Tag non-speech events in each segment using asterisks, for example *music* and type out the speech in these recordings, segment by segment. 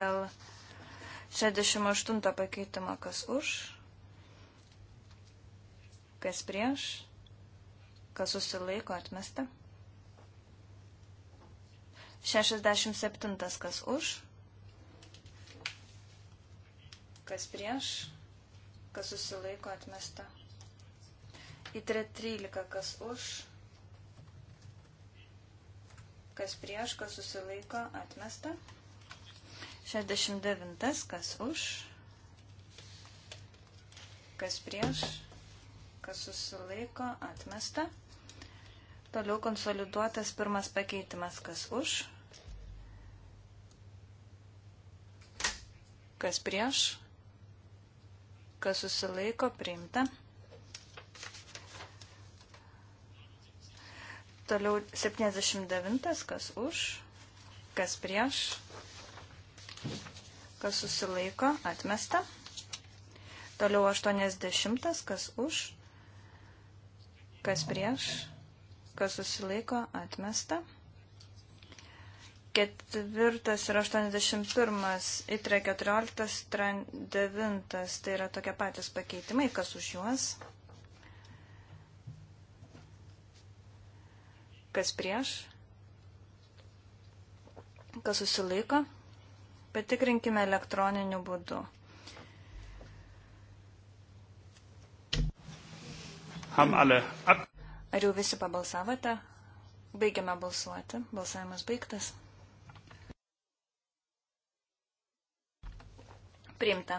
dėl 68 pakeitimo, kas už, kas prieš, kas susilaiko atmesta. 67 kas už, kas prieš, kas susilaiko atmesta. Į 13 kas už, kas prieš, kas susilaiko atmesta. 69. Kas už? Kas prieš? Kas susilaiko? Atmesta. Toliau konsoliduotas pirmas pakeitimas. Kas už? Kas prieš? Kas susilaiko? Priimta. Toliau 79, kas už, kas prieš, kas susilaiko, atmesta. Toliau 80, kas už, kas prieš, kas susilaiko, atmesta. Ketvirtas ir 81, itre 14, 9, tai yra tokie patys pakeitimai, kas už juos, kas prieš, kas susilaiko, Patikrinkime elektroniniu būdu. Ar jau visi pabalsavote? Baigiame balsuoti. Balsavimas baigtas. Priimta.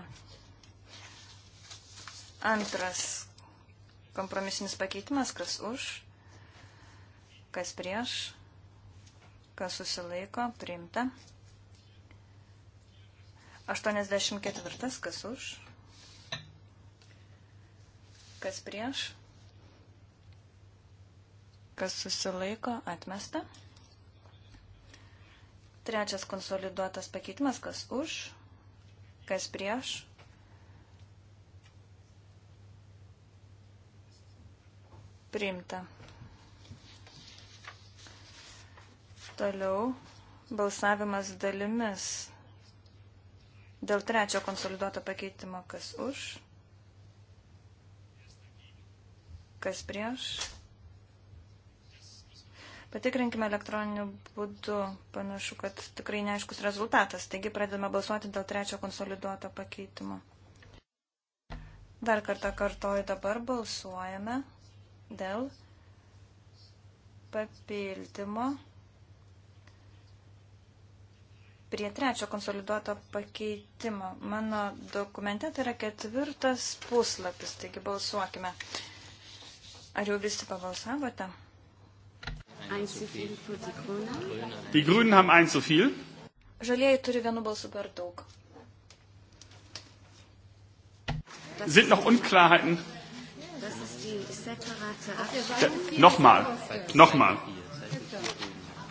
Antras kompromisinis pakeitimas, kas už, kas prieš, kas susilaiko, priimta. 84. Kas už? Kas prieš? Kas susilaiko? Atmesta. Trečias konsoliduotas pakeitimas. Kas už? Kas prieš? Priimta. Toliau balsavimas dalimis Dėl trečio konsoliduoto pakeitimo, kas už, kas prieš. Patikrinkime elektroniniu būdu. Panašu, kad tikrai neaiškus rezultatas. Taigi pradedame balsuoti dėl trečio konsoliduoto pakeitimo. Dar kartą kartoju, dabar balsuojame dėl papildymo prie trečio konsoliduoto pakeitimo. Mano dokumente tai yra ketvirtas puslapis, taigi balsuokime. Ar jau visi pabalsavote? Die Grünen haben ein zu viel. Žalieji turi vienu balsu per daug. Sind noch Unklarheiten? Nochmal, nochmal.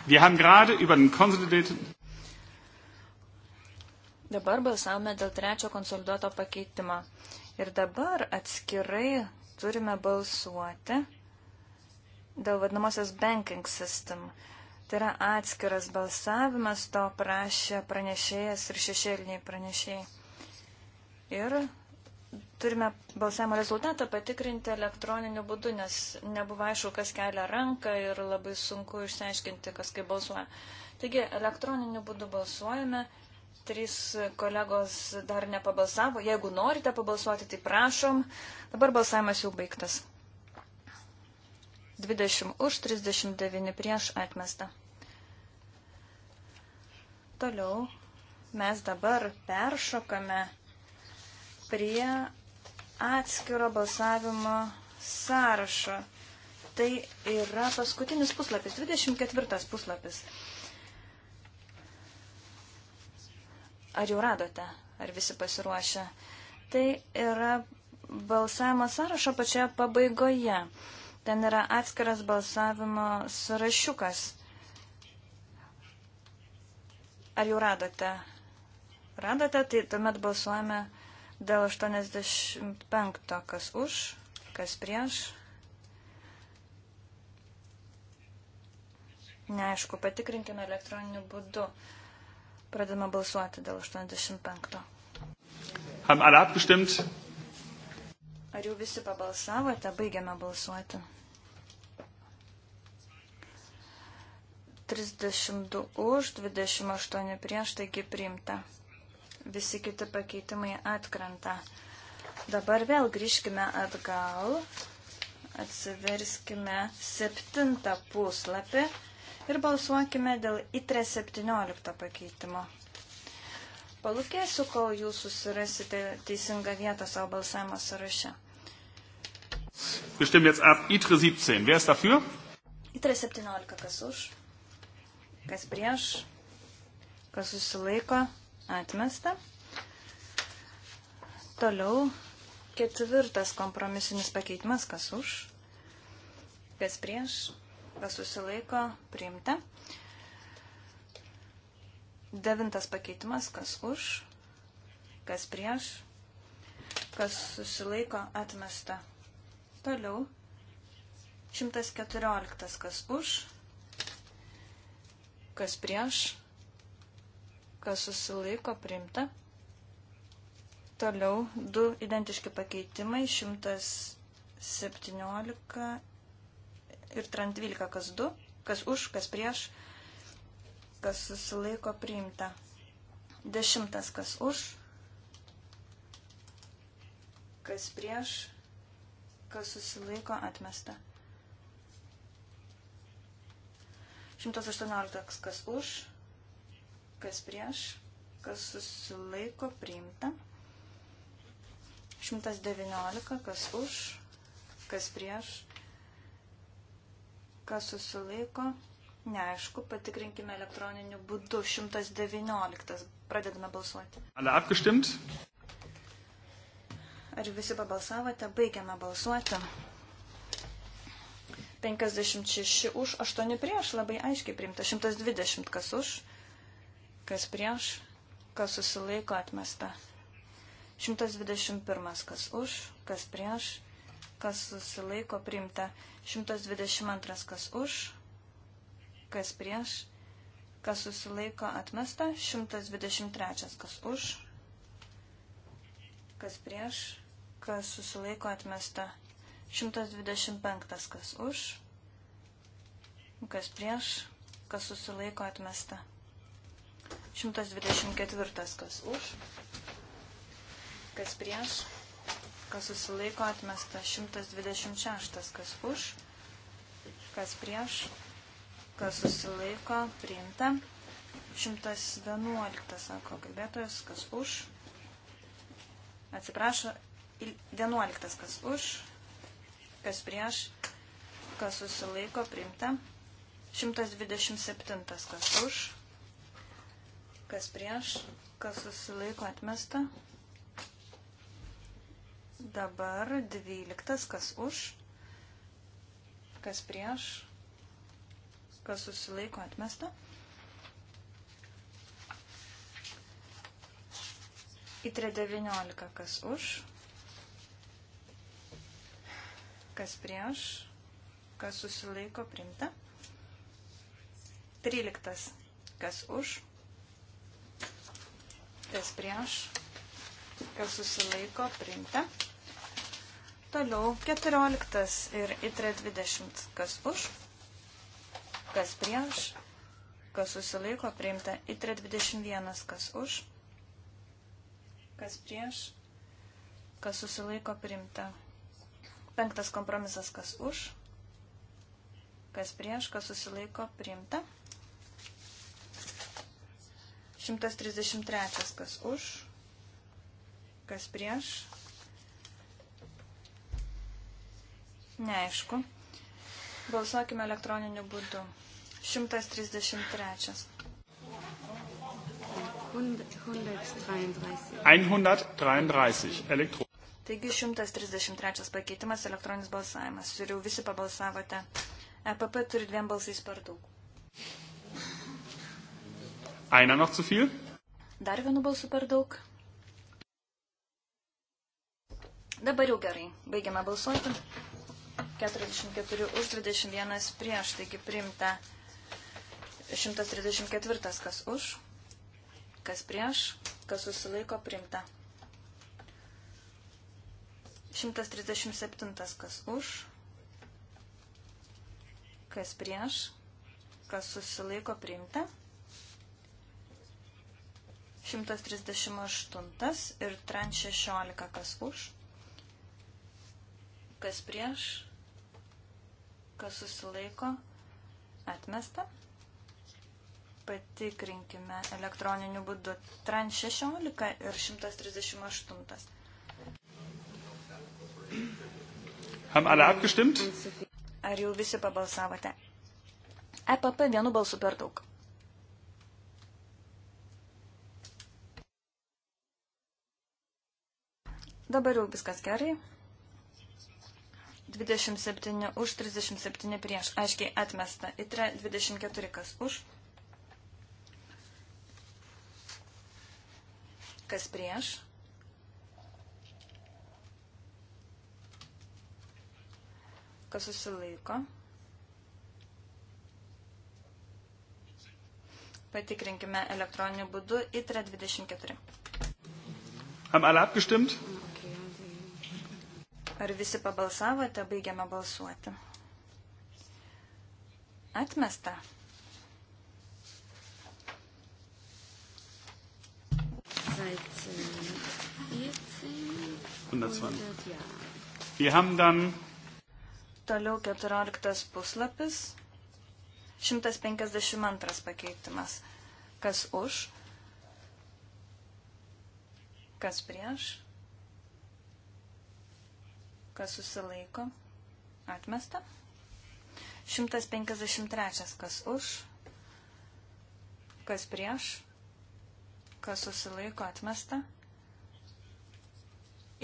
Wir haben gerade über den konsolidierten Dabar balsavome dėl trečio konsoliduoto pakeitimo. Ir dabar atskirai turime balsuoti dėl vadinamosios banking system. Tai yra atskiras balsavimas, to prašė pranešėjas ir šešėliniai pranešėjai. Ir turime balsavimo rezultatą patikrinti elektroniniu būdu, nes nebuvo aišku, kas kelia ranką ir labai sunku išsiaiškinti, kas kaip balsuoja. Taigi elektroniniu būdu balsuojame Trys kolegos dar nepabalsavo. Jeigu norite pabalsuoti, tai prašom. Dabar balsavimas jau baigtas. 20 už, 39 prieš atmestą. Toliau mes dabar peršokame prie atskiro balsavimo sąrašo. Tai yra paskutinis puslapis, 24 puslapis. Ar jau radote? Ar visi pasiruošę? Tai yra balsavimo sąrašo pačioje pabaigoje. Ten yra atskiras balsavimo sąrašiukas. Ar jau radote? Radote, tai tuomet balsuojame dėl 85, kas už, kas prieš. Neaišku, patikrinkime elektroniniu būdu. Pradame balsuoti dėl 85. Haben alle abgestimmt? Ar jau visi pabalsavote? Baigiame balsuoti. 32 už, 28 prieš, taigi priimta. Visi kiti pakeitimai atkrenta. Dabar vėl grįžkime atgal. Atsiverskime septintą puslapį ir balsuokime dėl ITRE 17 pakeitimo. Palūkėsiu, kol jūs susirasite teisingą vietą savo balsavimo sąraše. Bestimmt jetzt ab ITRE 17. Wer ist dafür? ITRE 17. Kas už? Kas prieš? Kas susilaiko? Atmesta. Toliau ketvirtas kompromisinis pakeitimas. Kas už? Kas prieš? kas susilaiko, priimta. Devintas pakeitimas, kas už, kas prieš, kas susilaiko, atmesta. Toliau, 114, kas už, kas prieš, kas susilaiko, priimta. Toliau du identiški pakeitimai 117 ir tran 12, kas 2, kas už, kas prieš, kas susilaiko priimta. Dešimtas, kas už, kas prieš, kas susilaiko atmesta. 118, kas už, kas prieš, kas susilaiko priimta. 119, kas už, kas prieš, kas susilaiko, neaišku, patikrinkime elektroniniu būdu 119. Pradedame balsuoti. Alle abgestimmt? Ar visi pabalsavote? Baigiame balsuoti. 56 už, 8 prieš, labai aiškiai priimta. 120 kas už, kas prieš, kas susilaiko atmesta. 121 kas už, kas prieš, kas susilaiko priimta. 122 kas už, kas prieš, kas susilaiko atmesta. 123 kas už, kas prieš, kas susilaiko atmesta. 125 kas už, kas prieš, kas susilaiko atmesta. 124 kas už, kas prieš, kas susilaiko atmesta 126, kas už, kas prieš, kas susilaiko priimta 111, sako kalbėtojas, kas už, atsiprašo, 11, kas už, kas prieš, kas susilaiko priimta 127, kas už, kas prieš, kas susilaiko atmesta 111. Dabar 12. Kas už, kas prieš, kas susilaiko atmesta. Į 3.19. Kas už, kas prieš, kas susilaiko primta. 13. Kas už, kas prieš, kas susilaiko primta. Toliau 14 ir itre 20. Kas už, kas prieš, kas susilaiko priimta. Itre 21. Kas už, kas prieš, kas susilaiko priimta. Penktas kompromisas. Kas už, kas prieš, kas susilaiko priimta. 133. Kas už, kas prieš, Neaišku. Balsuokime elektroniniu būdu. 133. 133. Elektro. Taigi 133 pakeitimas elektroninis balsavimas. Ir jau visi pabalsavote. EPP turi dviem balsais per daug. Einer noch zu viel? Dar vienu balsu per daug. Dabar jau gerai. Baigiame balsuoti. 44 už 21 prieš, taigi priimta 134 kas už, kas prieš, kas susilaiko priimta. 137 kas už, kas prieš, kas susilaiko priimta. 138 ir tran 16 kas už, kas prieš, kas susilaiko, atmesta. Patikrinkime elektroniniu būdu TRAN 16 ir 138. Haben alle abgestimmt? Ar jau visi pabalsavote? EPP vienu balsu per daug. Dabar jau viskas gerai. 27 už, 37 prieš. Aiškiai atmesta. Itre 24 kas už. Kas prieš. Kas susilaiko. Patikrinkime elektroniniu būdu. Itre 24. Haben alle abgestimmt? Ar visi pabalsavote? Baigiame balsuoti. Atmesta. Seit 14. 120. Wir haben dann. Toliau 14 puslapis. 152 pakeitimas. Kas už? Kas prieš? kas susilaiko, atmesta. 153, kas už, kas prieš, kas susilaiko, atmesta.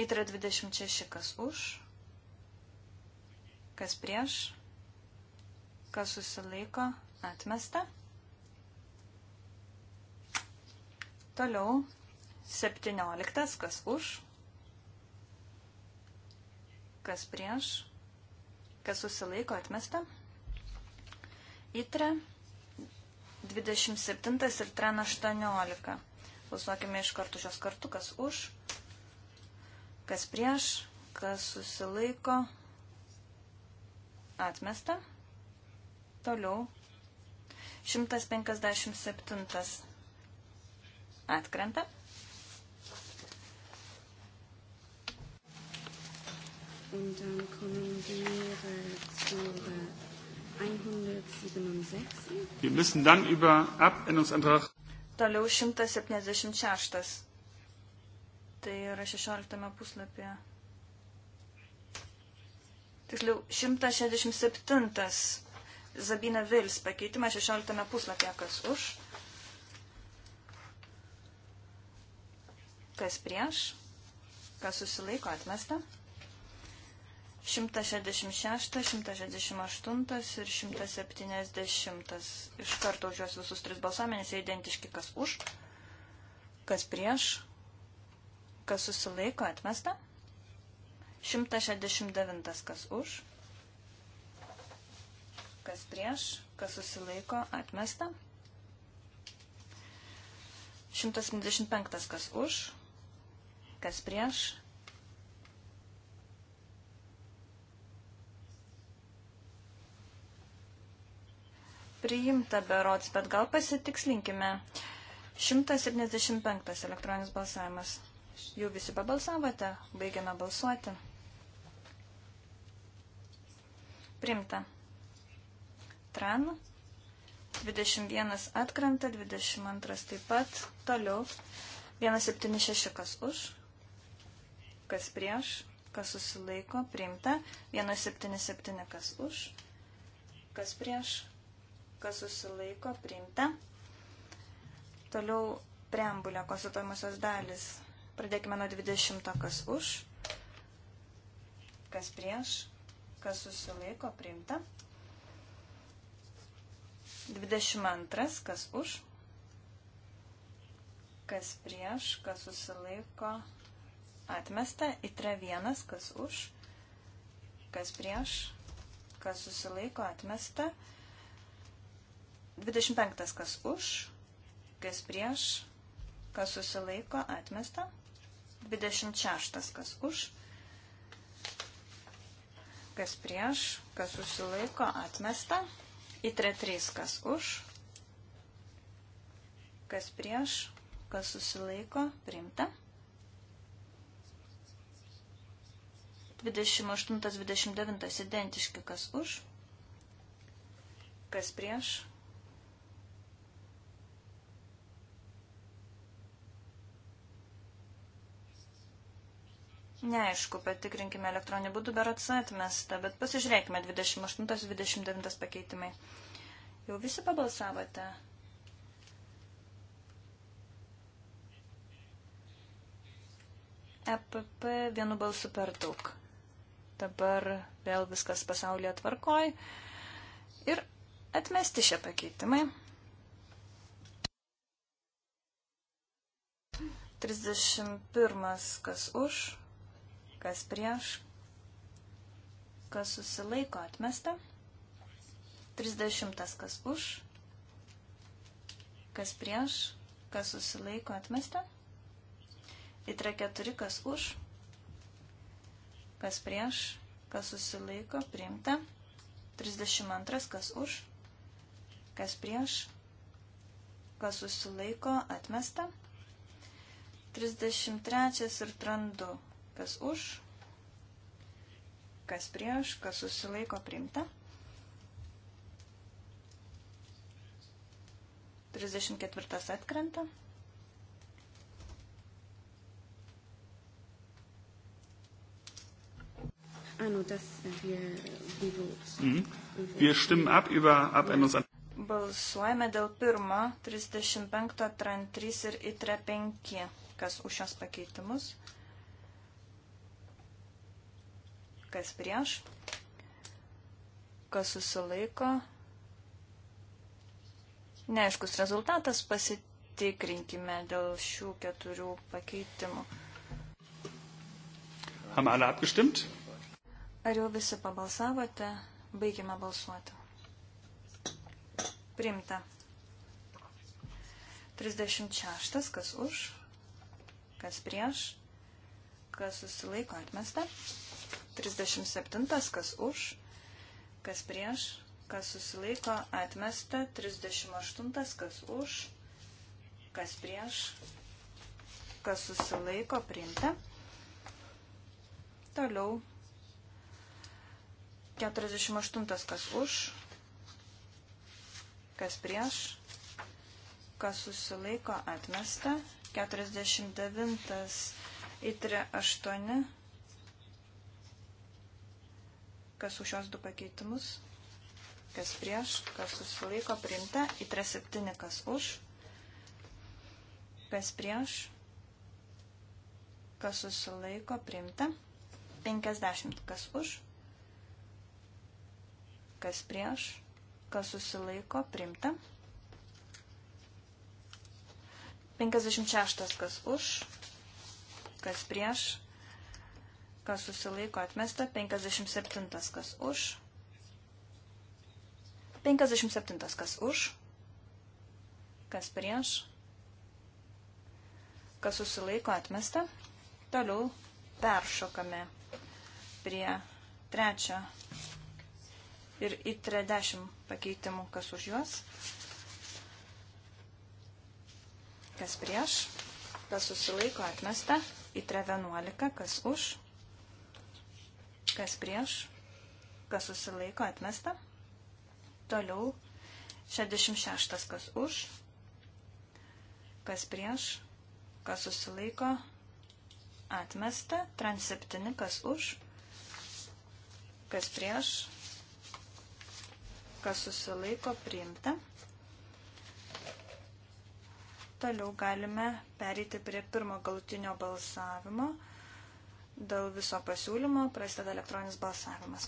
Įtra 26, kas už, kas prieš, kas susilaiko, atmesta. Toliau 17, kas už, kas prieš, kas susilaiko atmesta. Įtre 27 ir tren 18. Balsuokime iš karto šios kartu, kas už, kas prieš, kas susilaiko atmesta. Toliau 157 atkrenta. und dann kommen wir zu 167. Wir müssen dann über Abänderungsantrag. Toliau 176. Tai yra 16 puslapyje. Tiksliau, 167. Zabina Vils pakeitimas 16 puslapyje. Kas už? Kas prieš? Kas susilaiko atmesta? 166, 168 ir 170. Iš karto už juos visus tris balsuomenės jie identiški, kas už, kas prieš, kas susilaiko atmesta. 169, kas už, kas prieš, kas susilaiko atmesta. 175, kas už, kas prieš, priimta berots, bet gal pasitikslinkime. 175 elektroninis balsavimas. Jau visi pabalsavote, baigiame balsuoti. Primta. Tran. 21 atkrenta, 22 taip pat. Toliau. 176 kas už, kas prieš, kas susilaiko, priimta. 177 kas už, kas prieš, kas susilaiko, priimta. Toliau preambulė konsultuojamosios dalis. Pradėkime nuo 20, kas už, kas prieš, kas susilaiko, priimta. 22, kas už, kas prieš, kas susilaiko, atmesta. Itra 1, kas už, kas prieš, kas susilaiko, atmesta. 25. Kas už, kas prieš, kas susilaiko, atmesta. 26. Kas už, kas prieš, kas susilaiko, atmesta. Į 3. Kas už, kas prieš, kas susilaiko, priimta. 28-29 identiški, kas už, kas prieš, Neaišku, patikrinkime elektroninį būdų, berots atmesta, bet pasižiūrėkime 28-29 pakeitimai. Jau visi pabalsavote. EPP vienu balsu per daug. Dabar vėl viskas pasaulyje tvarkoj. Ir atmesti šią pakeitimai. 31. Kas už? kas prieš, kas susilaiko atmesta, 30 kas už, kas prieš, kas susilaiko atmesta, įtra 4 kas už, kas prieš, kas susilaiko priimta, 32 kas už, kas prieš, kas susilaiko atmesta, 33 ir trandu Kas už? Kas prieš? Kas susilaiko priimta? 34 atkrenta. Ah, nur das wir mhm. Wir stimmen ab über Abänderungsantrag. Balsuojame dėl pirmo 35, TRAN 3 ir ITRE 5. Kas už šios pakeitimus? kas prieš, kas susilaiko. Neaiškus rezultatas, pasitikrinkime dėl šių keturių pakeitimų. Ar jau visi pabalsavote? Baigime balsuoti. Primta. 36. Kas už? Kas prieš? Kas susilaiko atmesta? 37. Kas už, kas prieš, kas susilaiko, atmesta. 38. Kas už, kas prieš, kas susilaiko, priimta. Toliau. 48. Kas už, kas prieš, kas susilaiko atmesta, 49 į 3, 8, kas už šios du pakeitimus, kas prieš, kas susilaiko priimta, į 37 kas už, kas prieš, kas susilaiko priimta, 50 kas už, kas prieš, kas susilaiko priimta, 56 kas už, kas prieš, kas susilaiko atmesta, 57 kas už, 57 kas už, kas prieš, kas susilaiko atmesta, toliau peršokame prie trečio ir į 30 pakeitimų, kas už juos, kas prieš, kas susilaiko atmesta, į 311, kas už, kas prieš, kas susilaiko atmesta. Toliau 66 kas už, kas prieš, kas susilaiko atmesta. Trans 7 kas už, kas prieš, kas susilaiko priimta. Toliau galime pereiti prie pirmo galutinio balsavimo Dėl viso pasiūlymo prasideda elektroninis balsavimas.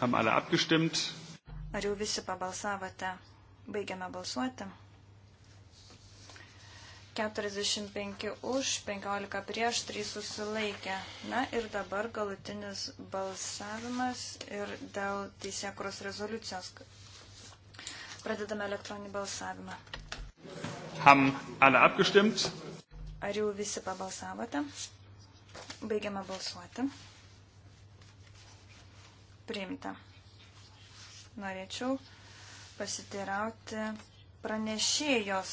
Haben alle abgestimmt? Ar jau visi pabalsavote? Baigiame balsuoti. 45 už, 15 prieš, 3 susilaikė. Na ir dabar galutinis balsavimas ir dėl teisėkuros rezoliucijos. Pradedame elektroninį balsavimą. Haben alle abgestimmt? Ar jau visi pabalsavote? Baigiame balsuoti. Priimta. Norėčiau pasiteirauti pranešėjos.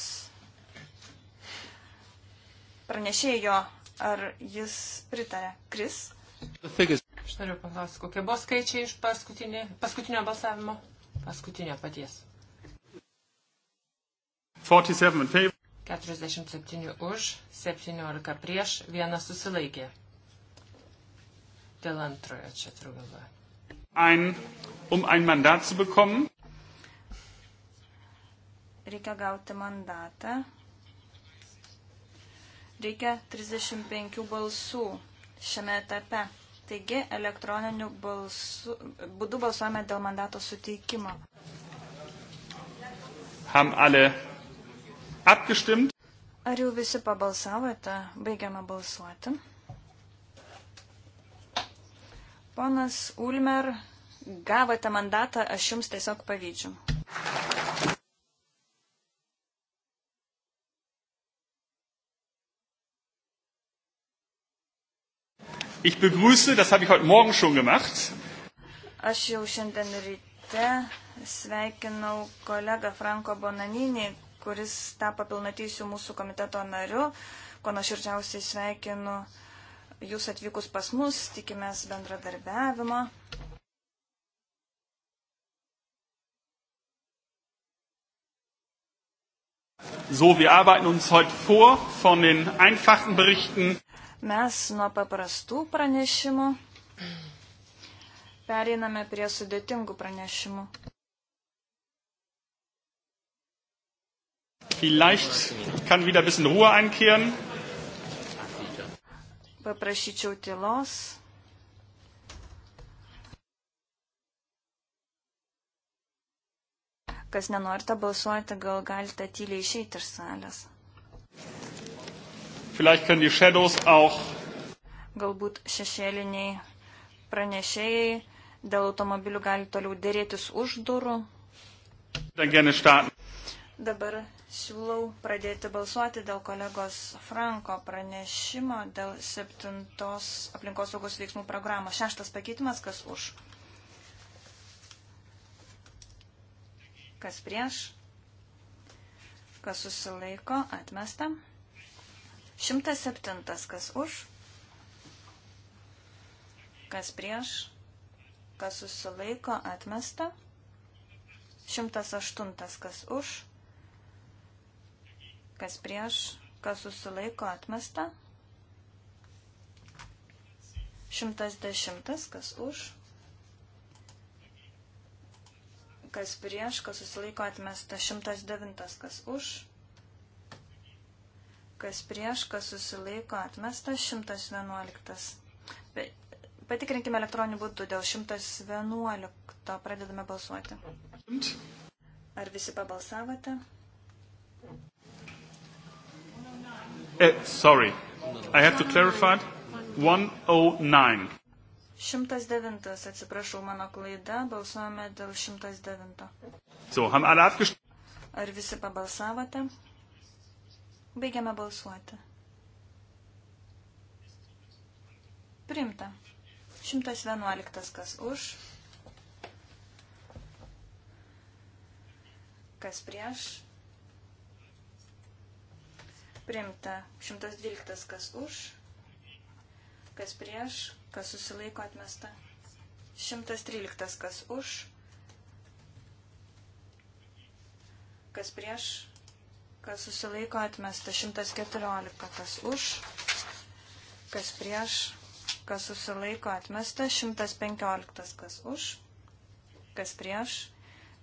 Pranešėjo, ar jis pritarė? Kris? Aš noriu paklausti, kokie buvo skaičiai iš paskutinio, paskutinio balsavimo? Paskutinio paties. 47 in favor. 47 už, 17 prieš, vienas susilaikė. Dėl antrojo čia turiu galvoje. Ein, um ein mandat zu bekommen. Reikia gauti mandatą. Reikia 35 balsų šiame etape. Taigi elektroniniu balsu, būdu balsuojame dėl mandato suteikimo. Ham alle Abgestimmt. Ar jau visi pabalsavote? Baigiama balsuoti. Ponas Ulmer, gavote mandatą, aš jums tiesiog pavyzdžių. Ich begrüße, das habe ich heute Morgen schon gemacht. Aš jau šiandien ryte sveikinau kolegą Franko Bonaninį, kuris tapo pilnatysiu mūsų komiteto nariu. Ko nuoširdžiausiai sveikinu jūs atvykus pas mus, tikimės bendradarbiavimo. So, wir arbeiten uns heute vor von den einfachen Berichten. Mes nuo paprastų pranešimų pereiname prie sudėtingų pranešimų. Vielleicht kann wieder ein bisschen Ruhe einkehren. Paprašyčiau tylos. Kas nenorite balsuoti, gal galite tyliai išeiti iš salės. Vielleicht können die Shadows auch. Galbūt šešėliniai pranešėjai dėl automobilių gali toliau dėrėtis už durų. Dann gerne starten. Dabar siūlau pradėti balsuoti dėl kolegos Franko pranešimo dėl septintos aplinkosaugos veiksmų programos. Šeštas pakeitimas, kas už? Kas prieš? Kas susilaiko? Atmesta. Šimtas septintas, kas už? Kas prieš? Kas susilaiko? Atmesta. Šimtas aštuntas, kas už? kas prieš, kas susilaiko atmesta. 110, kas už, kas prieš, kas susilaiko atmesta. 109, kas už, kas prieš, kas susilaiko atmesta. 111. Patikrinkime elektroniniu būdu dėl 111. Pradedame balsuoti. Ar visi pabalsavote? Eh, sorry, I have to clarify. 109. 109, atsiprašau, mano klaida, balsuojame dėl 109. So, haben alle abgestimmt? Ar visi pabalsavote? Baigiame balsuoti. Primta. 111 kas už. Kas prieš? Primta 112 kas už, kas prieš, kas susilaiko atmesta. 113 kas už, kas prieš, kas susilaiko atmesta. 114 kas už, kas prieš, kas susilaiko atmesta. 115 kas už, kas prieš,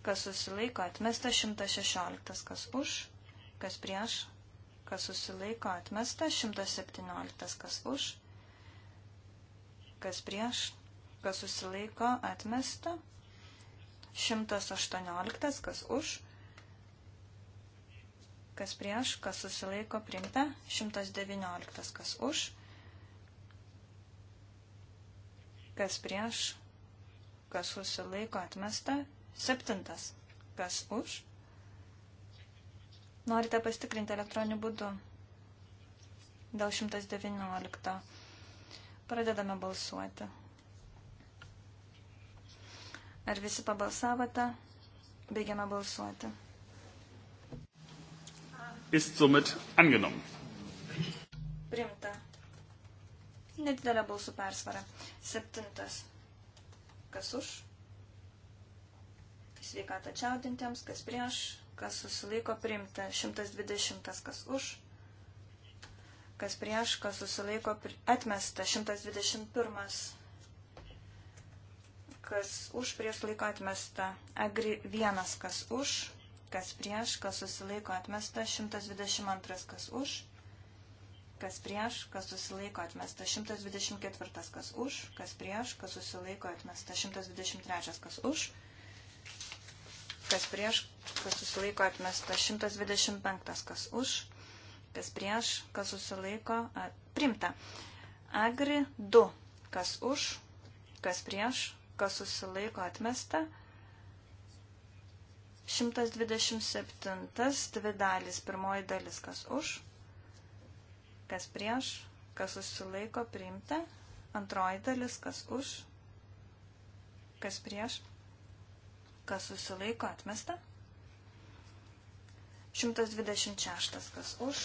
kas susilaiko atmesta. 116 kas už, kas prieš, kas susilaiko atmesta, 117 kas už, kas prieš, kas susilaiko atmesta, 118 kas už, kas prieš, kas susilaiko priimta, 119 kas už, kas prieš, kas susilaiko atmesta, 7 kas už Norite pastikrinti elektroniniu būdu dėl 119. Pradedame balsuoti. Ar visi pabalsavote? Baigiame balsuoti. Ist somit angenommen. Primta. Nedidelė balsų persvara. Septintas. Kas už? Sveikata čiaudintiems, kas prieš? kas susilaiko priimta, 120, kas už, kas prieš, kas susilaiko atmesta, 121, kas už, prieš laiko atmesta, agri vienas, kas už, kas prieš, kas susilaiko atmesta, 122, kas už, kas prieš, kas susilaiko atmesta, 124, kas už, kas prieš, kas susilaiko atmesta, 123, kas už kas prieš, kas susilaiko atmesta. 125, kas už, kas prieš, kas susilaiko primta. Agri 2, kas už, kas prieš, kas susilaiko atmesta. 127, dvi dalis, pirmoji dalis, kas už, kas prieš, kas susilaiko priimta, antroji dalis, kas už, kas prieš, kas susilaiko atmesta. 126, kas už,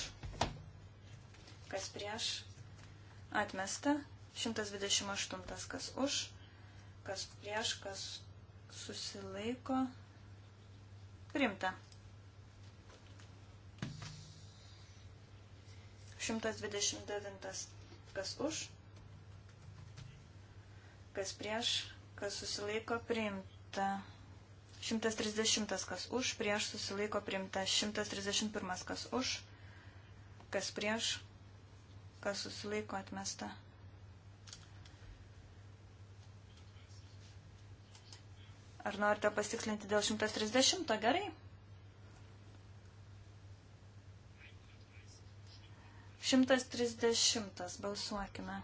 kas prieš, atmesta. 128, kas už, kas prieš, kas susilaiko, primta. 129, kas už, kas prieš, kas susilaiko, primta. 130 kas už, prieš susilaiko priimta 131 kas už, kas prieš, kas susilaiko atmesta. Ar norite pasitikslinti dėl 130? Gerai. 130 balsuokime.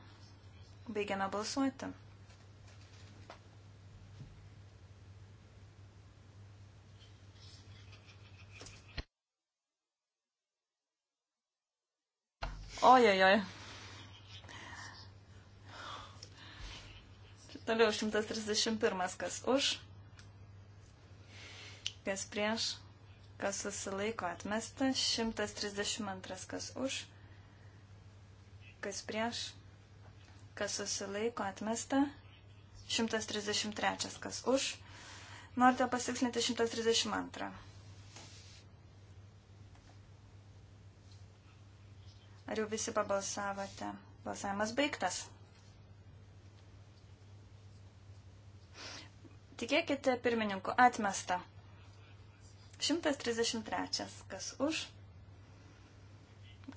Baigiame balsuoti. Ojojoj. Toliau 131. Kas už, kas prieš, kas susilaiko atmesta. 132. Kas už, kas prieš, kas susilaiko atmesta. 133. Kas už. Norite pasikslinti 132. Ar jau visi pabalsavote? Balsavimas baigtas. Tikėkite pirmininku atmesta. 133. Kas už,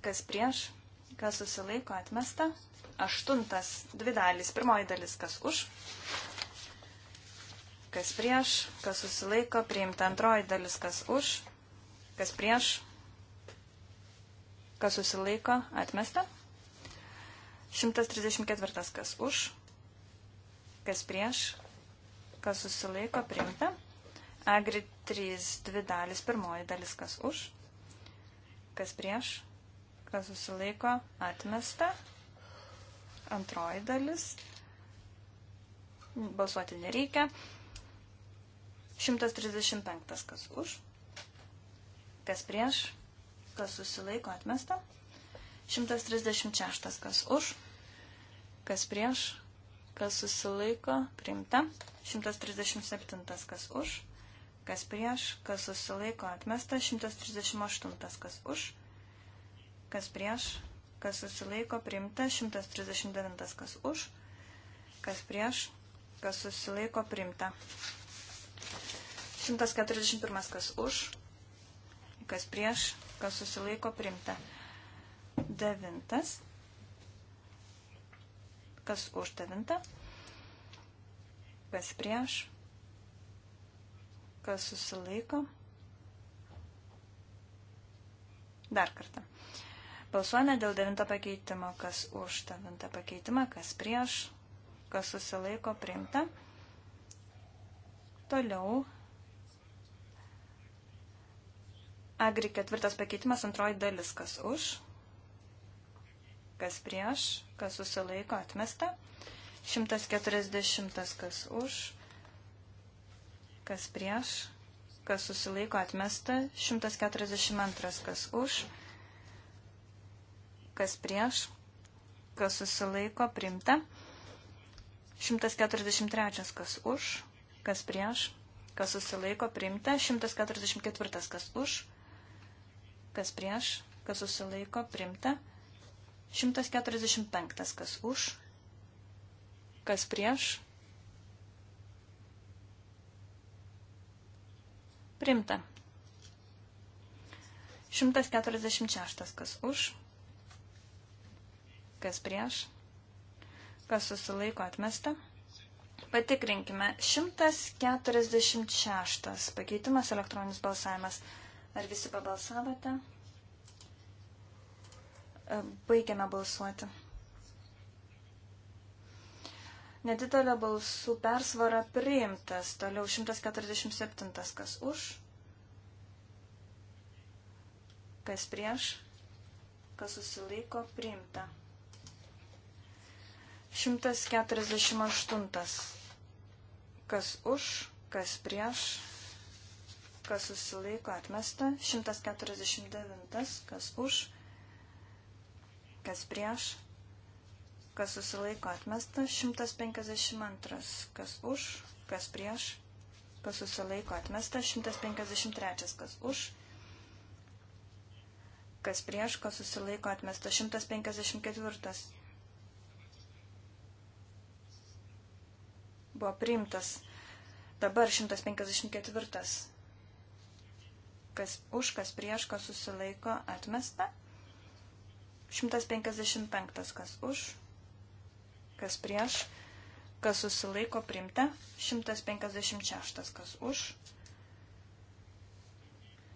kas prieš, kas susilaiko atmesta. Aštuntas, dvi dalys. Pirmoji dalis, kas už, kas prieš, kas susilaiko priimta. Antroji dalis, kas už, kas prieš, kas susilaiko, atmesta. 134. Kas už, kas prieš, kas susilaiko, priimta. Agri 3, dvi dalis, pirmoji dalis, kas už, kas prieš, kas susilaiko, atmesta. Antroji dalis, balsuoti nereikia. 135. Kas už, kas prieš, kas susilaiko atmesta. 136 kas už, kas prieš, kas susilaiko priimta. 137 kas už, kas prieš, kas susilaiko atmesta. 138 kas už, kas prieš, kas susilaiko priimta. 139 kas už, kas prieš, kas susilaiko priimta. 141 kas už, kas prieš, kas susilaiko primta. Devintas, kas už devintą, kas prieš, kas susilaiko. Dar kartą. Balsuojame dėl devinto pakeitimo, kas už devintą pakeitimą, kas prieš, kas susilaiko primta. Toliau Agri ketvirtas pakeitimas, antroji dalis, kas už, kas prieš, kas susilaiko, atmesta. 140, kas už, kas prieš, kas susilaiko, atmesta. 142, kas už, kas prieš, kas susilaiko, primta. 143, kas už, kas prieš, kas susilaiko, primta. 144, kas už, kas prieš, kas susilaiko, primta. 145, kas už, kas prieš, primta. 146, kas už, kas prieš, kas susilaiko atmesta. Patikrinkime. 146 pakeitimas elektroninis balsavimas. Ar visi pabalsavote? E, baigiame balsuoti. Nedidelio balsų persvara priimtas. Toliau 147. Kas už? Kas prieš? Kas susilaiko? Priimta. 148. Kas už? Kas prieš? kas susilaiko atmesta, 149, kas už, kas prieš, kas susilaiko atmesta, 152, kas už, kas prieš, kas susilaiko atmesta, 153, kas už, kas prieš, kas susilaiko atmesta, 154. Buvo priimtas dabar 154 kas už, kas prieš, kas susilaiko, atmesta. 155, kas už, kas prieš, kas susilaiko, priimta. 156, kas už,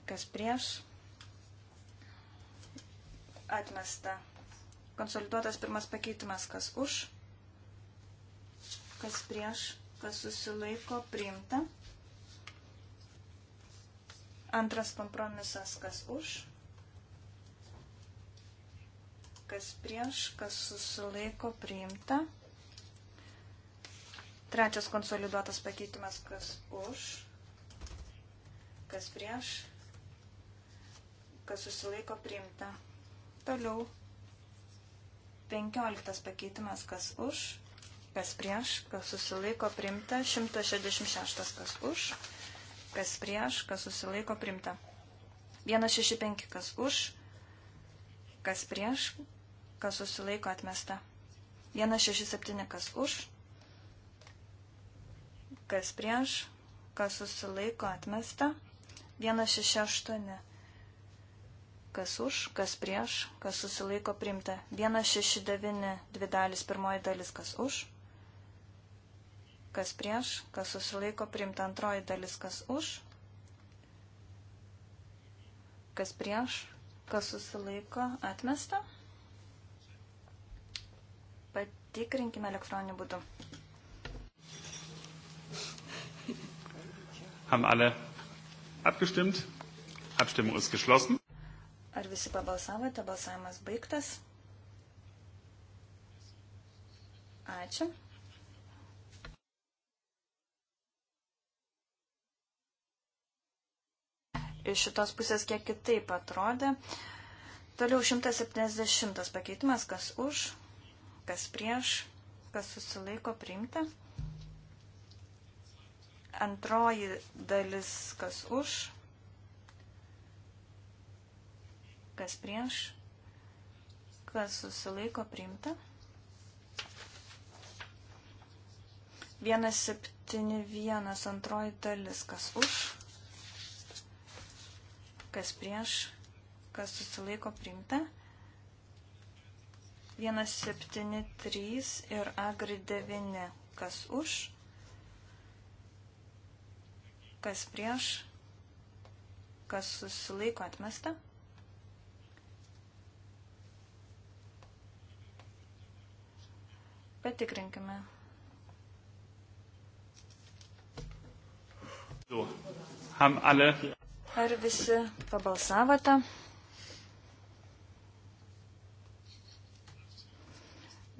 kas prieš, atmesta. Konsoliduotas pirmas pakeitimas, kas už, kas prieš, kas susilaiko, priimta. Antras kompromisas, kas už, kas prieš, kas susilaiko priimta. Trečias konsoliduotas pakeitimas, kas už, kas prieš, kas susilaiko priimta. Toliau. Penkioliktas pakeitimas, kas už, kas prieš, kas susilaiko priimta. 166, kas už kas prieš, kas susilaiko primta. 165, kas už, kas prieš, kas susilaiko atmesta. 167, kas už, kas prieš, kas susilaiko atmesta. 168, kas už, kas prieš, kas susilaiko primta. 169, dvi dalis, pirmoji dalis, kas už, kas prieš, kas susilaiko priimta antroji dalis, kas už, kas prieš, kas susilaiko atmesta. Patikrinkime elektroniniu būdu. Haben alle abgestimmt? Abstimmung ist geschlossen. Ar visi pabalsavote? Balsavimas baigtas. Ačiū. iš šitos pusės kiek kitaip atrodė. Toliau 170 pakeitimas, kas už, kas prieš, kas susilaiko priimta. Antroji dalis, kas už, kas prieš, kas susilaiko priimta. 171 antroji dalis, kas už, kas prieš, kas susilaiko priimta. 173 ir agri 9, kas už, kas prieš, kas susilaiko atmesta. Patikrinkime. So, haben alle. Ar visi pabalsavote?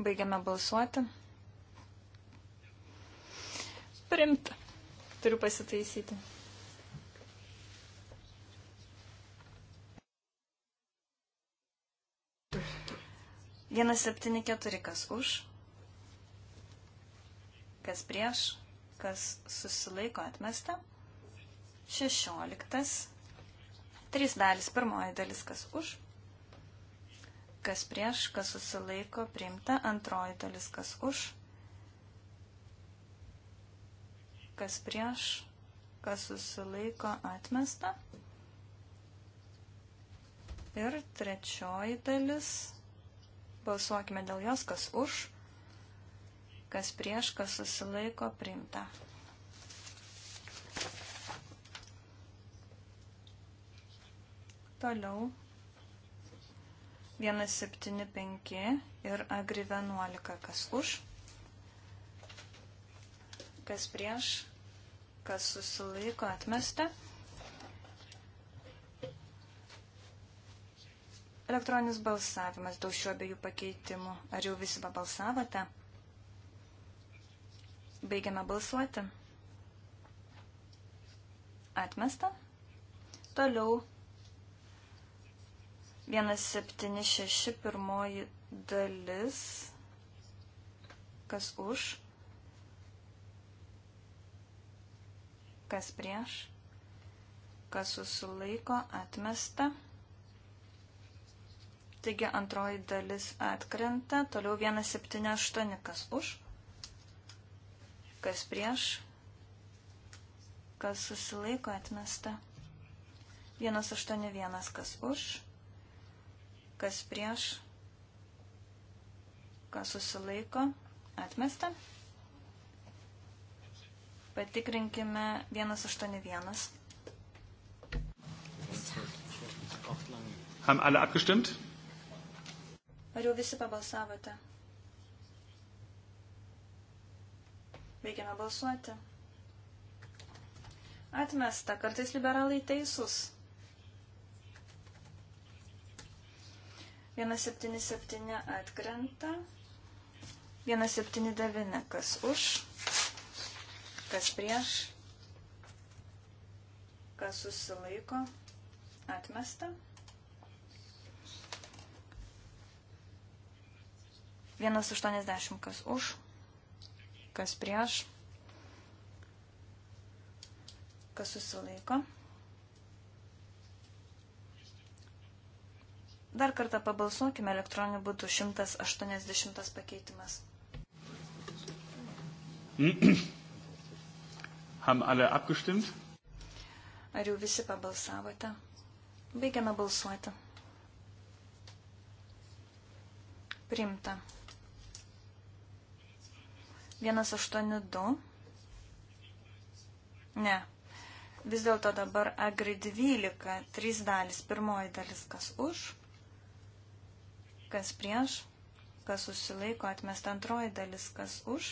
Baigiame balsuoti. Primta. Turiu pasitaisyti. Vienas septyni keturi, kas už, kas prieš, kas susilaiko atmesta. 16. Trys dalis. Pirmoji dalis, kas už, kas prieš, kas susilaiko, priimta. Antroji dalis, kas už, kas prieš, kas susilaiko, atmesta. Ir trečioji dalis. Balsuokime dėl jos, kas už, kas prieš, kas susilaiko, priimta. Toliau 175 ir agri 11. Kas už? Kas prieš? Kas susilaiko atmesta? Elektroninis balsavimas dėl šių abiejų pakeitimų. Ar jau visi pabalsavote? Baigiame balsuoti. Atmesta. Toliau 176 pirmoji dalis. Kas už? Kas prieš? Kas susilaiko? Atmesta. Taigi antroji dalis atkrenta. Toliau 178. Kas už? Kas prieš? Kas susilaiko? Atmesta. 181. Kas už? kas prieš, kas susilaiko, atmesta. Patikrinkime 181. Haben alle abgestimmt? Ar jau visi pabalsavote? Veikiame balsuoti. Atmesta, kartais liberalai teisus. 177 atkrenta. 179 kas už, kas prieš, kas susilaiko, atmesta. 180 kas už, kas prieš, kas susilaiko. Dar kartą pabalsuokime elektroniniu būdu 180 pakeitimas. *clears throat* Haben alle abgestimmt? Ar jau visi pabalsavote? Baigiame balsuoti. Primta. 182. Ne. Vis dėlto dabar agri 12, 3 dalis, pirmoji dalis kas už kas prieš, kas susilaiko atmesta antroji dalis, kas už.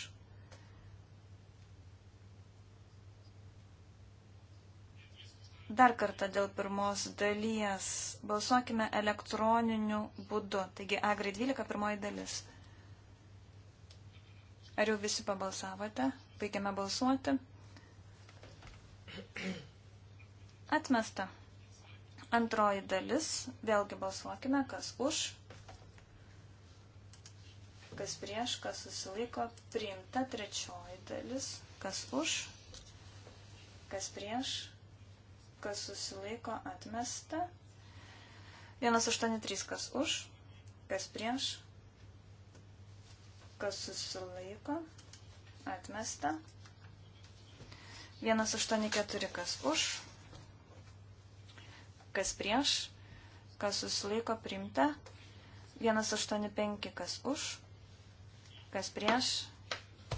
Dar kartą dėl pirmos dalies balsuokime elektroniniu būdu. Taigi Agri 12 pirmoji dalis. Ar jau visi pabalsavote? Baigiame balsuoti. Atmesta. Antroji dalis. Vėlgi balsuokime, kas už kas prieš, kas susilaiko, priimta trečioji dalis, kas už, kas prieš, kas susilaiko, atmesta. 183, kas už, kas prieš, kas susilaiko, atmesta. 184, kas už, kas prieš, kas susilaiko, priimta. 185, kas už, kas prieš,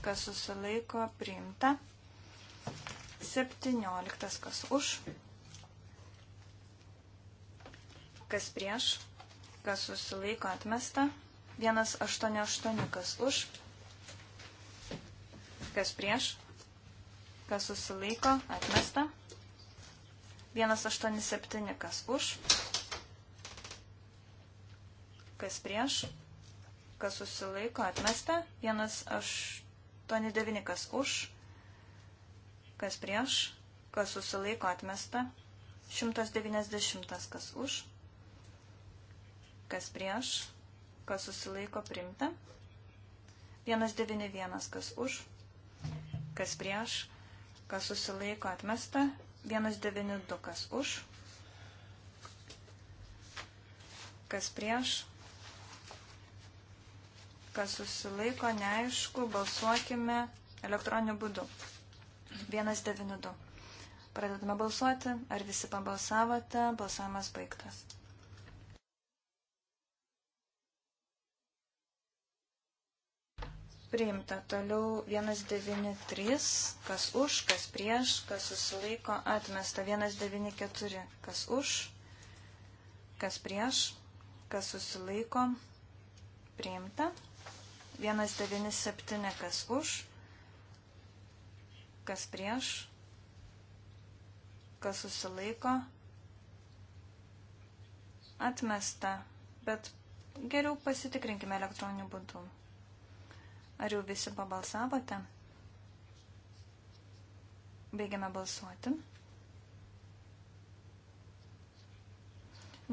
kas susilaiko, priimta. 17, kas už, kas prieš, kas susilaiko, atmesta. 188, kas už, kas prieš, kas susilaiko, atmesta. 187, kas už, kas prieš, kas susilaiko, atmesta. 189, kas už, kas prieš, kas susilaiko, atmesta. 190, kas už, kas prieš, kas susilaiko, primta. 191, kas už, kas prieš, kas susilaiko, atmesta. 192, kas už, kas prieš, kas susilaiko, neaišku, balsuokime elektroniniu būdu. 192. Pradedame balsuoti, ar visi pabalsavote, balsavimas baigtas. Priimta toliau 193, kas už, kas prieš, kas susilaiko, atmesta 194, kas už, kas prieš, kas susilaiko, priimta. 197 kas už, kas prieš, kas susilaiko, atmesta, bet geriau pasitikrinkime elektroniniu būdu. Ar jau visi pabalsavote? Baigiame balsuoti.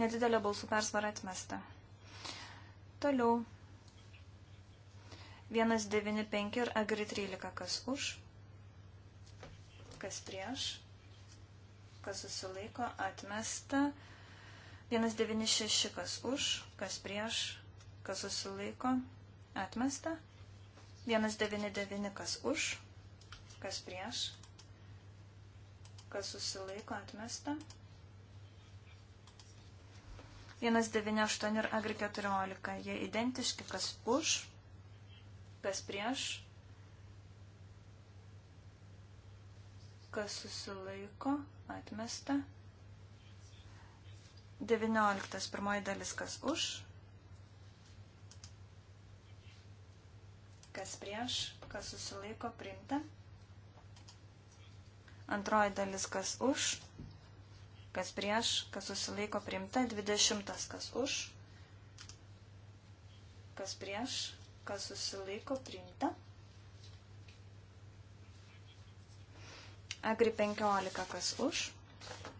Nedidelė balsų persvara atmesta. Toliau 195 ir agri 13, kas už, kas prieš, kas susilaiko, atmesta. 196, kas už, kas prieš, kas susilaiko, atmesta. 199, kas už, kas prieš, kas susilaiko, atmesta. 198 ir agri 14, jie identiški, kas už, kas prieš, kas susilaiko, atmesta. 19. Pirmoji dalis, kas už, kas prieš, kas susilaiko, priimta. Antroji dalis, kas už, kas prieš, kas susilaiko, priimta. 20. kas už, kas prieš, kas susilaiko priimta. Agri 15, kas už,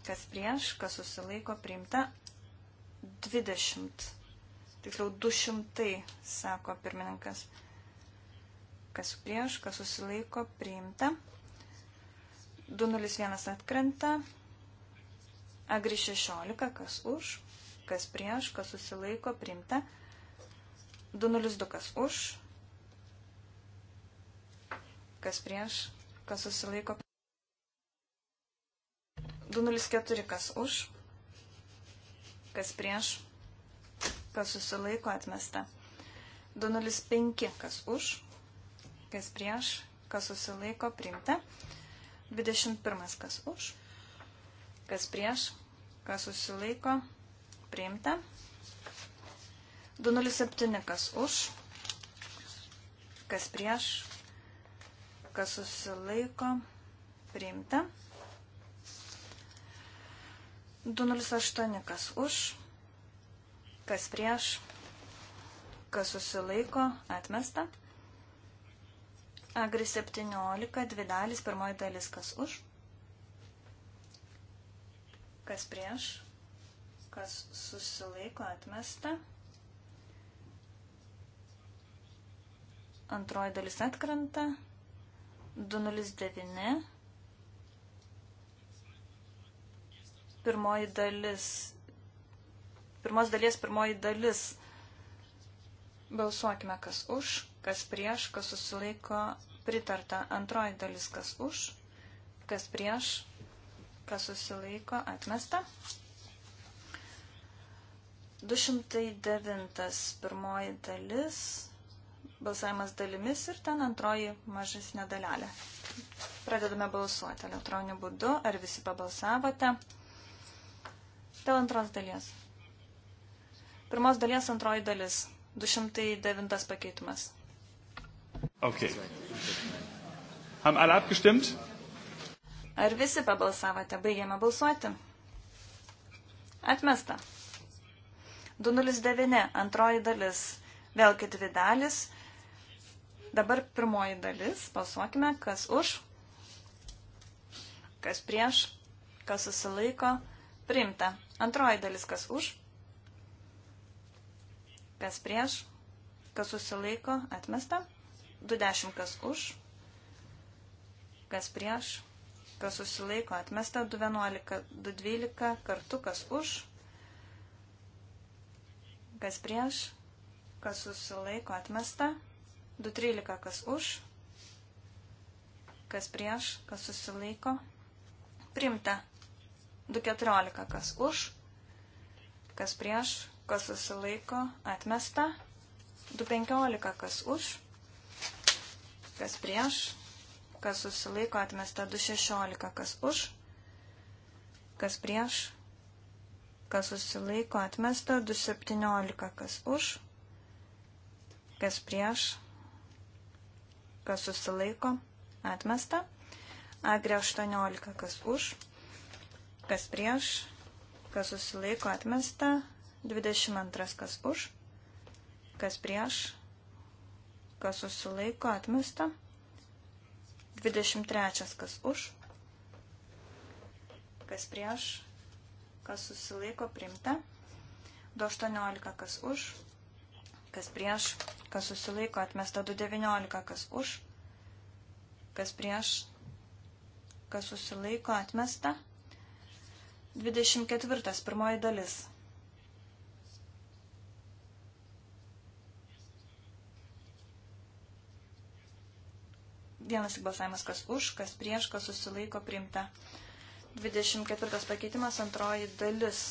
kas prieš, kas susilaiko priimta. 20, tiksliau 200, sako pirmininkas, kas prieš, kas susilaiko priimta. 201 atkrenta. Agri 16, kas už, kas prieš, kas susilaiko priimta. 202 kas už, kas prieš, kas susilaiko. 204 kas už, kas prieš, kas susilaiko atmesta. 205 kas už, kas prieš, kas susilaiko priimta. 21 kas už, kas prieš, kas susilaiko priimta. 207 kas už, kas prieš, kas susilaiko, priimta. 208 kas už, kas prieš, kas susilaiko, atmesta. Agri 17, dvi dalis, pirmoji dalis kas už, kas prieš, kas susilaiko, atmesta. antroji dalis atkrenta, 209, pirmoji dalis, pirmos dalies pirmoji dalis, balsuokime kas už, kas prieš, kas susilaiko, pritarta antroji dalis kas už, kas prieš, kas susilaiko, atmesta. 209 pirmoji dalis balsavimas dalimis ir ten antroji mažesnė dalelė. Pradedame balsuoti elektroniniu būdu. Ar visi pabalsavote? Dėl antros dalies. Pirmos dalies antroji dalis. 209 pakeitimas. Okay. Haben alle abgestimmt? Ar visi pabalsavote? Baigėme balsuoti. Atmesta. 209 antroji dalis. Vėlgi dvi dalis. Dabar pirmoji dalis. Balsuokime, kas už, kas prieš, kas susilaiko. Priimta. Antroji dalis, kas už, kas prieš, kas susilaiko. Atmesta. 20, kas už, kas prieš, kas susilaiko. Atmesta. 211, 212, kartu, kas už, kas prieš, kas susilaiko. Atmesta. 2.13, kas už, kas prieš, kas susilaiko, primta. 2.14, kas už, kas prieš, kas susilaiko, atmesta. 2.15, kas už, kas prieš, kas susilaiko, atmesta. 2.16, kas už, kas prieš, kas susilaiko, atmesta. 2.17, kas už, kas prieš, kas susilaiko, atmesta. Agri 18, kas už, kas prieš, kas susilaiko, atmesta. 22, kas už, kas prieš, kas susilaiko, atmesta. 23, kas už, kas prieš, kas susilaiko, primta. 218, kas už, kas prieš, kas susilaiko, atmesta 219, kas už, kas prieš, kas susilaiko, atmesta 24, pirmoji dalis. Vienas tik balsavimas, kas už, kas prieš, kas susilaiko, priimta. 24 pakeitimas, antroji dalis.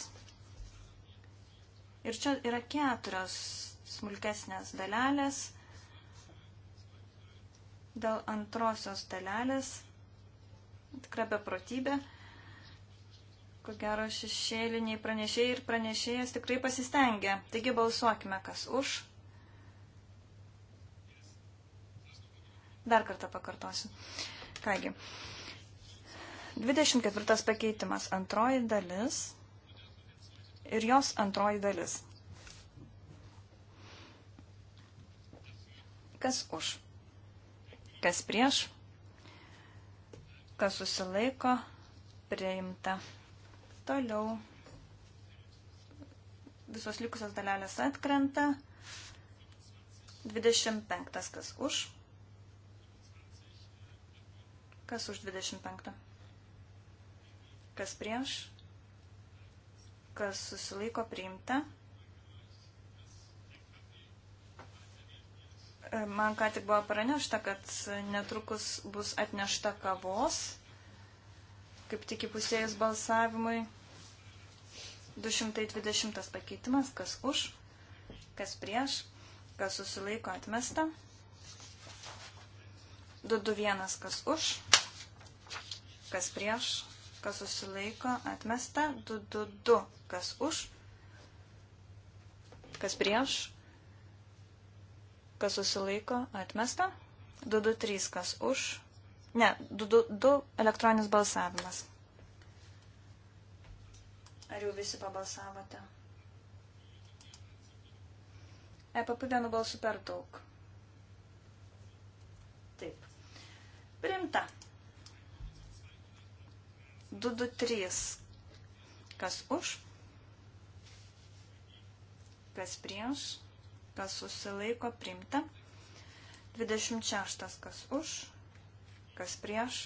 Ir čia yra keturios smulkesnės dalelės. Dėl antrosios dalelės tikra beprotybė. Ko gero šešėliniai pranešėjai ir pranešėjas tikrai pasistengia. Taigi balsuokime, kas už. Dar kartą pakartosiu. Kągi. 24 pakeitimas antroji dalis ir jos antroji dalis. Kas už? Kas prieš? Kas susilaiko? Priimta. Toliau. Visos likusios dalelės atkrenta. 25. Kas už? Kas už 25? Kas prieš? Kas susilaiko priimta? Man ką tik buvo pranešta, kad netrukus bus atnešta kavos, kaip tik įpusėjus balsavimui. 220 pakeitimas, kas už, kas prieš, kas susilaiko atmesta. 221, kas už, kas prieš, kas susilaiko atmesta. 222, kas už, kas prieš, kas susilaiko, atmesta. 223, kas už. Ne, 222 elektroninis balsavimas. Ar jau visi pabalsavote? EPP vienu balsu per daug. Taip. Primta. 223. Kas už? Kas prieš? kas susilaiko priimta. 26 kas už, kas prieš,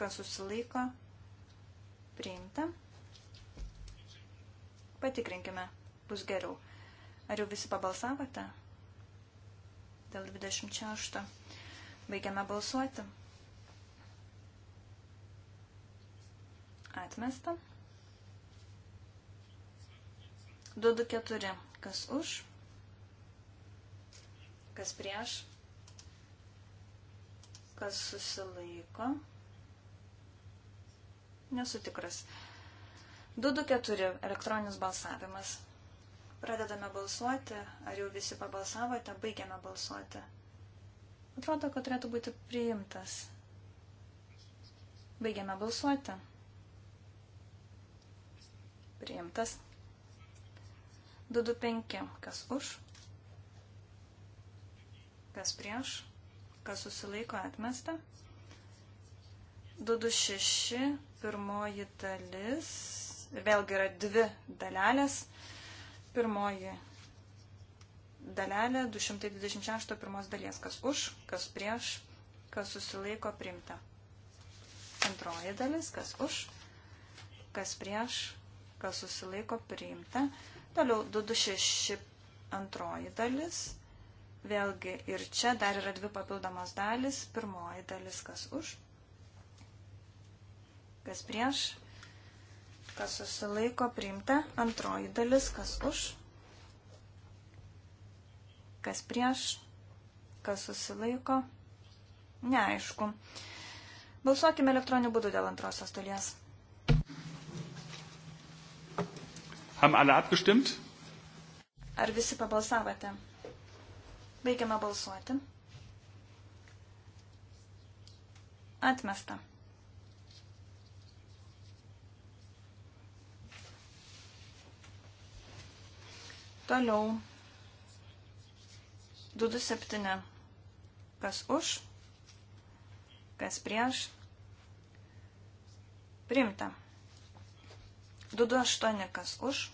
kas susilaiko priimta. Patikrinkime, bus geriau. Ar jau visi pabalsavote? Dėl 26. Baigiame balsuoti. Atmesta. 224 kas už, kas prieš, kas susilaiko. Nesu tikras. 224 elektroninis balsavimas. Pradedame balsuoti, ar jau visi pabalsavote, baigiame balsuoti. Atrodo, kad turėtų būti priimtas. Baigiame balsuoti. Priimtas. 225. Kas už? Kas prieš? Kas susilaiko atmesta? 226. Pirmoji dalis. Ir vėlgi yra dvi dalelės. Pirmoji dalelė 226 pirmos dalies. Kas už, kas prieš, kas susilaiko primta. Antroji dalis, kas už, kas prieš, kas susilaiko priimta. Toliau 226 antroji dalis. Vėlgi ir čia dar yra dvi papildomos dalis. Pirmoji dalis kas už, kas prieš, kas susilaiko priimta. Antroji dalis kas už, kas prieš, kas susilaiko. Neaišku. Balsuokime elektroniniu būdu dėl antrosios dalies. Haben alle abgestimmt? Ar visi pabalsavote? Baigiame balsuoti. Atmesta. Toliau. 227. Kas už, kas prieš. Primta. 228 kas už,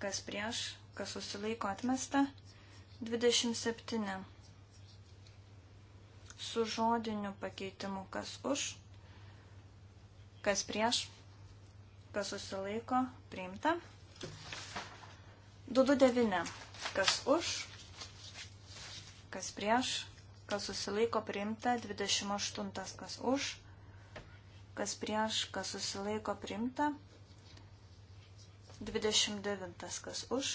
kas prieš, kas susilaiko atmesta, 27 su žodiniu pakeitimu kas už, kas prieš, kas susilaiko, priimta. 229 kas už, kas prieš, kas susilaiko, priimta, 28 kas už kas prieš, kas susilaiko primta. 29. kas už,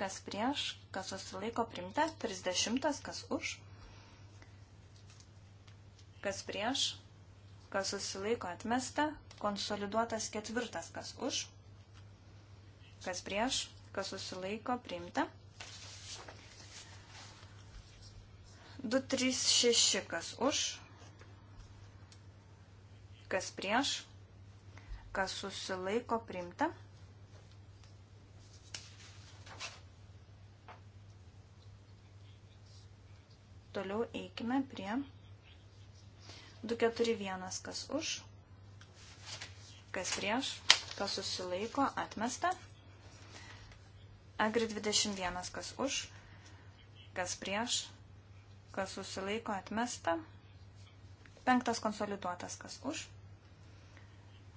kas prieš, kas susilaiko primta. 30. kas už, kas prieš, kas susilaiko atmesta. Konsoliduotas ketvirtas kas už, kas prieš, kas susilaiko primta. 2, 3, 6, kas už, kas prieš, kas susilaiko priimta. Toliau eikime prie 241, kas už, kas prieš, kas susilaiko, atmesta. Agri 21, kas už, kas prieš, kas susilaiko atmesta. Penktas konsoliduotas, kas už,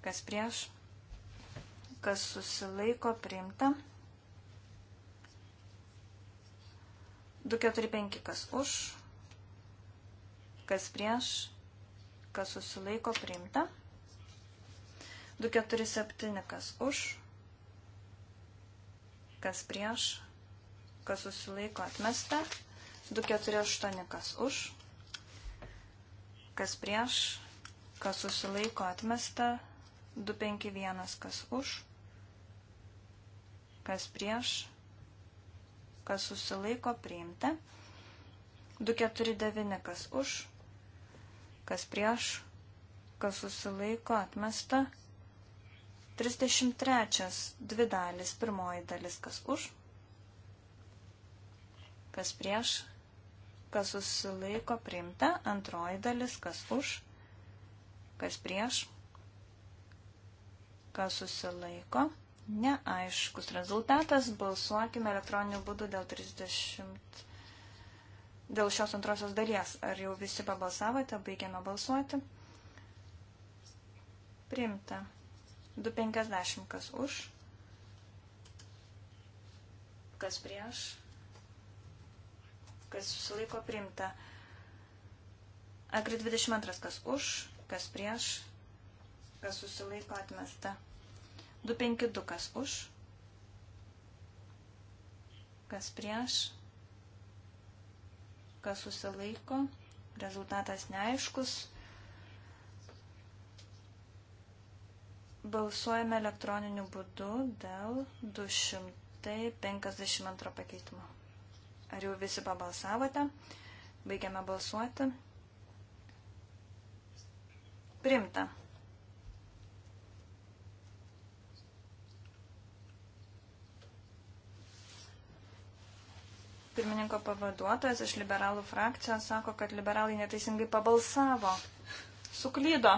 kas prieš, kas susilaiko priimta. 245, kas už, kas prieš, kas susilaiko priimta. 247, kas už, kas prieš, kas susilaiko atmesta. 248 kas už, kas prieš, kas susilaiko atmesta, 251 kas už, kas prieš, kas susilaiko priimta, 249 kas už, kas prieš, kas susilaiko atmesta, 33 dvi dalis, pirmoji dalis kas už, kas prieš, kas susilaiko priimta, antroji dalis, kas už, kas prieš, kas susilaiko. Neaiškus rezultatas, balsuokime elektroniniu būdu dėl 30. Dėl šios antrosios dalies, ar jau visi pabalsavote, baigiame balsuoti. Priimta. 250 kas už, kas prieš, kas susilaiko priimta. Agri 22, kas už, kas prieš, kas susilaiko atmesta. 252, kas už, kas prieš, kas susilaiko, rezultatas neaiškus. Balsuojame elektroniniu būdu dėl 252 pakeitimo. Ar jau visi pabalsavote? Baigiame balsuoti. Primta. Pirmininko pavaduotojas iš liberalų frakcijos sako, kad liberalai neteisingai pabalsavo. Suklydo.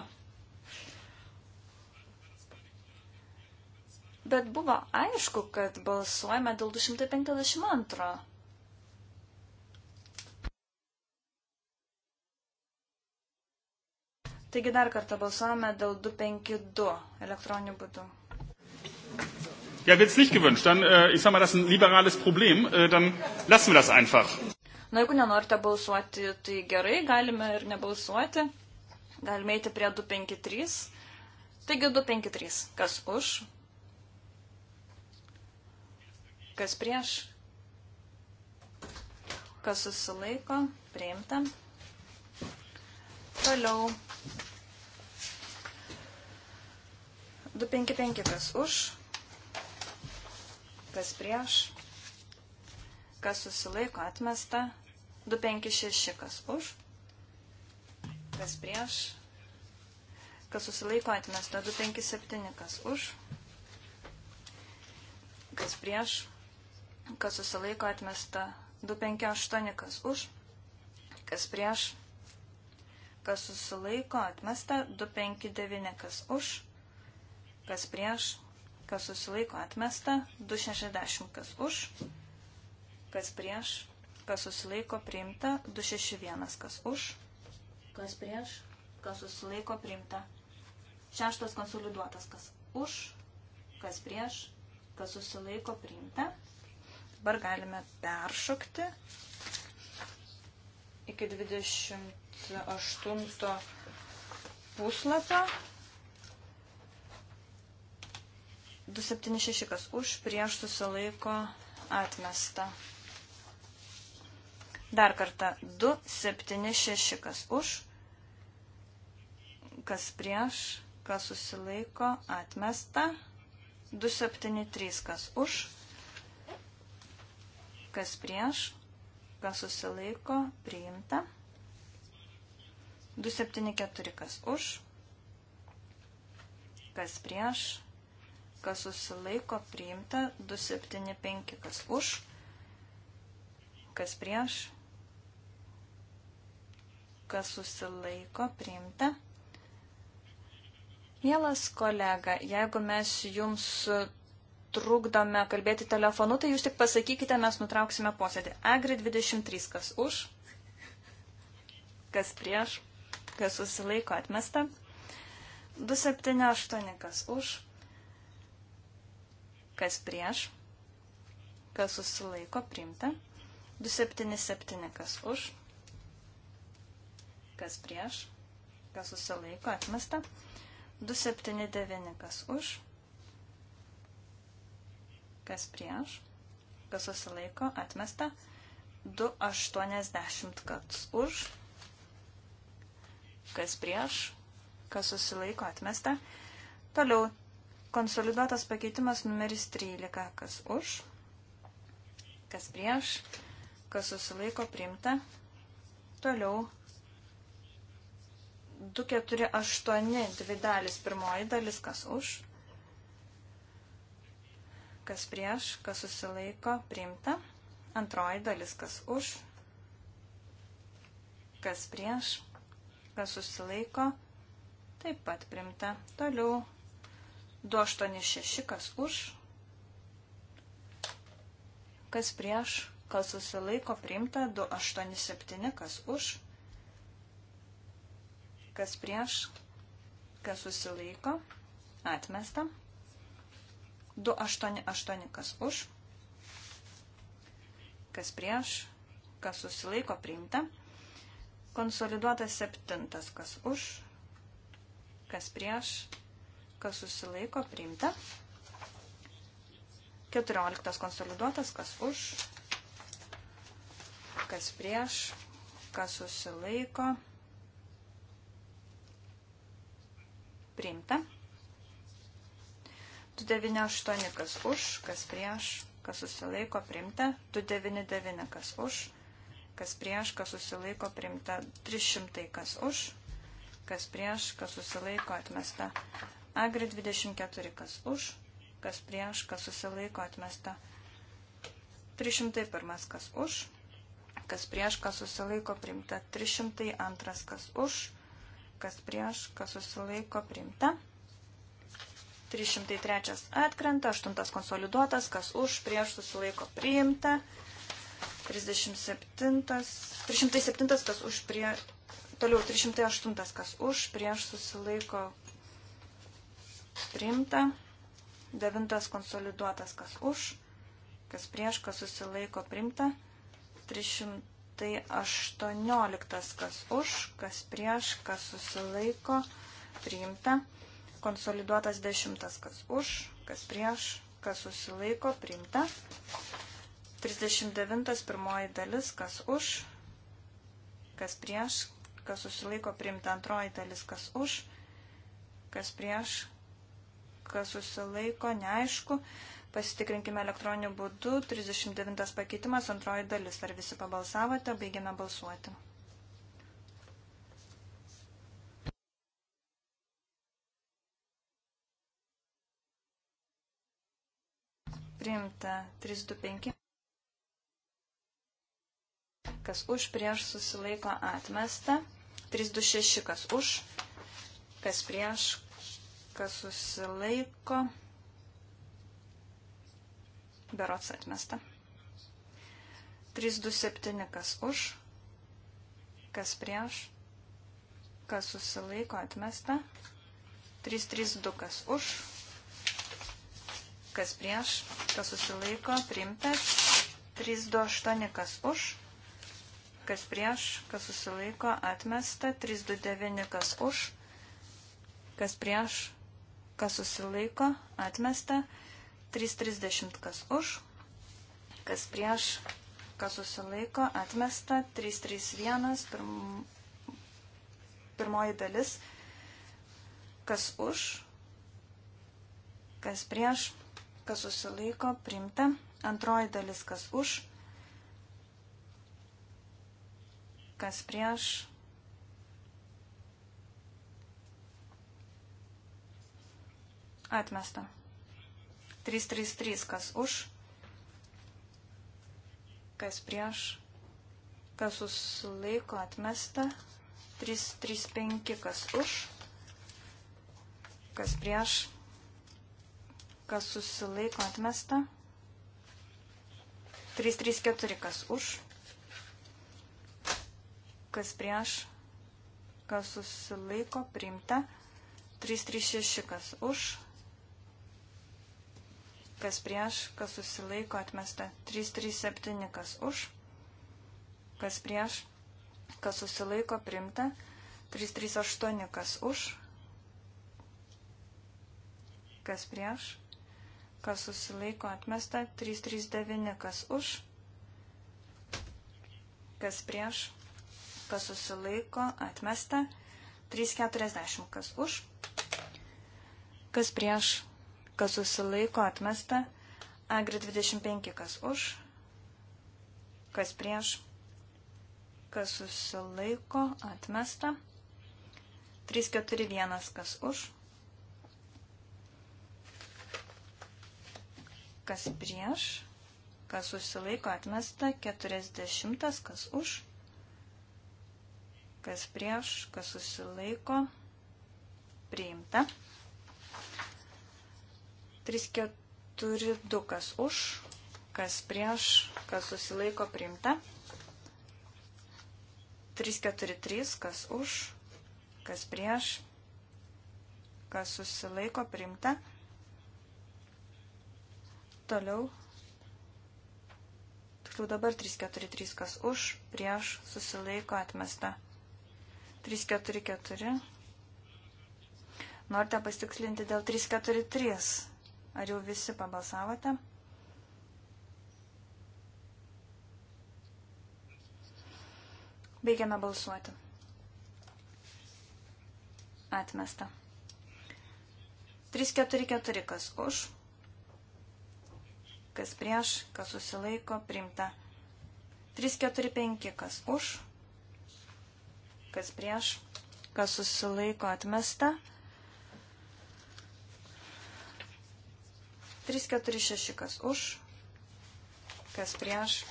Bet buvo aišku, kad balsuojame dėl 252. Taigi dar kartą balsuojame dėl 252 elektroniniu būdu. Ja, wird's nicht gewünscht, dann, äh, ich sag mal, das ist ein liberales Problem, äh, dann lassen wir das einfach. Na, jeigu nenorite balsuoti, tai gerai, galime ir nebalsuoti. Galime eiti prie 253. Taigi 253. Kas už? Kas prieš? Kas susilaiko? Priimta. Toliau 255 kas už, kas prieš, kas susilaiko atmesta, 256 kas už, kas prieš, kas susilaiko atmesta, 257 kas už, kas prieš, kas susilaiko atmesta, 258 kas už, kas prieš, kas susilaiko atmesta, 259 kas už, kas prieš, kas susilaiko atmesta, 260 kas už, kas prieš, kas susilaiko priimta, 261 kas už, kas prieš, kas susilaiko priimta, šeštas konsoliduotas kas už, kas prieš, kas susilaiko priimta. Dabar galime peršokti iki 28 puslapio. 276 kas už, prieš susilaiko atmesta. Dar kartą 276 kas už, kas prieš, kas susilaiko atmesta. 273 kas už, kas prieš, kas susilaiko priimta. 274 kas už, kas prieš, kas susilaiko priimta, 275 kas už, kas prieš, kas susilaiko priimta. Mielas kolega, jeigu mes jums trukdome kalbėti telefonu, tai jūs tik pasakykite, mes nutrauksime posėdį. Agri 23, kas už, kas prieš, kas susilaiko atmesta. 278, kas už, kas prieš, kas susilaiko priimta, 277 kas už, kas prieš, kas susilaiko atmesta, 279 kas už, kas prieš, kas susilaiko atmesta, 280 kas už, kas prieš, kas susilaiko atmesta, toliau Konsoliduotas pakeitimas numeris 13. Kas už, kas prieš, kas susilaiko priimta. Toliau 248 dvi dalis. Pirmoji dalis, kas už, kas prieš, kas susilaiko priimta. Antroji dalis, kas už, kas prieš, kas susilaiko, taip pat primta. Toliau 286, kas už, kas prieš, kas susilaiko priimta, 287, kas už, kas prieš, kas susilaiko, atmesta, 288, kas už, kas prieš, kas susilaiko priimta, konsoliduotas septintas, kas už, kas prieš, kas prieš, kas susilaiko, priimta. 14 konsoliduotas, kas už, kas prieš, kas susilaiko, priimta. 298 kas už, kas prieš, kas susilaiko primta, 299 kas už, kas prieš, kas susilaiko primta, 300 kas už, kas prieš, kas susilaiko atmesta, Agri 24, kas už, kas prieš, kas susilaiko atmesta. 301, kas už, kas prieš, kas susilaiko priimta. 302, kas už, kas prieš, kas susilaiko priimta. 303 atkrenta, 8 konsoliduotas, kas už, prieš susilaiko priimta. 37, 307, kas už, prie, toliau 308, kas už, prieš susilaiko priimta priimta. Devintas konsoliduotas, kas už, kas prieš, kas susilaiko priimta. 318, kas už, kas prieš, kas susilaiko priimta. Konsoliduotas dešimtas, kas už, kas prieš, kas susilaiko priimta. 39, pirmoji dalis, kas už, kas prieš, kas susilaiko priimta. Antroji dalis, kas už, kas prieš, kas susilaiko, neaišku. Pasitikrinkime elektroniniu būdu. 39 pakeitimas, antroji dalis. Ar visi pabalsavote? Baigiame balsuoti. Priimta 325. Kas už prieš susilaiko atmesta. 326 kas už, kas prieš kas susilaiko. Berots atmesta. 327 kas už, kas prieš, kas susilaiko atmesta. 332 kas už, kas prieš, kas susilaiko priimtas. 328 kas už, kas prieš, kas susilaiko atmesta. 329 kas už, kas prieš, kas susilaiko, atmesta. 3.30 kas už, kas prieš, kas susilaiko, atmesta. 3.31 pirm... pirmoji dalis, kas už, kas prieš, kas susilaiko, primta. Antroji dalis, kas už, kas prieš, Atmesta. 333, kas už, kas prieš, kas susilaiko, atmesta. 335, kas už, kas prieš, kas susilaiko, atmesta. 334, kas už, kas prieš, kas susilaiko, priimta. 336, kas už kas prieš, kas susilaiko atmesta. 337, kas už, kas prieš, kas susilaiko primta. 338, kas už, kas prieš, kas susilaiko atmesta. 339, kas už, kas prieš, kas susilaiko atmesta. 340, kas už, kas prieš, kas susilaiko atmesta, agri 25 kas už, kas prieš, kas susilaiko atmesta, 341 kas už, kas prieš, kas susilaiko atmesta, 40 kas už, kas prieš, kas susilaiko priimta. 3, 4, 2, kas už, kas prieš, kas susilaiko priimta. 3, 4, 3, kas už, kas prieš, kas susilaiko priimta. Toliau. Tiksliau dabar 343, kas už, prieš, susilaiko, atmesta. 344. Norite pasitikslinti dėl 343. Ar jau visi pabalsavote? Baigiame balsuoti. Atmesta. 344 kas už, kas prieš, kas susilaiko, priimta. 345 kas už, kas prieš, kas susilaiko, atmesta. 346 346 kas už, kas prieš,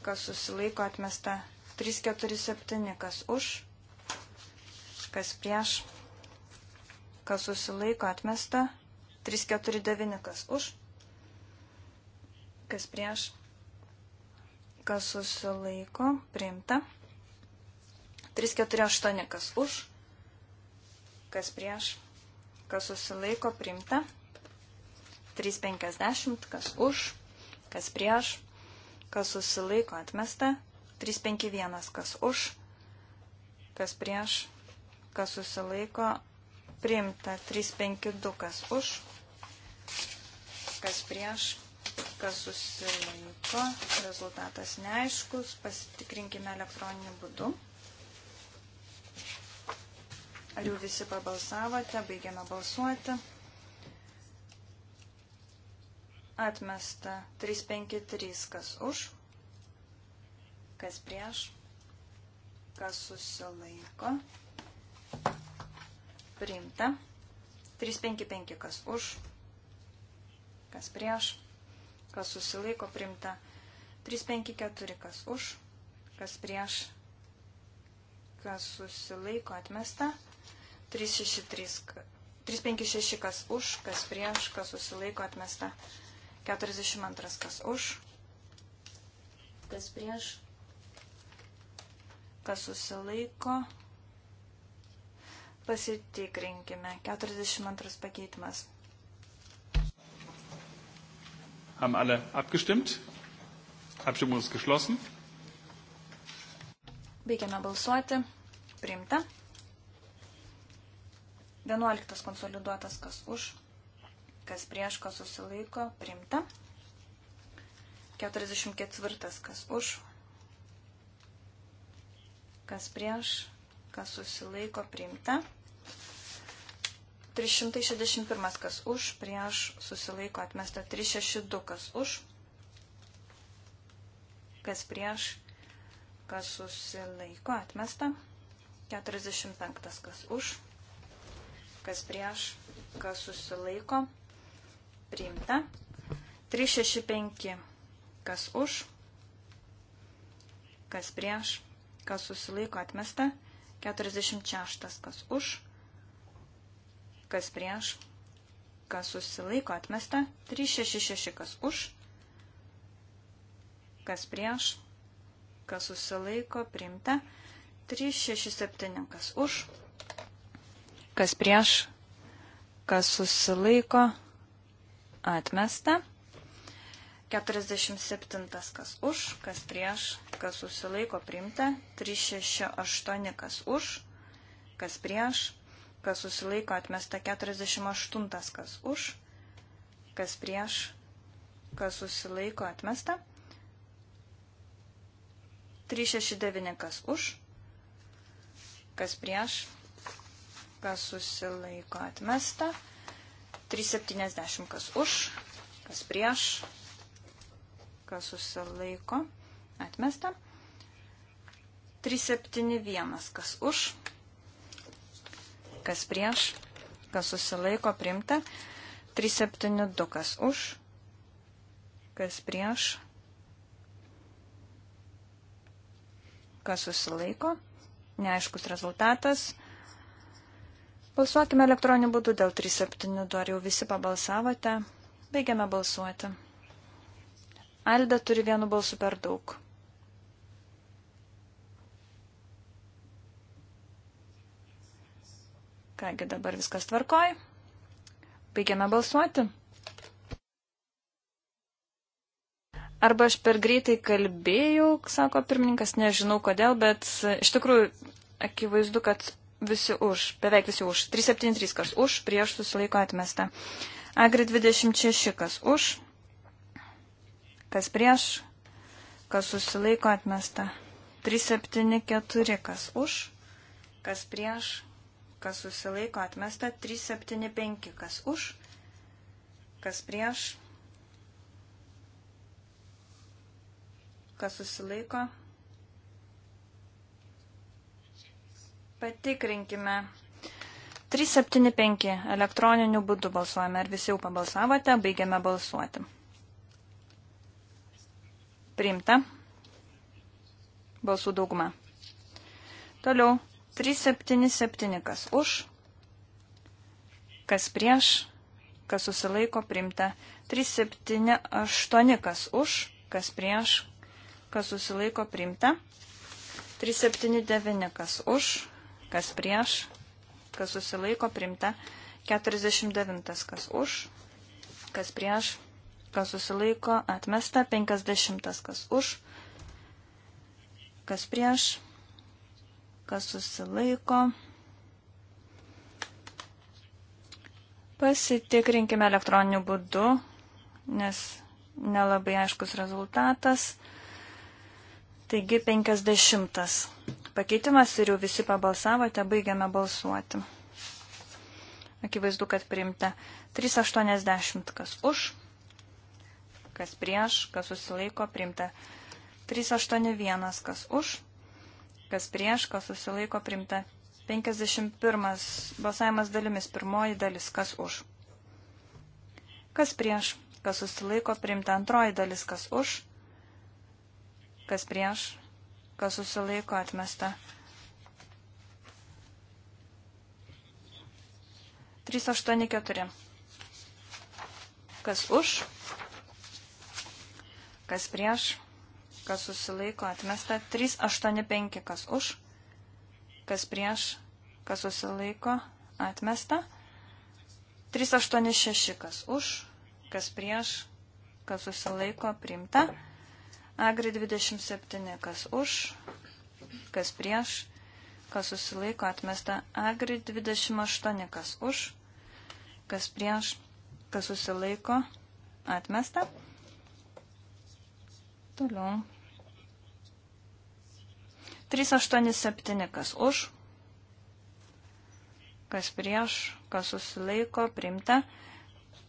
kas susilaiko atmesta. 347 kas už, kas prieš, kas susilaiko atmesta. 349 kas už, kas prieš, kas susilaiko priimta. 348 kas už, kas prieš, kas susilaiko priimta. 350, kas už, kas prieš, kas susilaiko atmesta, 351, kas už, kas prieš, kas susilaiko, priimta, 352, kas už, kas prieš, kas susilaiko, rezultatas neaiškus, pasitikrinkime elektroniniu būdu. Ar jau visi pabalsavote, baigiame balsuoti. Atmesta 353, kas už, kas prieš, kas susilaiko. Priimta. 355, kas už, kas prieš, kas susilaiko. Priimta. 354, kas už, kas prieš, kas susilaiko. Atmesta. 363, 356, kas už, kas prieš, kas susilaiko. Atmesta. 42 kas už, kas prieš, kas susilaiko. Pasitikrinkime. 42 pakeitimas. Haben alle abgestimmt? Abstimmung ist geschlossen. Baigiame balsuoti. Priimta. 11 konsoliduotas kas už kas prieš, kas susilaiko, priimta. 44, kas už, kas prieš, kas susilaiko, priimta. 361, kas už, prieš, susilaiko, atmesta. 362, kas už, kas prieš, kas susilaiko, atmesta. 45, kas už, kas prieš, kas susilaiko, atmesta priimta. 365, kas už, kas prieš, kas susilaiko atmesta. 46, kas už, kas prieš, kas susilaiko atmesta. 366, kas už, kas prieš, kas susilaiko priimta. 367, kas už, kas prieš, kas susilaiko atmesta atmesta. 47 kas už, kas prieš, kas susilaiko priimta, 368 kas už, kas prieš, kas susilaiko atmesta, 48 kas už, kas prieš, kas susilaiko atmesta, 369 kas už, kas prieš, kas susilaiko atmesta, 369 370 kas už, kas prieš, kas susilaiko, atmesta. 371 kas už, kas prieš, kas susilaiko, primta. 372 kas už, kas prieš, kas susilaiko, neaiškus rezultatas. Balsuokime elektroniniu būdu dėl 372, ar jau visi pabalsavote. Baigiame balsuoti. Alda turi vienu balsu per daug. Kągi dabar viskas tvarkoj. Baigiame balsuoti. Arba aš per greitai kalbėjau, sako pirmininkas, nežinau kodėl, bet iš tikrųjų akivaizdu, kad visi už, beveik visi už. 373 kas už, prieš susilaiko atmesta. Agri 26 kas už, kas prieš, kas susilaiko atmesta. 374 kas už, kas prieš, kas susilaiko atmesta. 375 kas už, kas prieš, kas susilaiko atmesta Patikrinkime. 375 elektroniniu būdu balsuojame. Ar visi jau pabalsavote? Baigiame balsuoti. Priimta. Balsų dauguma. Toliau. 377 kas už, kas prieš, kas susilaiko priimta. 378 kas už, kas prieš, kas susilaiko priimta. 379 kas už, kas prieš, kas susilaiko primta. 49. kas už, kas prieš, kas susilaiko atmesta. 50. kas už, kas prieš, kas susilaiko. Pasitikrinkime elektroniniu būdu, nes nelabai aiškus rezultatas. Taigi 50 pakeitimas ir jau visi pabalsavote, baigiame balsuoti. Akivaizdu, kad priimta 380, kas už, kas prieš, kas susilaiko, priimta 381, kas už, kas prieš, kas susilaiko, priimta 51 balsavimas dalimis, pirmoji dalis, kas už, kas prieš, kas susilaiko, priimta antroji dalis, kas už, kas prieš, kas susilaiko atmesta. 384. Kas už, kas prieš, kas susilaiko atmesta. 385. Kas už, kas prieš, kas susilaiko atmesta. 386. Kas už, kas prieš, kas susilaiko priimta. Agri 27, kas už, kas prieš, kas susilaiko atmesta. Agri 28, kas už, kas prieš, kas susilaiko atmesta. Toliau. 387, kas už, kas prieš, kas susilaiko, primta.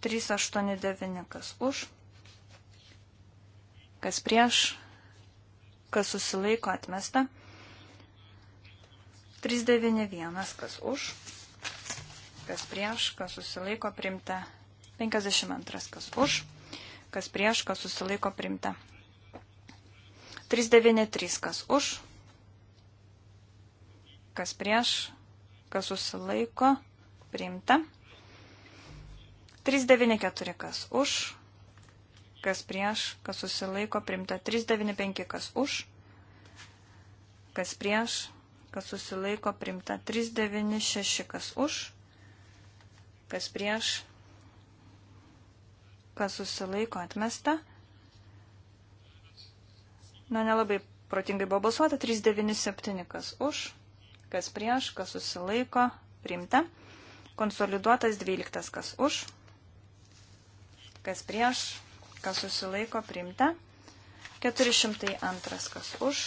389, kas už kas prieš, kas susilaiko atmesta. 391, kas už, kas prieš, kas susilaiko primta. 52, kas už, kas prieš, kas susilaiko primta. 393, kas už, kas prieš, kas susilaiko primta. 394, kas už, kas prieš, kas susilaiko, primta 395, kas už, kas prieš, kas susilaiko, primta 396, kas už, kas prieš, kas susilaiko, atmesta. Na, nelabai protingai buvo balsuota, 397, kas už, kas prieš, kas susilaiko, primta. Konsoliduotas 12, kas už, kas prieš, kas susilaiko priimta. 402 kas už,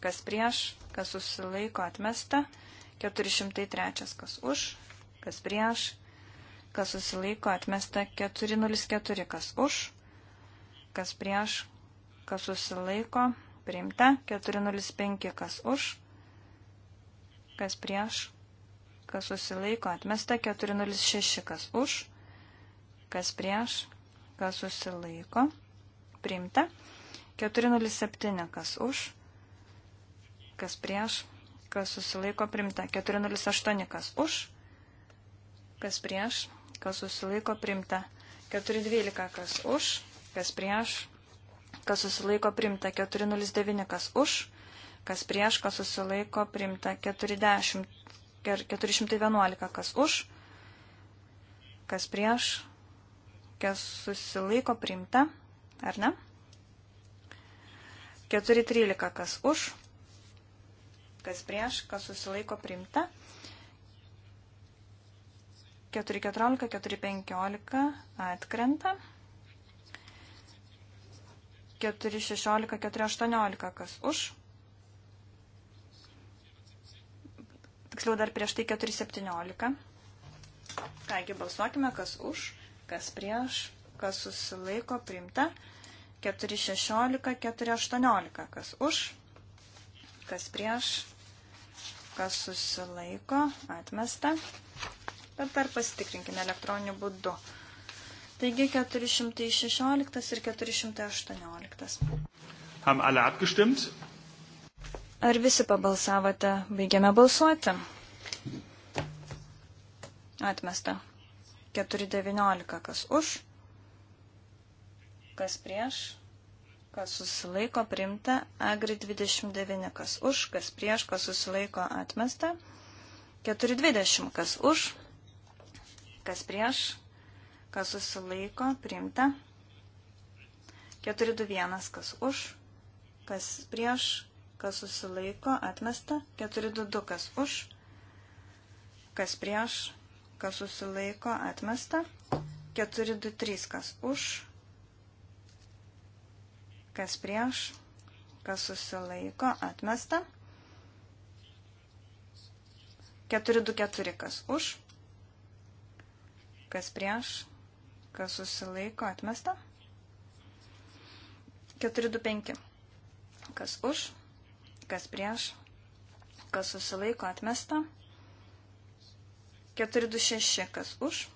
kas prieš, kas susilaiko atmesta. 403 kas už, kas prieš, kas susilaiko atmesta. 404 kas už, kas prieš, kas susilaiko priimta. 405 kas už, kas prieš, kas susilaiko atmesta. 406 kas už, kas prieš, kas susilaiko, priimta. 407, kas už, kas prieš, kas susilaiko, priimta. 408, kas už, kas prieš, kas susilaiko, priimta. 412, kas už, kas prieš, kas susilaiko, priimta. 409, kas už, kas prieš, kas susilaiko, priimta. 40, 411, kas už, kas prieš, kas susilaiko priimta, ar ne? 4.13, kas už, kas prieš, kas susilaiko priimta. 4.14, 4.15 atkrenta. 4.16, 4.18, kas už. Tiksliau dar prieš tai 4.17. Kągi, balsuokime, kas už kas prieš, kas susilaiko priimta, 416, 418, kas už, kas prieš, kas susilaiko atmesta, bet dar pasitikrinkime elektroniniu būdu. Taigi 416 ir 418. Ham alle abgestimmt? Ar visi pabalsavote? Baigiame balsuoti. Atmesta. 4.19. Kas už, kas prieš, kas susilaiko primta. Agri 29. Kas už, kas prieš, kas susilaiko atmesta. 4.20. Kas už, kas prieš, kas susilaiko primta. 4.21. Kas už, kas prieš, kas susilaiko atmesta. 4.22. Kas už, kas prieš, kas susilaiko, atmesta. 423, kas už, kas prieš, kas susilaiko, atmesta. 424, kas už, kas prieš, kas susilaiko, atmesta. 425, kas už, kas prieš, kas susilaiko, atmesta. 4, 2, 5, 426, kas už,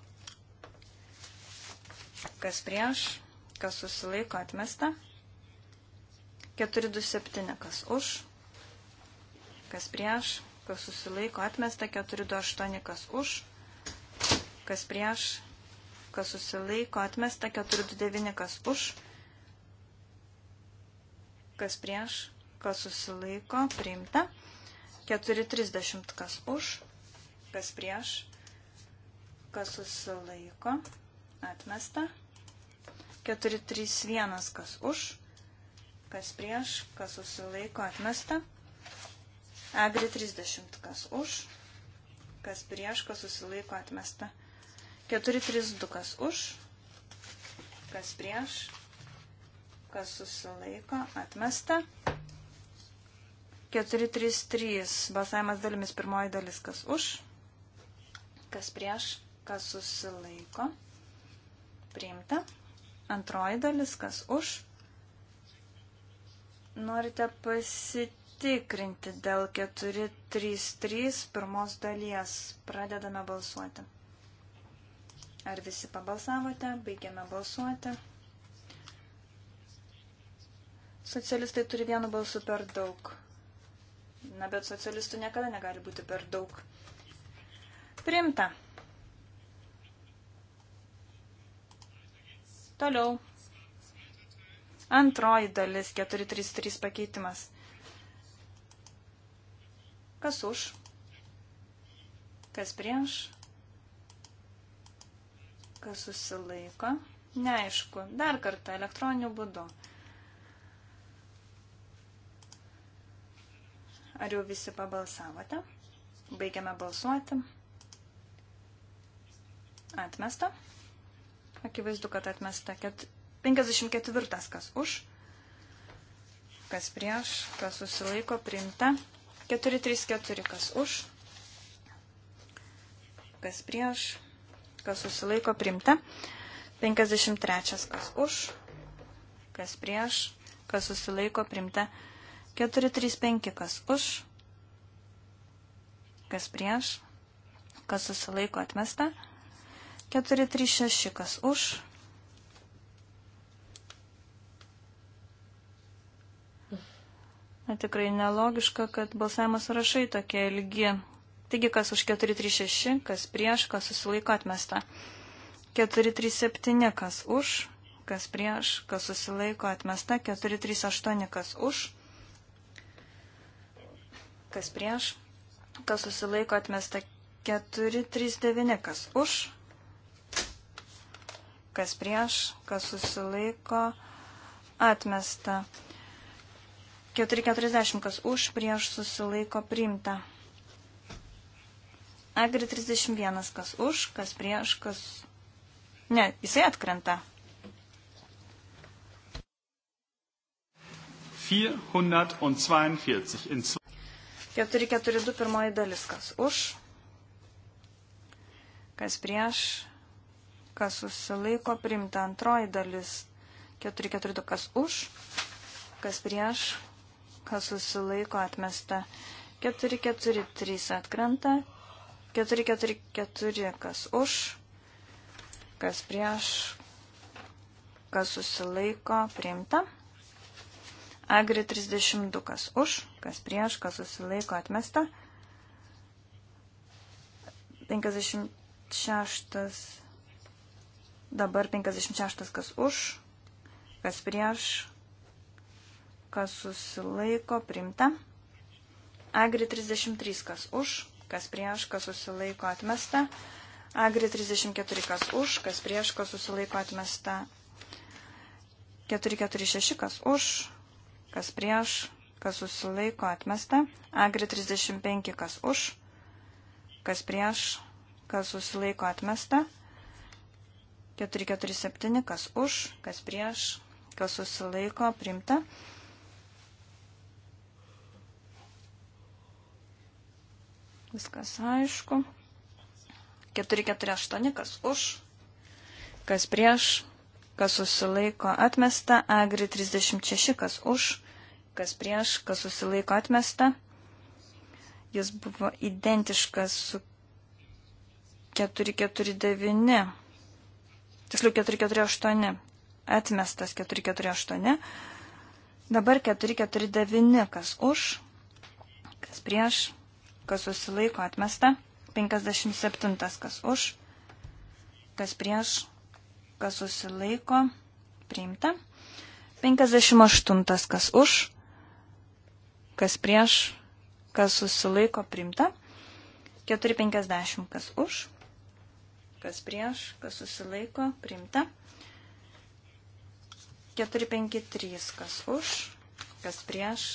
kas prieš, kas susilaiko atmesta. 427, kas už, kas prieš, kas susilaiko atmesta. 428, kas už, kas prieš, kas susilaiko atmesta. 429, kas už, kas prieš, kas susilaiko priimta. 430, kas už kas prieš, kas susilaiko, atmesta. 431, kas už, kas prieš, kas susilaiko, atmesta. Agri 30, kas už, kas prieš, kas susilaiko, atmesta. 432, kas už, kas prieš, kas susilaiko, atmesta. 433, balsavimas dalimis pirmoji dalis, kas už, kas prieš, kas susilaiko, priimta. Antroji dalis, kas už. Norite pasitikrinti dėl 433 pirmos dalies. Pradedame balsuoti. Ar visi pabalsavote? Baigiame balsuoti. Socialistai turi vienu balsu per daug. Na, bet socialistų niekada negali būti per daug. Primta. Toliau. Antroji dalis 433 pakeitimas. Kas už? Kas prieš? Kas susilaiko? Neaišku. Dar kartą elektroniniu būdu. Ar jau visi pabalsavote? Baigiame balsuoti. Atmesta. Akivaizdu, kad atmesta. Ket... 54. Kas už? Kas prieš? Kas susilaiko? Priimta. 434. Kas už? Kas prieš? Kas susilaiko? Priimta. 53. Kas už? Kas prieš? Kas susilaiko? Priimta. 435. Kas už? Kas prieš? Kas susilaiko? Atmesta. 436 436 kas už. Na, tikrai nelogiška, kad balsavimo sąrašai tokie ilgi. Taigi, kas už 436, kas prieš, kas susilaiko atmesta. 437, kas už, kas prieš, kas susilaiko atmesta. 438, kas už, kas prieš, kas susilaiko atmesta. 439, kas už, kas prieš, kas susilaiko, atmesta. 440, kas už, prieš, susilaiko, priimta. Agri 31, kas už, kas prieš, kas... Ne, jisai atkrenta. 442. 442 pirmoji dalis, kas už, kas prieš, kas susilaiko primta. Antroji dalis 442, kas už, kas prieš, kas susilaiko atmesta. 443 atkrenta. 444 kas už, kas prieš, kas susilaiko primta. Agri 32 kas už, kas prieš, kas susilaiko atmesta. 56 Dabar 56 kas už, kas prieš, kas susilaiko, primta. Agri 33 kas už, kas prieš, kas susilaiko, atmesta. Agri 34 kas už, kas prieš, kas susilaiko, atmesta. 446 kas už, kas prieš, kas susilaiko, atmesta. Agri 35 kas už, kas prieš, kas susilaiko, atmesta. 447, kas už, kas prieš, kas susilaiko, primta. Viskas aišku. 448, kas už, kas prieš, kas susilaiko atmesta, agri 36, kas už, kas prieš, kas susilaiko atmesta. Jis buvo identiškas su 449 tiksliau 448 atmestas 448, dabar 449, kas už, kas prieš, kas susilaiko atmesta, 57, kas už, kas prieš, kas susilaiko, priimta, 58, kas už, kas prieš, kas susilaiko, priimta, 450, kas už, kas prieš, kas susilaiko, priimta. 453, kas už, kas prieš,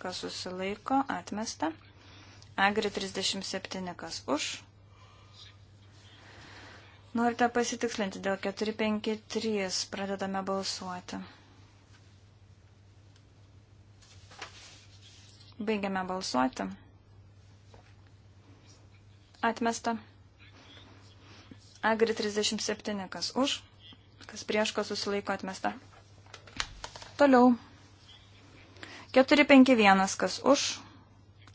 kas susilaiko, atmesta. Agri 37, kas už. Norite pasitikslinti dėl 453, pradedame balsuoti. Baigiame balsuoti. Atmesta. Agri 37, kas už, kas prieš, kas susilaiko atmesta. Toliau. 451, kas už,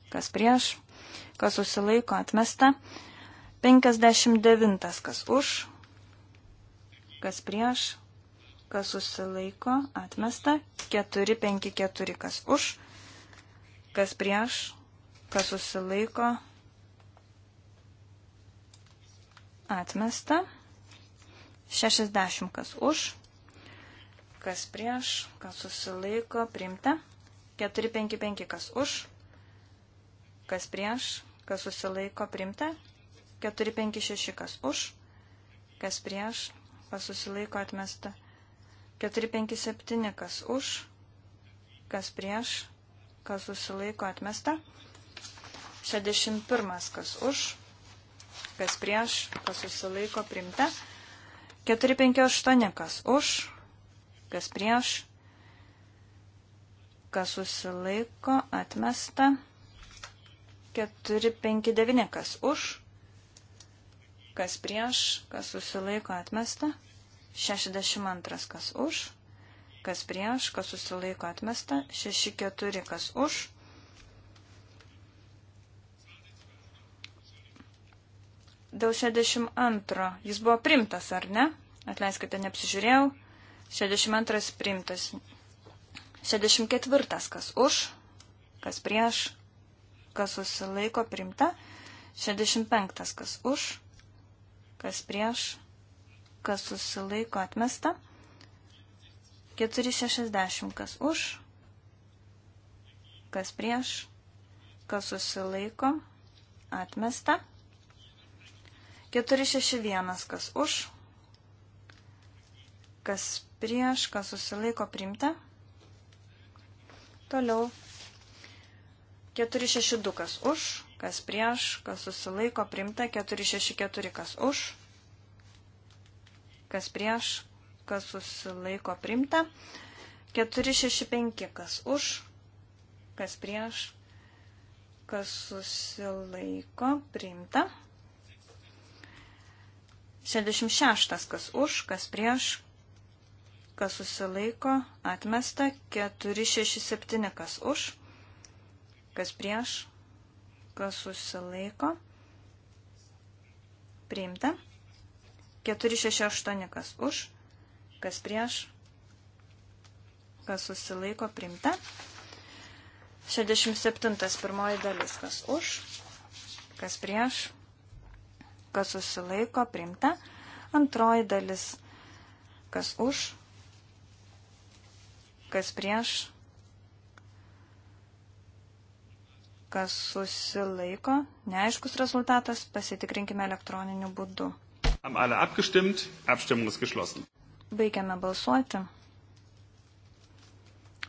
kas prieš, kas susilaiko atmesta. 59, kas už, kas prieš, kas susilaiko atmesta. 454, kas už, kas prieš, kas susilaiko atmesta atmesta. 60 kas už, kas prieš, kas susilaiko, priimta. 455 kas už, kas prieš, kas susilaiko, priimta. 456 kas už, kas prieš, kas susilaiko, atmesta. 457 kas už, kas prieš, kas susilaiko, atmesta. 61 kas už, kas prieš, kas susilaiko primta. 458, kas už, kas prieš, kas susilaiko atmesta. 459, kas už, kas prieš, kas susilaiko atmesta. 62, kas už, kas prieš, kas susilaiko atmesta. 64, kas už Dėl 62. Jis buvo primtas, ar ne? Atleiskite, neapsižiūrėjau. 62 primtas. 64. Kas už, kas prieš, kas susilaiko primta. 65. Kas už, kas prieš, kas susilaiko atmesta. 460. Kas už, kas prieš, kas susilaiko atmesta. 461, kas už, kas prieš, kas susilaiko priimta. Toliau 462, kas už, kas prieš, kas susilaiko priimta. 464, kas už, kas prieš, kas susilaiko priimta. 465, kas už, kas prieš, kas susilaiko priimta. 66. Kas už, kas prieš, kas susilaiko, atmesta. 467. Kas už, kas prieš, kas susilaiko, priimta. 468. Kas už, kas prieš, kas susilaiko, priimta. 67. Pirmoji dalis. Kas už, kas prieš, kas susilaiko, priimta. Antroji dalis, kas už, kas prieš, kas susilaiko, neaiškus rezultatas, pasitikrinkime elektroniniu būdu. Am alle abgestimmt, Abstimmung ist geschlossen. Baigiame balsuoti.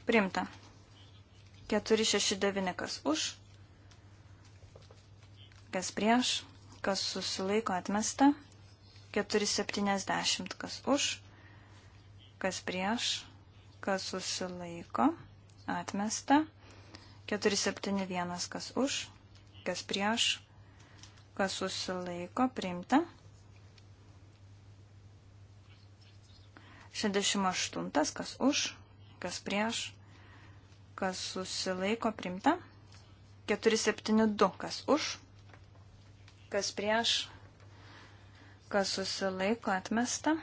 Primta. 469 kas už, kas prieš, kas susilaiko atmesta, 470 kas už, kas prieš, kas susilaiko atmesta, 471 kas už, kas prieš, kas susilaiko priimta. 68 kas už, kas prieš, kas susilaiko priimta. 472 kas už, kas prieš, kas susilaiko atmesta.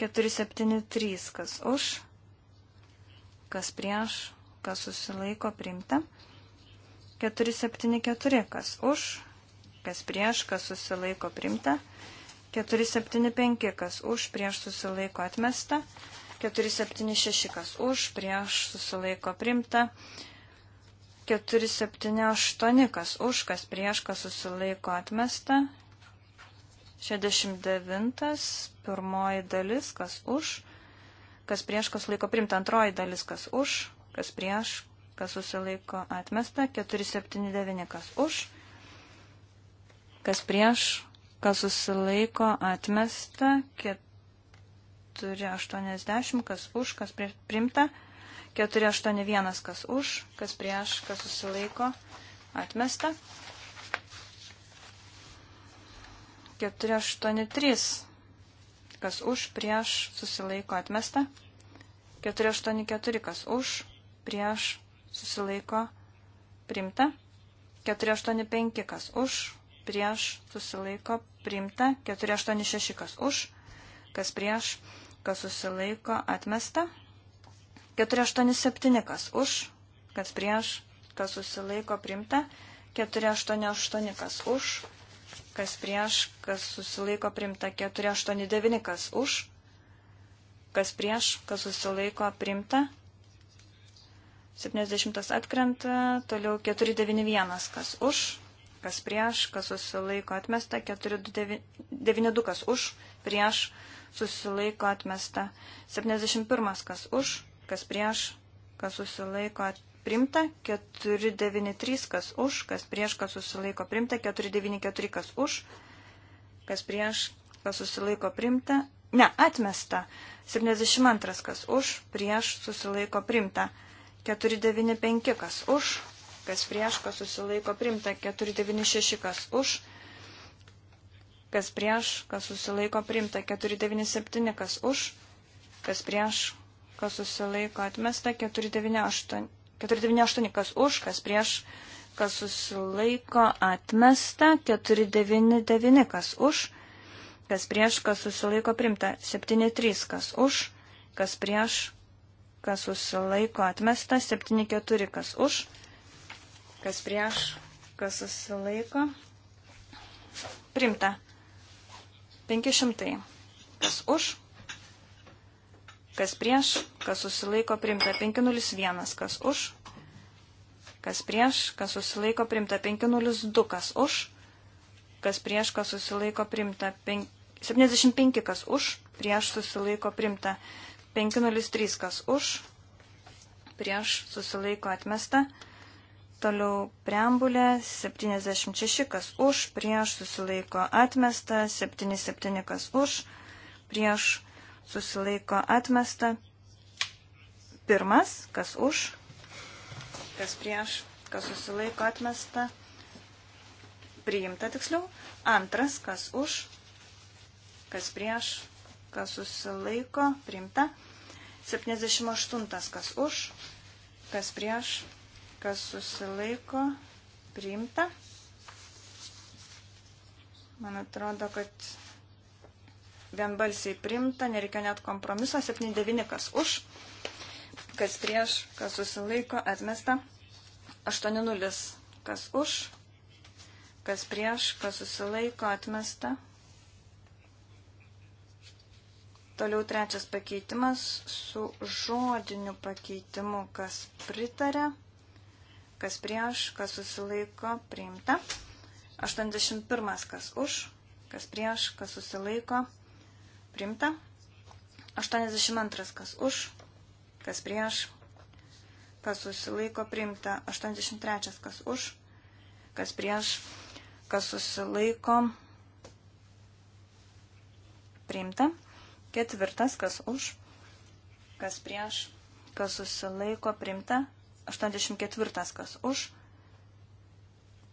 473, kas už, kas prieš, kas susilaiko priimta. 474, kas už, kas prieš, kas susilaiko priimta. 475, kas už, prieš susilaiko atmesta. 476, kas už, prieš susilaiko priimta. 475, 478, kas už, kas prieš, kas susilaiko atmesta. 69, pirmoji dalis, kas už, kas prieš, kas laiko primta. Antroji dalis, kas už, kas prieš, kas susilaiko atmesta. 479, kas už, kas prieš, kas susilaiko atmesta. 480, kas už, kas prieš primta. 4, 481, kas už, kas prieš, kas susilaiko, atmesta. 483, kas už, prieš, susilaiko, atmesta. 484, kas už, prieš, susilaiko, primta. 485, kas už, prieš, susilaiko, primta. 486, kas už, kas prieš, kas susilaiko, atmesta. 487 kas už, kas prieš, kas susilaiko primta. 488 kas už, kas prieš, kas susilaiko primta. 489 kas už, kas prieš, kas susilaiko primta. 70 atkrenta, toliau 491 kas už, kas prieš, kas susilaiko atmesta, 492 kas už, prieš, susilaiko atmesta, 71 kas už, kas prieš, kas susilaiko primta, 493, kas už, kas prieš, kas susilaiko primta, 494, kas už, kas prieš, kas susilaiko primta, ne, atmesta, 72, kas už, prieš, susilaiko primta, 495, kas už, kas prieš, kas susilaiko primta, 496, kas už, kas prieš, kas susilaiko primta, 497, kas už, kas prieš, kas susilaiko atmesta, 498, 498 kas už, kas prieš, kas susilaiko atmesta, 499 kas už, kas prieš, kas susilaiko primta, 73 kas už, kas prieš, kas susilaiko atmesta, 74 kas už, kas prieš, kas susilaiko primta, 500 kas už Kas prieš, kas susilaiko primta 501, kas už. Kas prieš, kas susilaiko primta 502, kas už. Kas prieš, kas susilaiko primta 5... 75, kas už. Prieš susilaiko primta 503, kas už. Prieš susilaiko atmesta. Toliau preambulė 76, kas už. Prieš susilaiko atmesta. 77, kas už. Prieš susilaiko atmesta. Pirmas, kas už, kas prieš, kas susilaiko atmesta. Priimta tiksliau. Antras, kas už, kas prieš, kas susilaiko, priimta. 78, kas už, kas prieš, kas susilaiko, priimta. Man atrodo, kad vienbalsiai primta, nereikia net kompromiso, 79 kas už, kas prieš, kas susilaiko, atmesta, 80 kas už, kas prieš, kas susilaiko, atmesta. Toliau trečias pakeitimas su žodiniu pakeitimu, kas pritarė, kas prieš, kas susilaiko, priimta. 81 kas už, kas prieš, kas susilaiko, priimta. Primta. 82. Kas už, kas prieš, kas susilaiko. Primta. 83. Kas už, kas prieš, kas susilaiko. Primta. Ketvirtas. Kas už, kas prieš, kas susilaiko. Primta. 84. Kas už,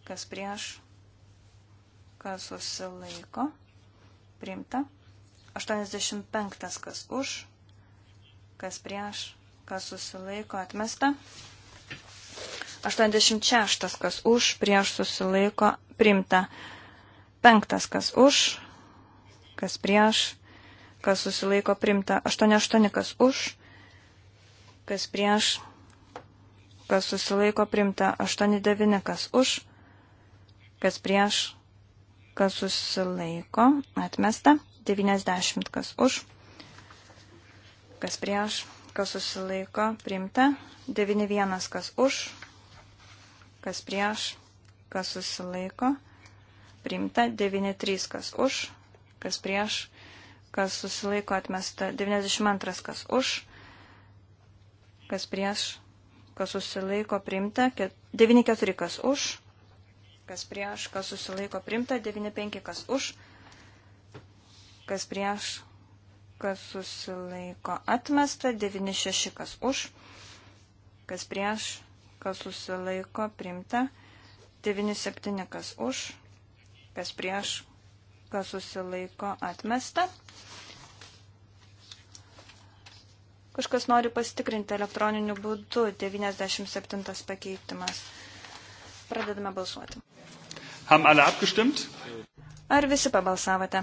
kas prieš, kas susilaiko. Primta. 85. Kas už, kas prieš, kas susilaiko, atmesta. 86. Kas už, prieš susilaiko, primta. 5. Kas už, kas prieš, kas susilaiko, primta. 88. Kas už, kas prieš, kas susilaiko, primta. 89. Kas už, kas prieš, kas susilaiko, atmesta. 90 kas už, kas prieš, kas susilaiko, priimta. 91 kas už, kas prieš, kas susilaiko, priimta. 93 kas už, kas prieš, kas susilaiko, atmesta. 92 kas už, kas prieš, kas susilaiko, priimta. 94 kas už, kas prieš, kas susilaiko, priimta. 95 kas už kas prieš, kas susilaiko atmesta, 96 kas už, kas prieš, kas susilaiko primta, 97 kas už, kas prieš, kas susilaiko atmesta. Kažkas nori pasitikrinti elektroniniu būdu 97 pakeitimas. Pradedame balsuoti. Ar visi pabalsavote?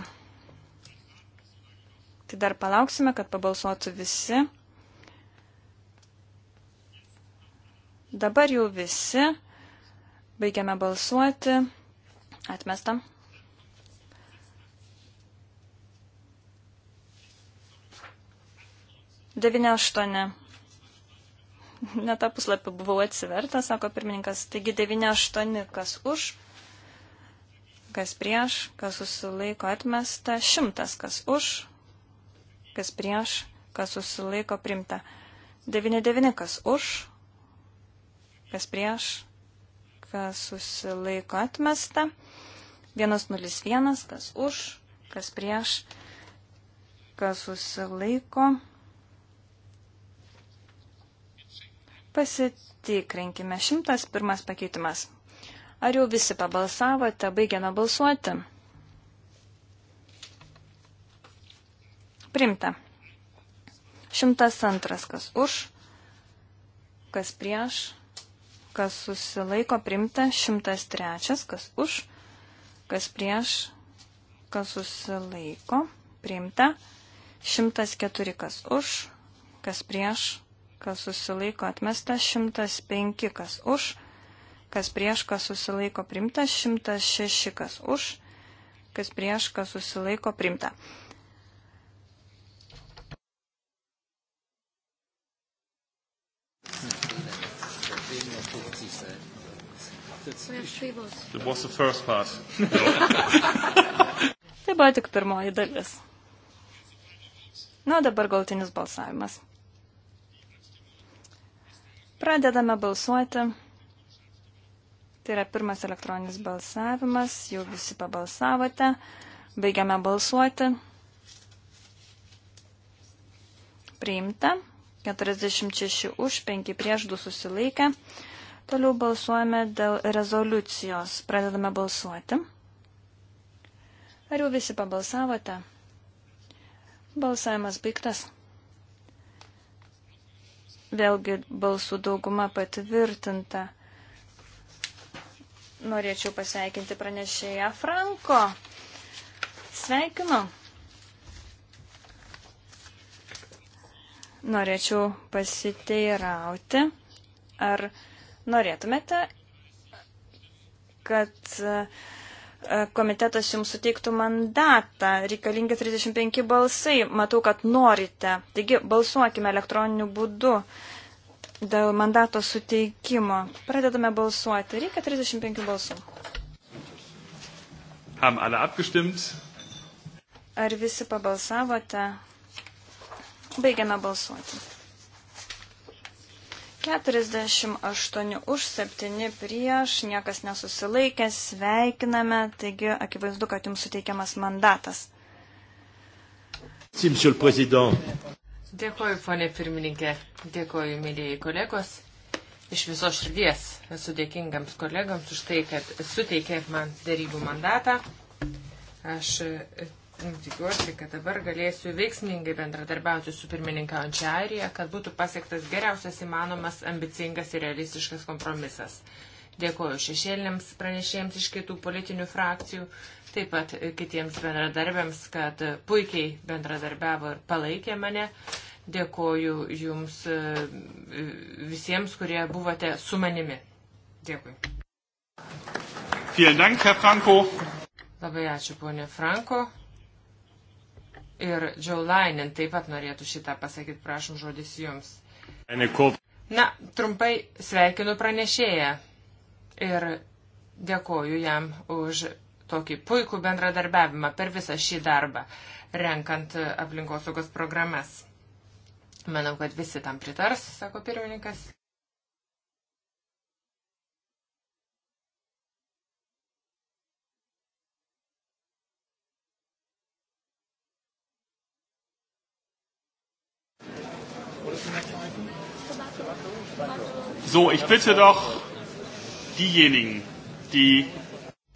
Tai dar palauksime, kad pabalsuotų visi. Dabar jau visi. Baigiame balsuoti. Atmestam. Devinė aštuoni. Net tą puslapį buvau atsivertęs, sako pirmininkas. Taigi devinė aštuoni, kas už, kas prieš, kas susilaiko atmesta, šimtas, kas už, kas prieš, kas susilaiko primta. 99 kas už, kas prieš, kas susilaiko atmesta. 101 kas už, kas prieš, kas susilaiko. Pasitikrinkime 101 pakeitimas. Ar jau visi pabalsavote, baigėme balsuoti? Primta. 102. Kas už, kas prieš, kas susilaiko primta. 103. Kas už, kas prieš, kas susilaiko primta. 104. Kas už, kas prieš, kas susilaiko atmesta. 105. Kas už, kas prieš, kas susilaiko primta. 106. Kas už, kas prieš, kas susilaiko primta. So That was the first part. *laughs* tai buvo tik pirmoji dalis. Na, dabar galtinis balsavimas. Pradedame balsuoti. Tai yra pirmas elektroninis balsavimas, jau visi pabalsavote, baigiame balsuoti. Priimta, 46 už, 5 prieš 2 susilaikę. Toliau balsuojame dėl rezoliucijos. Pradedame balsuoti. Ar jau visi pabalsavote? Balsavimas baigtas. Vėlgi balsų dauguma patvirtinta. Norėčiau pasveikinti pranešėją Franko. Sveikinu. Norėčiau pasiteirauti, ar norėtumėte, kad e, komitetas jums suteiktų mandatą, reikalingi 35 balsai, matau, kad norite. Taigi balsuokime elektroniniu būdu dėl mandato suteikimo. Pradedame balsuoti. Reikia 35 balsų. Haben alle abgestimmt? Ar visi pabalsavote? Baigiame balsuoti. 48 už 7 prieš, niekas nesusilaikė, sveikiname, taigi akivaizdu, kad jums suteikiamas mandatas. Dėkoju, ponė pirmininkė, dėkoju, mėlyjei kolegos. Iš viso širdies esu dėkingams kolegams už tai, kad suteikė man darybų mandatą. Aš Mm, tikiuosi, kad dabar galėsiu veiksmingai bendradarbiauti su pirmininkaujančia Airija, kad būtų pasiektas geriausias įmanomas ambicingas ir realistiškas kompromisas. Dėkoju šešėlėms pranešėjams iš kitų politinių frakcijų, taip pat kitiems bendradarbiams, kad puikiai bendradarbiavo ir palaikė mane. Dėkoju jums e, visiems, kurie buvote su manimi. Dėkui. Vielen Dank, Herr Franco. Labai ačiū, ponė Franko. Ir Joe Lainin taip pat norėtų šitą pasakyti, prašom žodis jums. Na, trumpai sveikinu pranešėją ir dėkoju jam už tokį puikų bendradarbiavimą per visą šį darbą, renkant aplinkosaugos programas. Manau, kad visi tam pritars, sako pirmininkas. So, ich bitte doch diejenigen, die.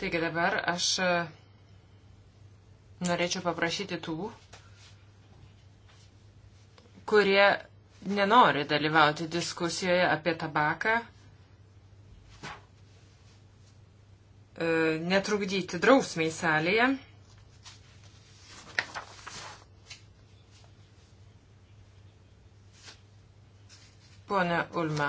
Taigi dabar aš e, norėčiau paprašyti tų, kurie nenori dalyvauti diskusijoje apie tabaką, e, netrukdyti drausmiai salėje. Pone Ulma,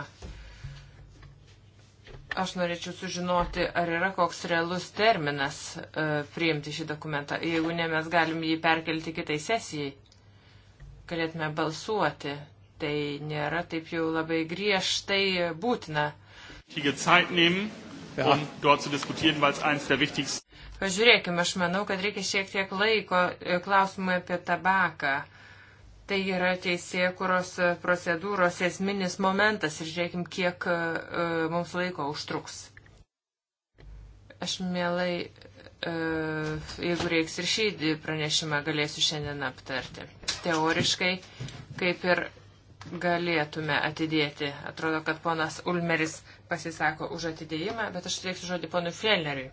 aš norėčiau sužinoti, ar yra koks realus terminas e, priimti šį dokumentą. Jeigu ne, mes galim jį perkelti kitai sesijai. Galėtume balsuoti. Tai nėra taip jau labai griežtai būtina. Um Pažiūrėkime, aš manau, kad reikia šiek tiek laiko e, klausimui apie tabaką. E, Tai yra teisėkuros procedūros esminis momentas ir žiūrėkim, kiek e, mums laiko užtruks. Aš mielai, e, jeigu reiks ir šį pranešimą galėsiu šiandien aptarti. Teoriškai, kaip ir galėtume atidėti. Atrodo, kad ponas Ulmeris pasisako už atidėjimą, bet aš turėksiu žodį ponui Fjellneriui.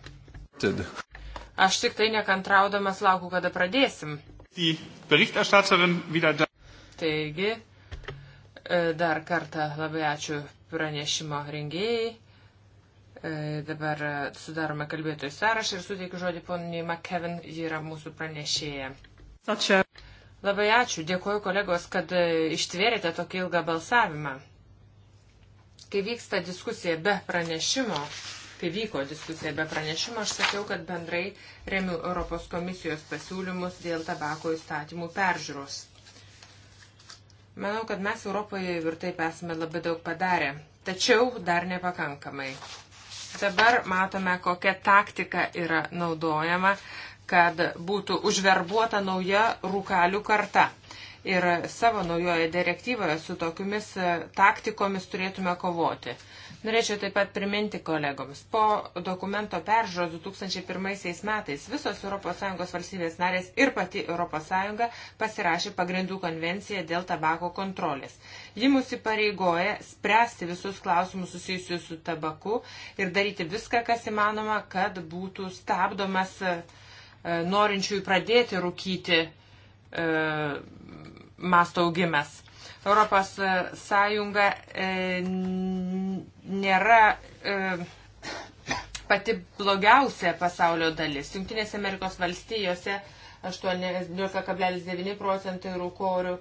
Aš tik tai nekantraudamas laukiu, kada pradėsim. Die Berichterstatterin wieder da. Taigi, e, dar kartą labai ačiū pranešimo rengėjai. E, dabar sudarome kalbėtojų sąrašą ir suteikiu žodį poniai McKevin, ji yra mūsų pranešėja. Ačiū. Labai ačiū, dėkuoju kolegos, kad e, ištvėrėte tokį ilgą balsavimą. Kai vyksta diskusija be pranešimo, kai vyko diskusija be pranešimo, aš sakiau, kad bendrai remiu Europos komisijos pasiūlymus dėl tabako įstatymų peržiūros. Manau, kad mes Europoje ir taip esame labai daug padarę, tačiau dar nepakankamai. Dabar matome, kokia taktika yra naudojama, kad būtų užverbuota nauja rūkalių karta. Ir savo naujoje direktyvoje su tokiomis taktikomis turėtume kovoti. Uh, Norėčiau taip pat priminti kolegoms, po dokumento peržiūros 2001 metais visos ES valstybės narės ir pati ES pasirašė pagrindų konvenciją dėl tabako kontrolės. Ji mus įpareigoja spręsti visus klausimus susijusius su tabaku ir daryti viską, kas įmanoma, kad būtų stabdomas e, e norinčiųjų pradėti rūkyti e, masto augimas. Europos e, Sąjunga e, nėra e, pati blogiausia pasaulio dalis. Junktinėse Amerikos valstijose 18,9 procentai rūkorių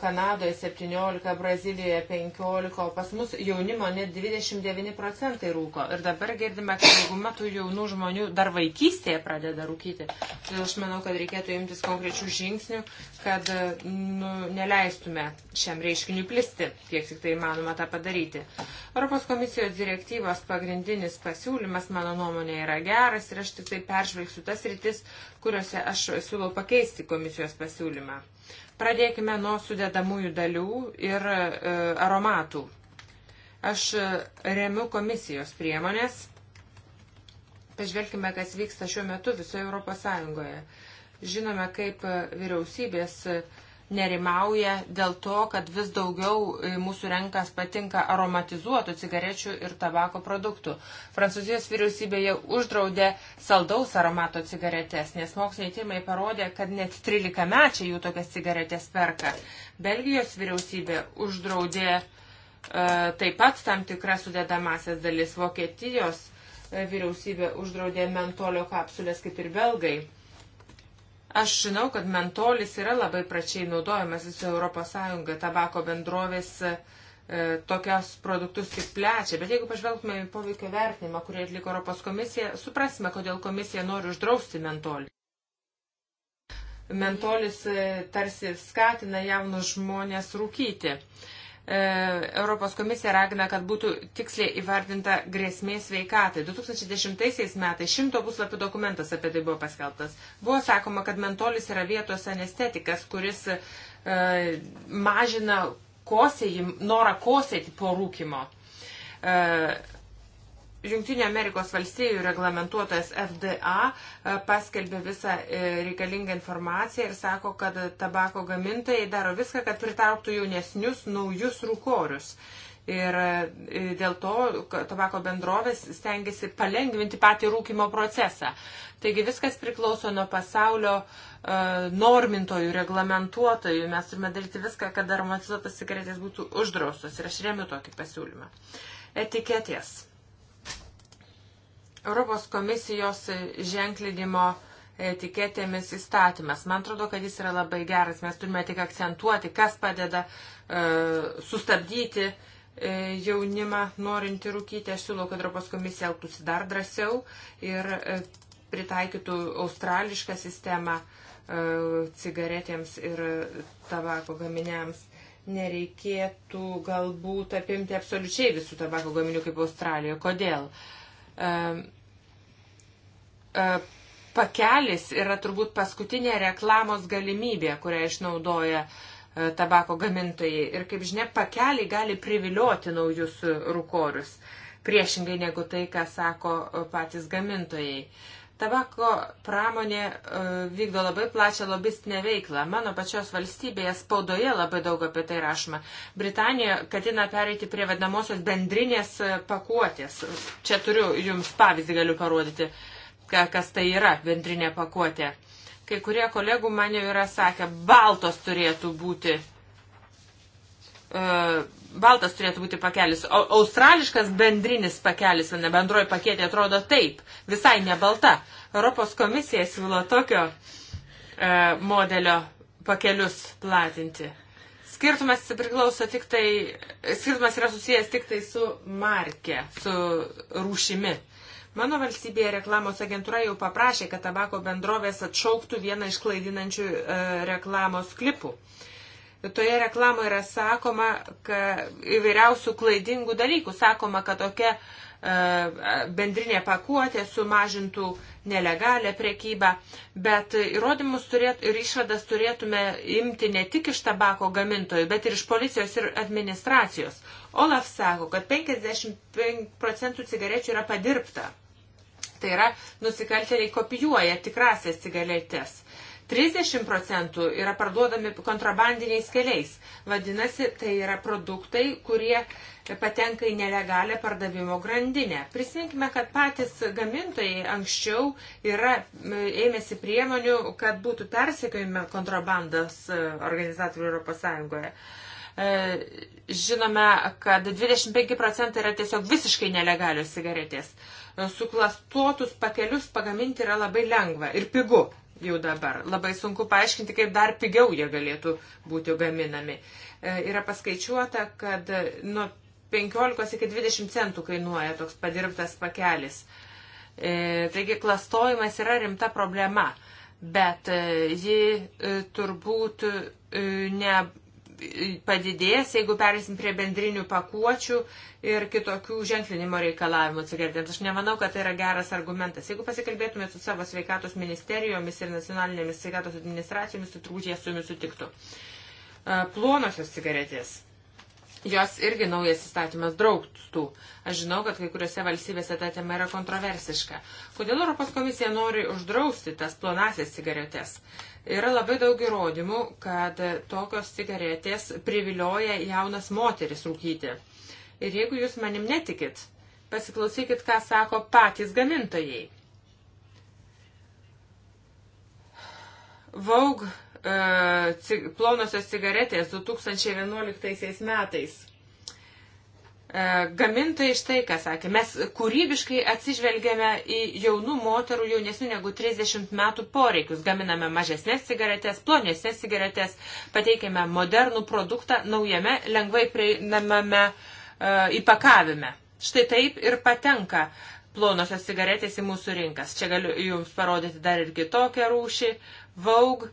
Kanadoje 17, Brazilijoje 15, o pas mus jaunimo net 29 procentai rūko. Ir dabar girdime, kad dauguma tų jaunų žmonių dar vaikystėje pradeda rūkyti. Todėl aš manau, kad reikėtų imtis konkrečių žingsnių, kad nu, neleistume šiam reiškiniu plisti, kiek tik tai manoma tą padaryti. Europos komisijos direktyvos pagrindinis pasiūlymas, mano nuomonė, yra geras ir aš tik tai peržvelgsiu tas rytis, kuriuose aš siūlau pakeisti komisijos pasiūlymą. Pradėkime nuo sudėdamųjų dalių ir e, aromatų. Aš e, remiu komisijos priemonės. Pažvelkime, kas vyksta šiuo metu visoje Europos Sąjungoje. Žinome, kaip e, vyriausybės e, nerimauja dėl to, kad vis daugiau e, mūsų renkas patinka aromatizuotų cigarečių ir tabako produktų. Prancūzijos vyriausybėje uždraudė saldaus aromato cigaretės, nes moksliniai tyrimai parodė, kad net 13 mečiai jų tokias cigaretės perka. Belgijos vyriausybė uždraudė e, taip pat tam tikras sudėdamasias dalis Vokietijos e, vyriausybė uždraudė mentolio kapsulės kaip ir belgai. Aš žinau, kad mentolis yra labai pračiai naudojamas visą ES tabako bendrovės e, tokios produktus tik plečia. Bet jeigu pažvelgtume į poveikio vertinimą, kurį atliko Europos komisija, suprasime, kodėl komisija nori uždrausti mentolį. Mentolis e, tarsi skatina jaunus žmonės rūkyti. E, E, Europos komisija ragina, kad būtų tiksliai įvardinta grėsmė sveikatai. 2010 metais šimto puslapių dokumentas apie tai buvo paskelbtas. Buvo sakoma, kad mentolis yra vietos anestetikas, kuris e, mažina kosėjim, norą kosėti po rūkimo. E, Junktinio Amerikos valstijų reglamentuotojas FDA e, paskelbė visą e, reikalingą informaciją ir sako, kad tabako gamintojai daro viską, kad pritrauktų jaunesnius naujus rūkorius. Ir e, dėl to tabako bendrovės stengiasi palengvinti patį rūkimo procesą. Taigi viskas priklauso nuo pasaulio uh, normintojų, reglamentuotojų. Mes turime daryti viską, kad aromatizuotas cigaretės būtų uždraustos. Ir aš remiu tokį pasiūlymą. Etiketės Europos komisijos ženklinimo etiketėmis įstatymas. Man atrodo, kad jis yra labai geras. Mes turime tik akcentuoti, kas padeda e, sustabdyti e, jaunimą norinti rūkyti. Aš siūlau, kad Europos komisija elgtųsi dar drąsiau ir e, pritaikytų australišką sistemą e, cigaretėms ir tabako gaminiams. Nereikėtų galbūt apimti absoliučiai visų tabako gaminių kaip Australijoje. Kodėl? E, E, pakelis yra turbūt paskutinė reklamos galimybė, kurią išnaudoja e, tabako gamintojai. Ir kaip žinia, pakeliai gali privilioti naujus rūkorius, priešingai negu tai, ką sako e, patys gamintojai. Tabako pramonė vykdo labai plačią lobistinę veiklą. Mano pačios valstybėje spaudoje labai daug apie tai rašoma. Britanija katina pereiti prie vadinamosios bendrinės pakuotės. Čia turiu jums pavyzdį galiu parodyti kas tai yra bendrinė pakuotė. Kai kurie kolegų man jau yra sakę, baltos turėtų būti. Uh, baltas turėtų būti pakelis, o australiškas bendrinis pakelis, ne bendroji pakėtė atrodo taip, visai ne balta. Europos komisija siūlo tokio uh, modelio pakelius platinti. Skirtumas priklauso tik tai, skirtumas yra susijęs tik tai su markė, su rūšimi. Uh, Mano valstybėje reklamos agentūra jau paprašė, kad tabako bendrovės atšauktų vieną iš klaidinančių e, reklamos klipų. Toje reklamoje yra sakoma, kad įvairiausių klaidingų dalykų. Sakoma, kad tokia e, bendrinė pakuotė sumažintų nelegalę prekybą, bet įrodymus turėt, ir išvadas turėtume imti ne tik iš tabako gamintojų, bet ir iš policijos ir administracijos. Olaf sako, kad 55 procentų cigarečių yra padirbta. Tai yra, nusikaltėliai kopijuoja tikrasias cigaretės. 30 procentų yra parduodami kontrabandiniais keliais. Vadinasi, tai yra produktai, kurie patenka į nelegalę pardavimo grandinę. Prisiminkime, kad patys gamintojai anksčiau yra ėmėsi priemonių, kad būtų persekiojami kontrabandas e, organizatorių ES. E, žinome, kad 25 procentai yra tiesiog visiškai nelegalios cigaretės. E, Suklastuotus pakelius pagaminti yra labai lengva ir pigu jau dabar. Labai sunku paaiškinti, kaip dar pigiau jie galėtų būti gaminami. E, yra paskaičiuota, kad nuo 15 iki 20 centų kainuoja toks padirbtas pakelis. Taigi klastojimas yra rimta problema, bet ji turbūt ne padidės, jeigu perėsim prie bendrinių pakuočių ir kitokių ženklinimo reikalavimų cigaretėms. Aš nemanau, kad tai yra geras argumentas. Jeigu pasikalbėtumėt su savo sveikatos ministerijomis ir nacionalinėmis sveikatos administracijomis, tai turbūt jie su jumis sutiktų. E, Plonosios cigaretės. Jos irgi naujas įstatymas draugtų. Aš žinau, kad kai kuriuose valstybėse ta tema yra kontroversiška. Kodėl Europos komisija nori uždrausti tas plonasias cigaretės? Uh, Yra labai daug įrodymų, kad tokios cigaretės privilioja jaunas moteris rūkyti. Ir jeigu jūs manim netikit, pasiklausykit, ką sako patys gamintojai. Vaug e, cig, plonosios cigaretės 2011 metais E, gamintojai štai ką sakė, mes kūrybiškai atsižvelgėme į jaunų moterų jaunesnių negu 30 metų poreikius. Gaminame mažesnės cigaretės, plonesnės cigaretės, pateikėme modernų produktą naujame, lengvai prieinamame e, įpakavime. Štai taip ir patenka plonosios cigaretės į mūsų rinkas. Čia galiu jums parodyti dar ir kitokią rūšį. Vaug, e,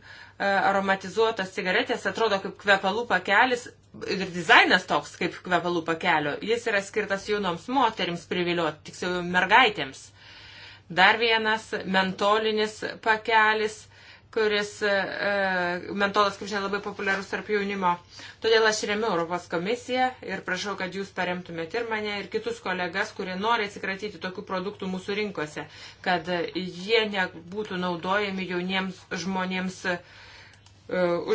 aromatizuotos cigaretės atrodo kaip kvepalų pakelis, ir dizainas toks, kaip kvepalų pakelio, jis yra skirtas jaunoms moterims privilioti, tiksliau mergaitėms. Dar vienas mentolinis pakelis kuris e, mentolas, kaip žinia, labai populiarus tarp jaunimo. Todėl aš remiu Europos komisiją ir prašau, kad jūs paremtumėte ir mane, ir kitus kolegas, kurie nori atsikratyti tokių produktų mūsų rinkose, kad jie nebūtų naudojami jauniems žmonėms e,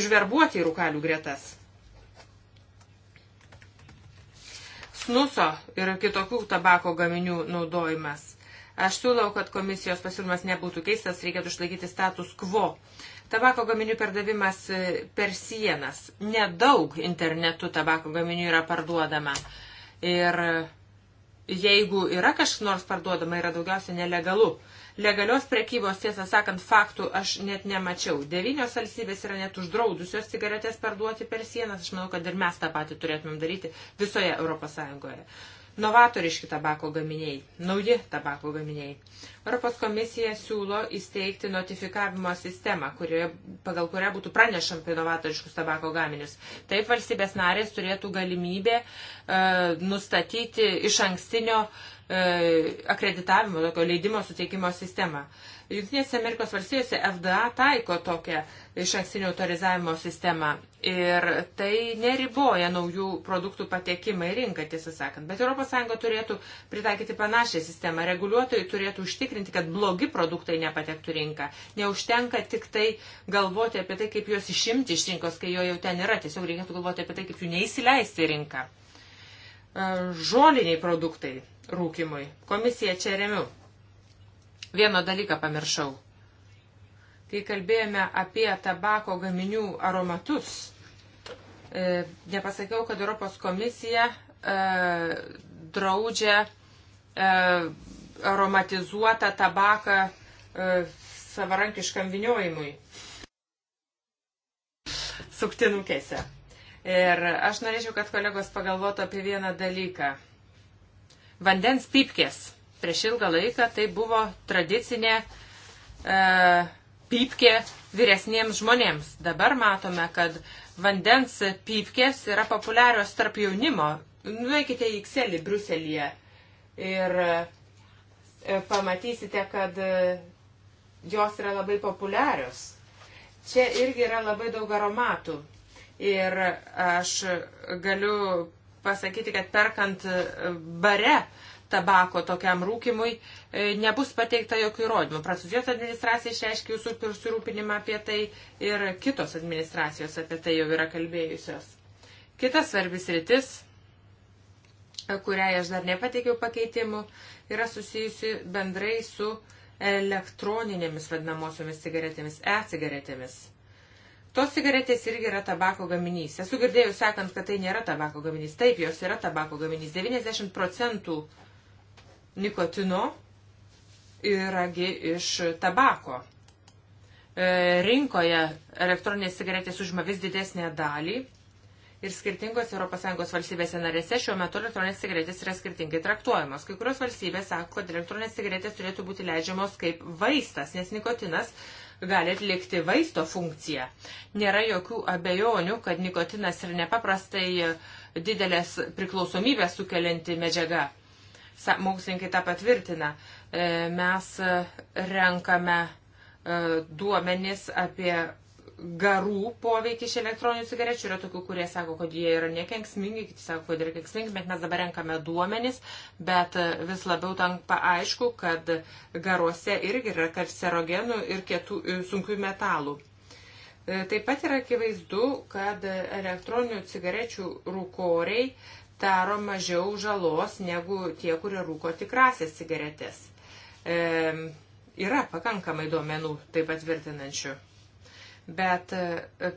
užverbuoti į rūkalių gretas. snuso ir kitokių tabako gaminių naudojimas. Aš siūlau, kad komisijos pasiūlymas nebūtų keistas, reikėtų išlaikyti status quo. Tabako gaminių pardavimas e, per sienas. Nedaug internetu tabako gaminių yra parduodama. Ir e, jeigu yra kažkas nors parduodama, yra daugiausia nelegalu. Legalios prekybos, tiesą sakant, faktų aš net nemačiau. Devynios valstybės yra net uždraudusios cigaretės parduoti per sienas. Aš manau, kad ir mes tą patį turėtumėm daryti visoje ES. Novatoriški tabako gaminiai, nauji tabako gaminiai. Europos komisija siūlo įsteigti notifikavimo sistemą, kurioje, pagal kurią būtų pranešam apie novatoriškus tabako gaminius. Taip valstybės narės turėtų galimybę e, nustatyti iš ankstinio e, E, akreditavimo, tokio leidimo suteikimo sistemą. Junktinėse Amerikos valstijose FDA taiko tokią iš ankstinio autorizavimo sistemą ir tai neriboja naujų produktų patekimą į rinką, tiesą sakant. Bet ES turėtų pritaikyti panašią sistemą. Reguliuotojai turėtų užtikrinti, kad blogi produktai nepatektų rinką. Neužtenka tik tai galvoti apie tai, kaip juos išimti iš rinkos, kai jo jau ten yra. Tiesiog reikėtų galvoti apie tai, kaip jų neįsileisti į rinką. E, žoliniai produktai rūkimui. Komisiją čia remiu. Vieną dalyką pamiršau. Kai kalbėjome apie tabako gaminių aromatus, e, nepasakiau, kad Europos komisija e, draudžia e, aromatizuotą tabaką e, savarankiškam viniojimui suktinukėse. Ir aš norėčiau, kad kolegos pagalvotų apie vieną dalyką vandens pipkės. Prieš ilgą laiką tai buvo tradicinė e, pipkė vyresniems žmonėms. Dabar matome, kad vandens pipkės yra populiarios tarp jaunimo. Nuveikite į Xelį Bruselėje ir e, pamatysite, kad e, jos yra labai populiarios. Čia irgi yra labai daug aromatų. Ir aš galiu pasakyti, kad perkant e, bare tabako tokiam rūkimui e, nebus pateikta jokių įrodymų. Prancūzijos administracija išreiškė jūsų susirūpinimą apie tai ir kitos administracijos apie tai jau yra kalbėjusios. Kitas svarbis rytis, e, kuriai aš dar nepateikiau pakeitimų, yra susijusi bendrai su elektroninėmis vadinamosiomis cigaretėmis, e-cigaretėmis. Tos cigaretės irgi yra tabako gaminys. Esu girdėjus sakant, kad tai nėra tabako gaminys. Taip, jos yra tabako gaminys. 90 procentų nikotino yragi iš tabako. E, rinkoje elektroninės cigaretės užima vis didesnę dalį ir skirtingos ES valstybėse narėse šiuo metu elektroninės cigaretės yra skirtingai traktuojamos. Kai kurios valstybės sako, kad elektroninės cigaretės turėtų būti leidžiamos kaip vaistas, nes nikotinas uh, gali atlikti vaisto funkciją. Nėra jokių abejonių, kad nikotinas yra nepaprastai e, didelės priklausomybės sukelianti medžiaga. Mokslininkai tą patvirtina. E, mes e, renkame duomenis apie garų poveikį iš elektroninių cigarečių. Yra tokių, kurie sako, kad jie yra nekenksmingi, kiti sako, kad yra kenksmingi, bet mes dabar renkame duomenis, bet e, vis labiau tampa aišku, kad garuose irgi yra karcerogenų ir kietų, e, sunkių metalų. E, taip pat yra akivaizdu, kad elektroninių cigarečių rūkoriai daro mažiau žalos negu tie, kurie rūko tikrasias cigaretės. E, yra pakankamai duomenų taip patvirtinančių. Bet e,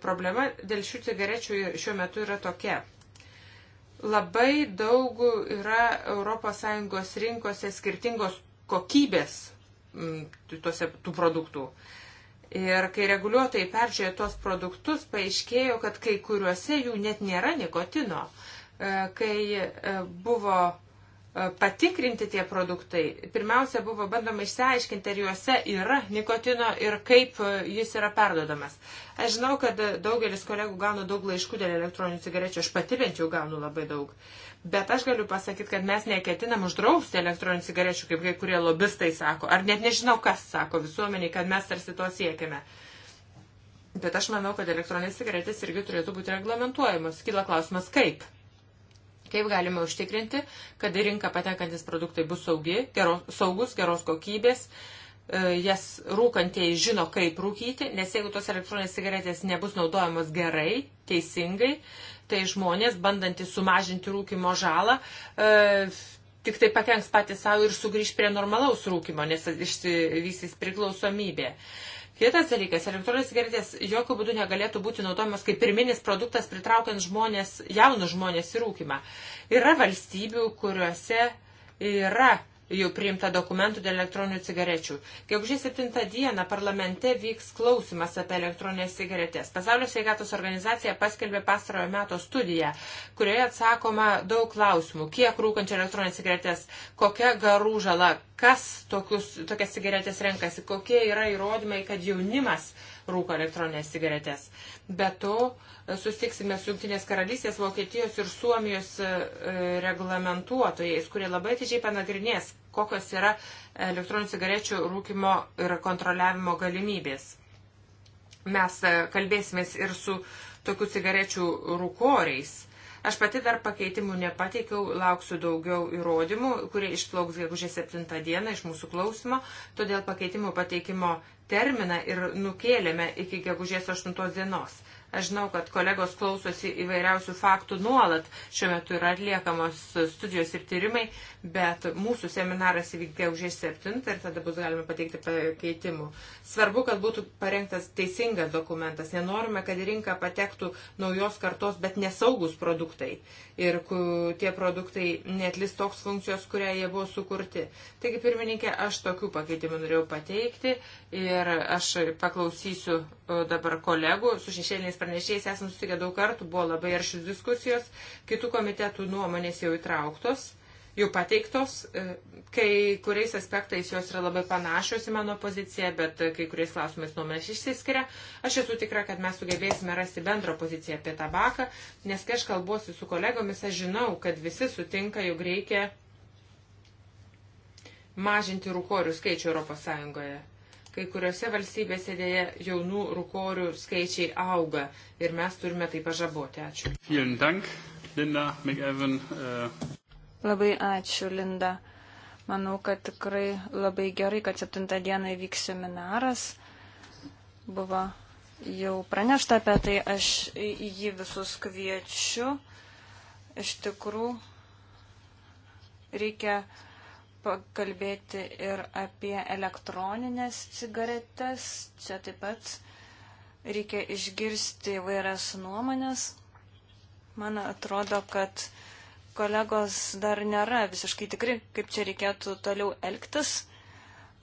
problema dėl šių cigarečių šiuo metu yra tokia. Labai daug yra ES rinkose skirtingos kokybės tuose, tų produktų. Ir kai reguliuotojai peržiūrėjo tos produktus, paaiškėjo, kad kai kuriuose jų net nėra nikotino. E, kai e, buvo patikrinti tie produktai. Pirmiausia, buvo bandoma išsiaiškinti, ar juose yra nikotino ir kaip e, jis yra perdodamas. Aš žinau, kad daugelis kolegų gauna daug laiškų dėl elektroninių cigarečių, aš pati bent jau gaunu labai daug. Bet aš galiu pasakyti, kad mes neketinam uždrausti elektroninių cigarečių, kaip kai kurie lobistai sako, ar net nežinau, kas sako visuomeniai, kad mes tarsi to siekiame. Bet aš manau, kad elektroninės cigaretės irgi turėtų būti reglamentuojamos. Kyla klausimas, kaip? Kaip galime užtikrinti, kad į rinką patenkantis produktai bus saugi, geros, saugus, geros kokybės, e, jas rūkantieji žino, kaip rūkyti, nes jeigu tos elektroninės cigaretės nebus naudojamos gerai, teisingai, tai žmonės, bandantys sumažinti rūkimo žalą, e, tik tai pakenks patys savo ir sugrįž prie normalaus rūkimo, nes išsivysys priklausomybė. Uh, Kitas dalykas, elektroninės cigaretės jokių būdų negalėtų būti naudojamos kaip pirminis produktas pritraukiant žmonės, jaunus žmonės į rūkimą. Yra valstybių, kuriuose yra jau priimta dokumentų dėl elektroninių cigarečių. Gegužės 7 dieną parlamente vyks klausimas apie elektroninės cigaretės. Pasaulio sveikatos organizacija paskelbė pastarojo meto studiją, kurioje atsakoma daug klausimų. Kiek rūkančia elektroninės cigaretės, kokia garų žala, kas tokius, tokias cigaretės renkasi, kokie yra įrodymai, kad jaunimas uh, rūko elektroninės cigaretės. Be to, e, sustiksime su Junktinės karalystės, Vokietijos ir Suomijos e, reglamentuotojais, kurie labai atidžiai panagrinės, kokios yra elektroninių cigarečių rūkimo ir kontroliavimo galimybės. Mes e, kalbėsimės ir su tokių cigarečių rūkoriais. Aš pati dar pakeitimų nepateikiau, lauksiu daugiau įrodymų, kurie išplauks gegužės 7 dieną iš mūsų klausimo, todėl pakeitimų pateikimo terminą ir nukėlėme iki gegužės 8 dienos. Aš žinau, kad kolegos klausosi įvairiausių faktų nuolat. Šiuo metu yra atliekamos studijos ir tyrimai, bet mūsų seminaras įvykdė už 7 ir tada bus galima pateikti pakeitimų. Svarbu, kad būtų parengtas teisingas dokumentas. Nenorime, kad į rinką patektų naujos kartos, bet nesaugus produktai. Ir tie produktai netlis toks funkcijos, kurią jie buvo sukurti. Taigi, pirmininkė, aš tokių pakeitimų norėjau pateikti ir aš paklausysiu e, dabar kolegų su šešėliniais pranešėjais esame susitikę daug kartų, buvo labai aršius diskusijos, kitų komitetų nuomonės jau įtrauktos, jau pateiktos, e, kai kuriais aspektais jos yra labai panašios į mano poziciją, bet kai kuriais klausimais nuomonės išsiskiria. Aš esu tikra, kad mes sugebėsime rasti bendrą poziciją apie tabaką, nes kai aš kalbuosiu su kolegomis, aš žinau, kad visi sutinka, jog reikia mažinti rūkorių skaičių Europos Sąjungoje Kai kuriuose valstybėse dėja jaunų rūkorių skaičiai auga ir mes turime tai pažaboti. Ačiū. Dank, Linda McEvan, uh... Äh. Labai ačiū, Linda. Manau, kad tikrai labai gerai, kad 7 dieną įvyks seminaras. Buvo jau pranešta apie tai, aš į jį visus kviečiu. Iš tikrųjų, reikia pakalbėti ir apie elektroninės cigaretes. Čia taip pat reikia išgirsti vairias nuomonės. Man atrodo, kad kolegos dar nėra visiškai tikri, kaip čia reikėtų toliau elgtis.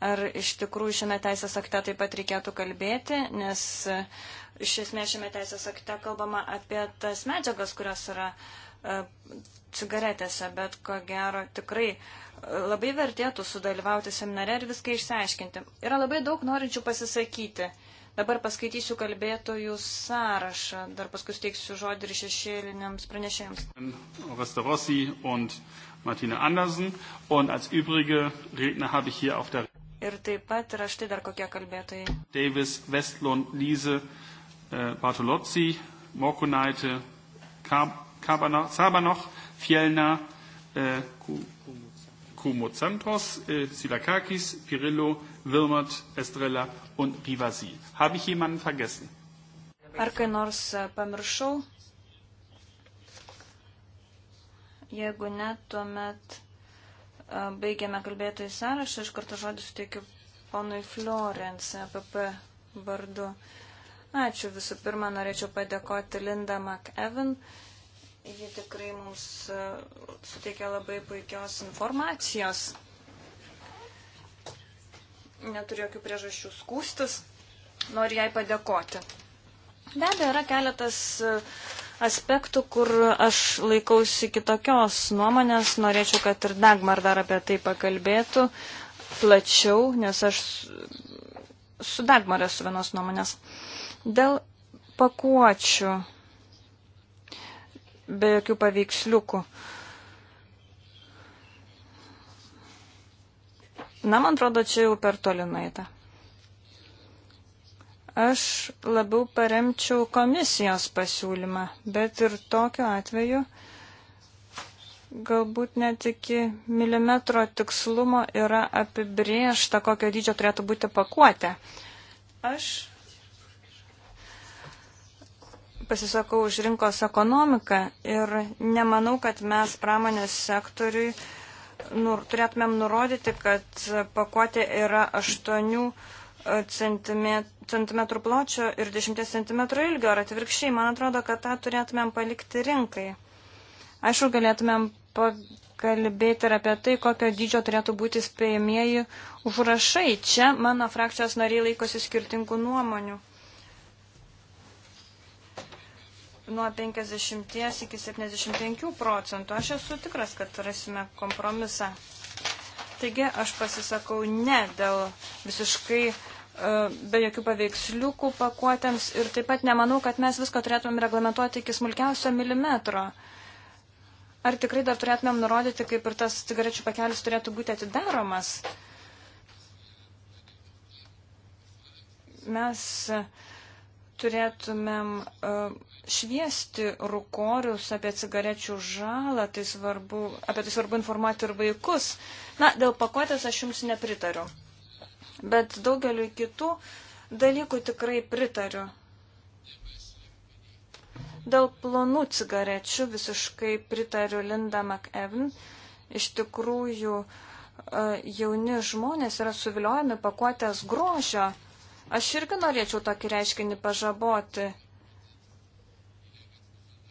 Ar iš tikrųjų šiame teisės akte taip pat reikėtų kalbėti, nes iš esmės šiame teisės akte kalbama apie tas medžiagas, kurios yra uh, E, cigaretėse, bet ko gero tikrai e, labai vertėtų sudalyvauti seminare ir viską išsiaiškinti. Yra labai daug norinčių pasisakyti. Dabar paskaitysiu kalbėtojų sąrašą, dar paskui steiksiu žodį ir šešėliniams pranešėjams. Restorossi und Martina Andersen und als übrige Redner habe ich hier auf der. Ir taip pat yra štai dar kokie kalbėtojai. Davis, Westlund, Lyse, äh, Bartolozzi, Morkunaitė, Kamp, Sabanoch, Fielner, äh, Koumoutsantros, äh, Silakakis, Pirillo, Wilmot, Estrella und Rivasi. Habe ich jemanden vergessen? Ar kai nors äh, pamiršau? Jeigu ne, tuomet äh, baigiame kalbėtojų sąrašą. Iš karto žodį suteikiu ponui Florence, PP vardu. Ačiū visų pirma, norėčiau padėkoti Linda McEvin Ji tikrai mums e, suteikia labai puikios informacijos. Neturiu jokių priežasčių skūstis. Noriu jai padėkoti. Be abejo, yra keletas e, aspektų, kur aš laikausi kitokios nuomonės. Norėčiau, kad ir Dagmar dar apie tai pakalbėtų plačiau, nes aš su Dagmar esu vienos nuomonės. Dėl pakuočių be jokių paveiksliukų. Na, man atrodo, čia jau per toli nueita. Aš labiau paremčiau komisijos pasiūlymą, bet ir tokiu atveju galbūt net iki milimetro tikslumo yra apibriešta, kokio dydžio turėtų būti pakuotė. Aš pasisakau už rinkos ekonomiką ir nemanau, kad mes pramonės sektoriui nur, turėtumėm nurodyti, kad pakuotė yra 8 e, cm pločio ir 10 cm ilgio, ar atvirkščiai. Man atrodo, kad tą turėtumėm palikti rinkai. Aišku, galėtumėm pakalbėti ir apie tai, kokio dydžio turėtų būti spėjimieji užrašai. Čia mano frakcijos nariai laikosi skirtingų nuomonių. nuo 50 iki 75 procentų. Aš esu tikras, kad rasime kompromisą. Taigi aš pasisakau ne dėl visiškai e, be jokių paveiksliukų pakuotėms ir taip pat nemanau, kad mes viską turėtumėm reglamentuoti iki smulkiausio milimetro. Ar tikrai dar turėtumėm nurodyti, kaip ir tas cigarečių pakelis turėtų būti atidaromas? Mes turėtumėm uh, šviesti rukorius apie cigarečių žalą, tai svarbu, apie tai svarbu informuoti ir vaikus. Na, dėl pakuotės aš jums nepritariu. Bet daugeliu kitų dalykų tikrai pritariu. Dėl plonų cigarečių visiškai pritariu Linda McEvin. Iš tikrųjų, e, jauni žmonės yra suviliojami pakuotės grožio. Aš irgi norėčiau tokį reiškinį pažaboti.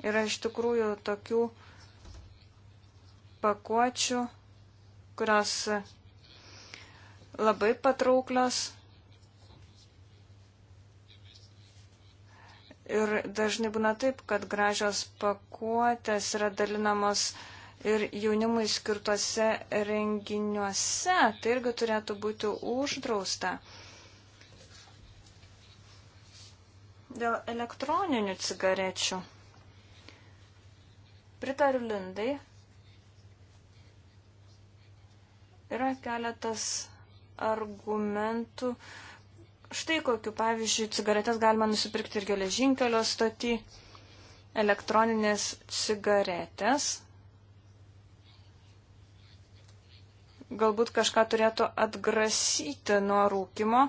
Yra iš tikrųjų tokių pakuočių, kurios labai patrauklios Ir dažnai būna taip, kad gražios pakuotės yra dalinamos ir jaunimui skirtuose renginiuose. Tai irgi turėtų būti uždrausta. Dėl elektroninių cigarečių. Pritariu Lindai. Yra keletas argumentų. Štai kokiu, pavyzdžiui, cigaretės galima nusipirkti ir geležinkelio stoti, elektroninės cigaretės. Galbūt kažką turėtų atgrasyti nuo rūkimo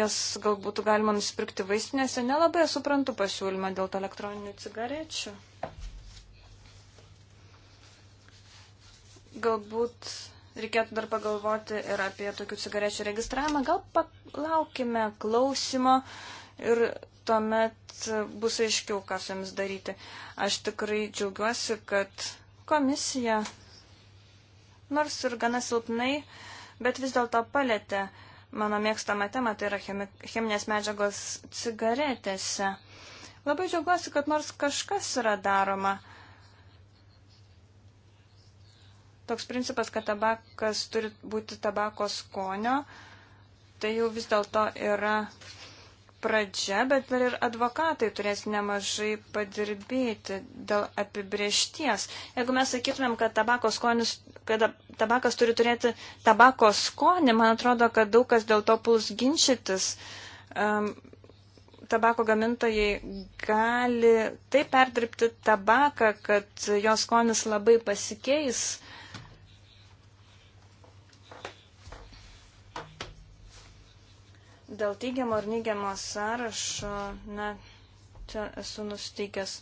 jas galbūt galima nusipirkti vaistinėse, nelabai suprantu pasiūlymą dėl to elektroninių cigarečių. Galbūt reikėtų dar pagalvoti ir apie tokių cigarečių registravimą. Gal palaukime klausimo ir tuomet bus aiškiau, ką su jomis daryti. Aš tikrai džiaugiuosi, kad komisija, nors ir gana silpnai, bet vis dėlto palėtė mano mėgstamą temą, tai yra cheminės medžiagos cigaretėse. Labai džiaugiuosi, kad nors kažkas yra daroma. toks principas, kad tabakas turi būti tabako skonio, tai jau vis dėlto yra pradžia, bet dar ir advokatai turės nemažai padirbėti dėl apibriešties. Jeigu mes sakytumėm, kad, skonis, kad tabakas turi turėti tabako skonį, man atrodo, kad daug kas dėl to puls ginčytis. Um, tabako gamintojai gali taip perdirbti tabaką, kad jos skonis labai pasikeis. Dėl teigiamo ar neigiamo sąrašo, na, čia esu nusteikęs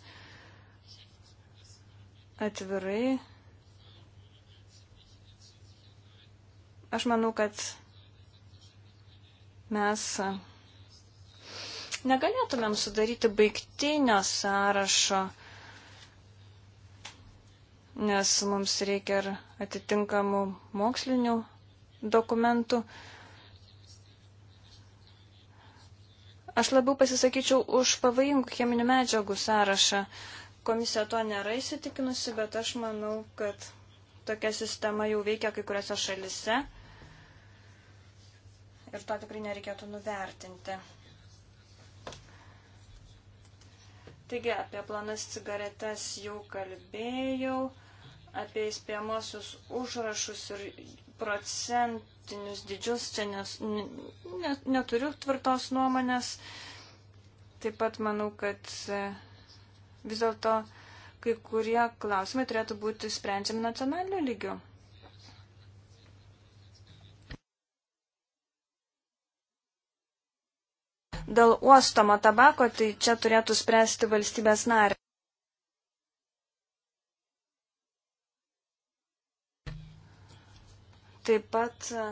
atvirai. Aš manau, kad mes negalėtumėm sudaryti baigtinio sąrašo, nes mums reikia ir atitinkamų mokslinių dokumentų. Aš labiau pasisakyčiau už pavojingų cheminių medžiagų sąrašą. Komisija to nėra įsitikinusi, bet aš manau, kad tokia sistema jau veikia kai kuriuose šalise. Ir to tikrai nereikėtų nuvertinti. Taigi apie planas cigaretes jau kalbėjau, apie įspėjamosius užrašus ir procentinius dydžius čia nes, ne, neturiu tvirtos nuomonės. Taip pat manau, kad e, vis dėlto kai kurie klausimai turėtų būti sprendžiami nacionaliniu lygiu. Dėl uostomo tabako, tai čia turėtų spręsti valstybės narė. Taip pat e,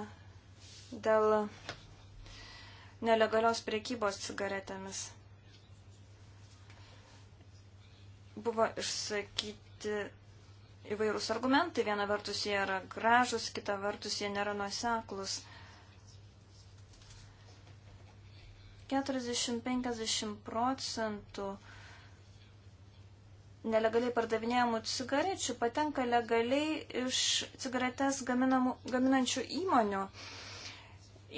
dėl nelegalios priekybos cigaretėmis buvo išsakyti įvairūs argumentai. Viena vertus jie yra gražus, kita vertus jie nėra nuoseklus. 40-50 procentų nelegaliai pardavinėjamų cigarečių patenka legaliai iš cigaretes gaminančių įmonių.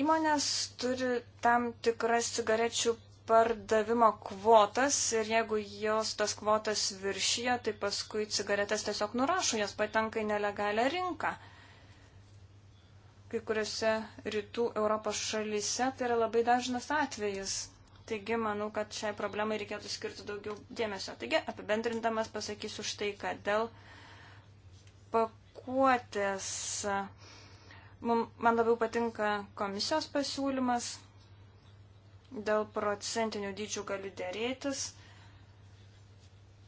Įmonės turi tam tikras cigarečių pardavimo kvotas ir jeigu jos tas kvotas viršyje, tai paskui cigaretės tiesiog nurašo, jos patenka į nelegalią rinką. Kai kuriuose rytų Europos šalyse tai yra labai dažnas atvejis. Taigi manau, kad šiai problemai reikėtų skirti daugiau dėmesio. Taigi apibendrindamas pasakysiu štai, kad dėl pakuotės man labiau patinka komisijos pasiūlymas, dėl procentinių dydžių galiu dėrėtis.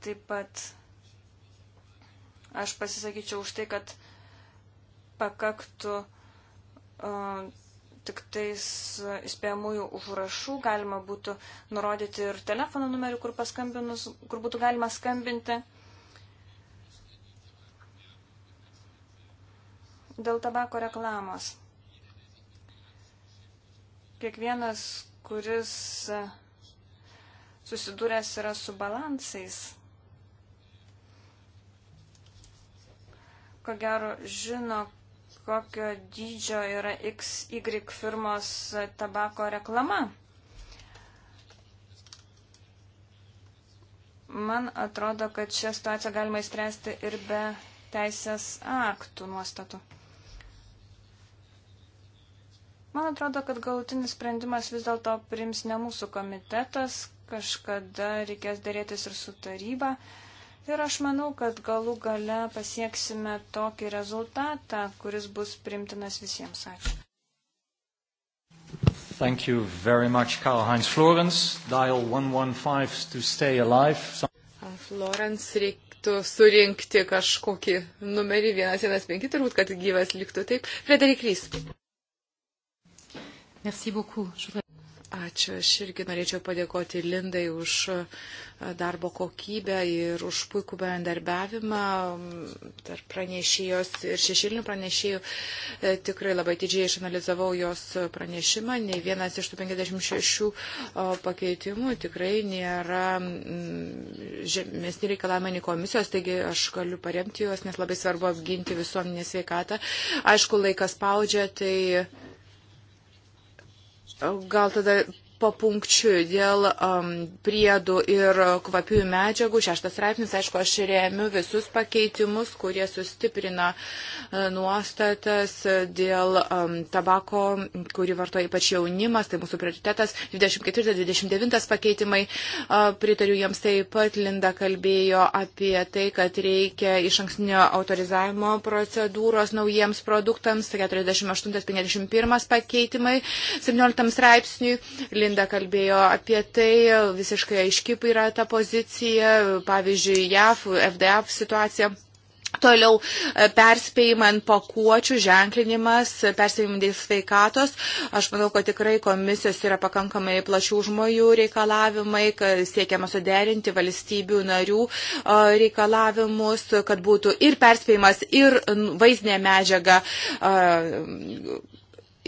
Taip pat aš pasisakyčiau už tai, kad pakaktų uh, tik tais įspėjamųjų užrašų galima būtų nurodyti ir telefono numerį, kur, kur būtų galima skambinti. Dėl tabako reklamos. Kiekvienas, kuris susidūręs yra su balansais, ko gero žino, kokio dydžio yra XY firmos tabako reklama. Man atrodo, kad šią situaciją galima įstresti ir be teisės aktų nuostatų. Man atrodo, kad galutinis sprendimas vis dėlto priims ne mūsų komitetas, kažkada reikės dėrėtis ir su taryba. Uh, Ir aš manau, kad galų gale pasieksime tokį rezultatą, kuris bus primtinas visiems. Ačiū. Thank you very much, Karl-Heinz Florence. Dial 115 to stay alive. Some... Florence reiktų surinkti kažkokį numerį 115, turbūt, kad gyvas liktų. Taip, Frederik Rys. Merci beaucoup. Ačiū. Aš irgi norėčiau padėkoti Lindai už e, darbo kokybę ir už puikų bendarbiavimą tarp pranešėjos ir šešilinių pranešėjų. E, tikrai labai didžiai išanalizavau jos pranešimą. Nei vienas iš tų 56 pakeitimų tikrai nėra žemesni reikalavimai nei komisijos, taigi aš galiu paremti juos, nes labai svarbu apginti visuomenės sveikatą. Aišku, laikas spaudžia, tai Gal tada papunkčiui dėl um, priedų ir kvapiųjų medžiagų. Šeštas straipsnis, aišku, aš remiu visus pakeitimus, kurie sustiprina uh, nuostatas dėl um, tabako, kurį vartoja ypač jaunimas, tai mūsų prioritetas. 24-29 pakeitimai, uh, pritariu jiems taip pat, Linda kalbėjo apie tai, kad reikia iš ankstinio autorizavimo procedūros naujiems produktams, 48-51 pakeitimai, 17 straipsniui. Linda kalbėjo apie tai, visiškai aiški yra ta pozicija, pavyzdžiui, JAF, FDF situacija. Toliau e, perspėjimai ant pakuočių, ženklinimas, e, perspėjimai dėl sveikatos. Aš manau, kad tikrai komisijos yra pakankamai plačių žmonių reikalavimai, siekiama suderinti valstybių narių e, reikalavimus, kad būtų ir perspėjimas, ir vaizdinė medžiaga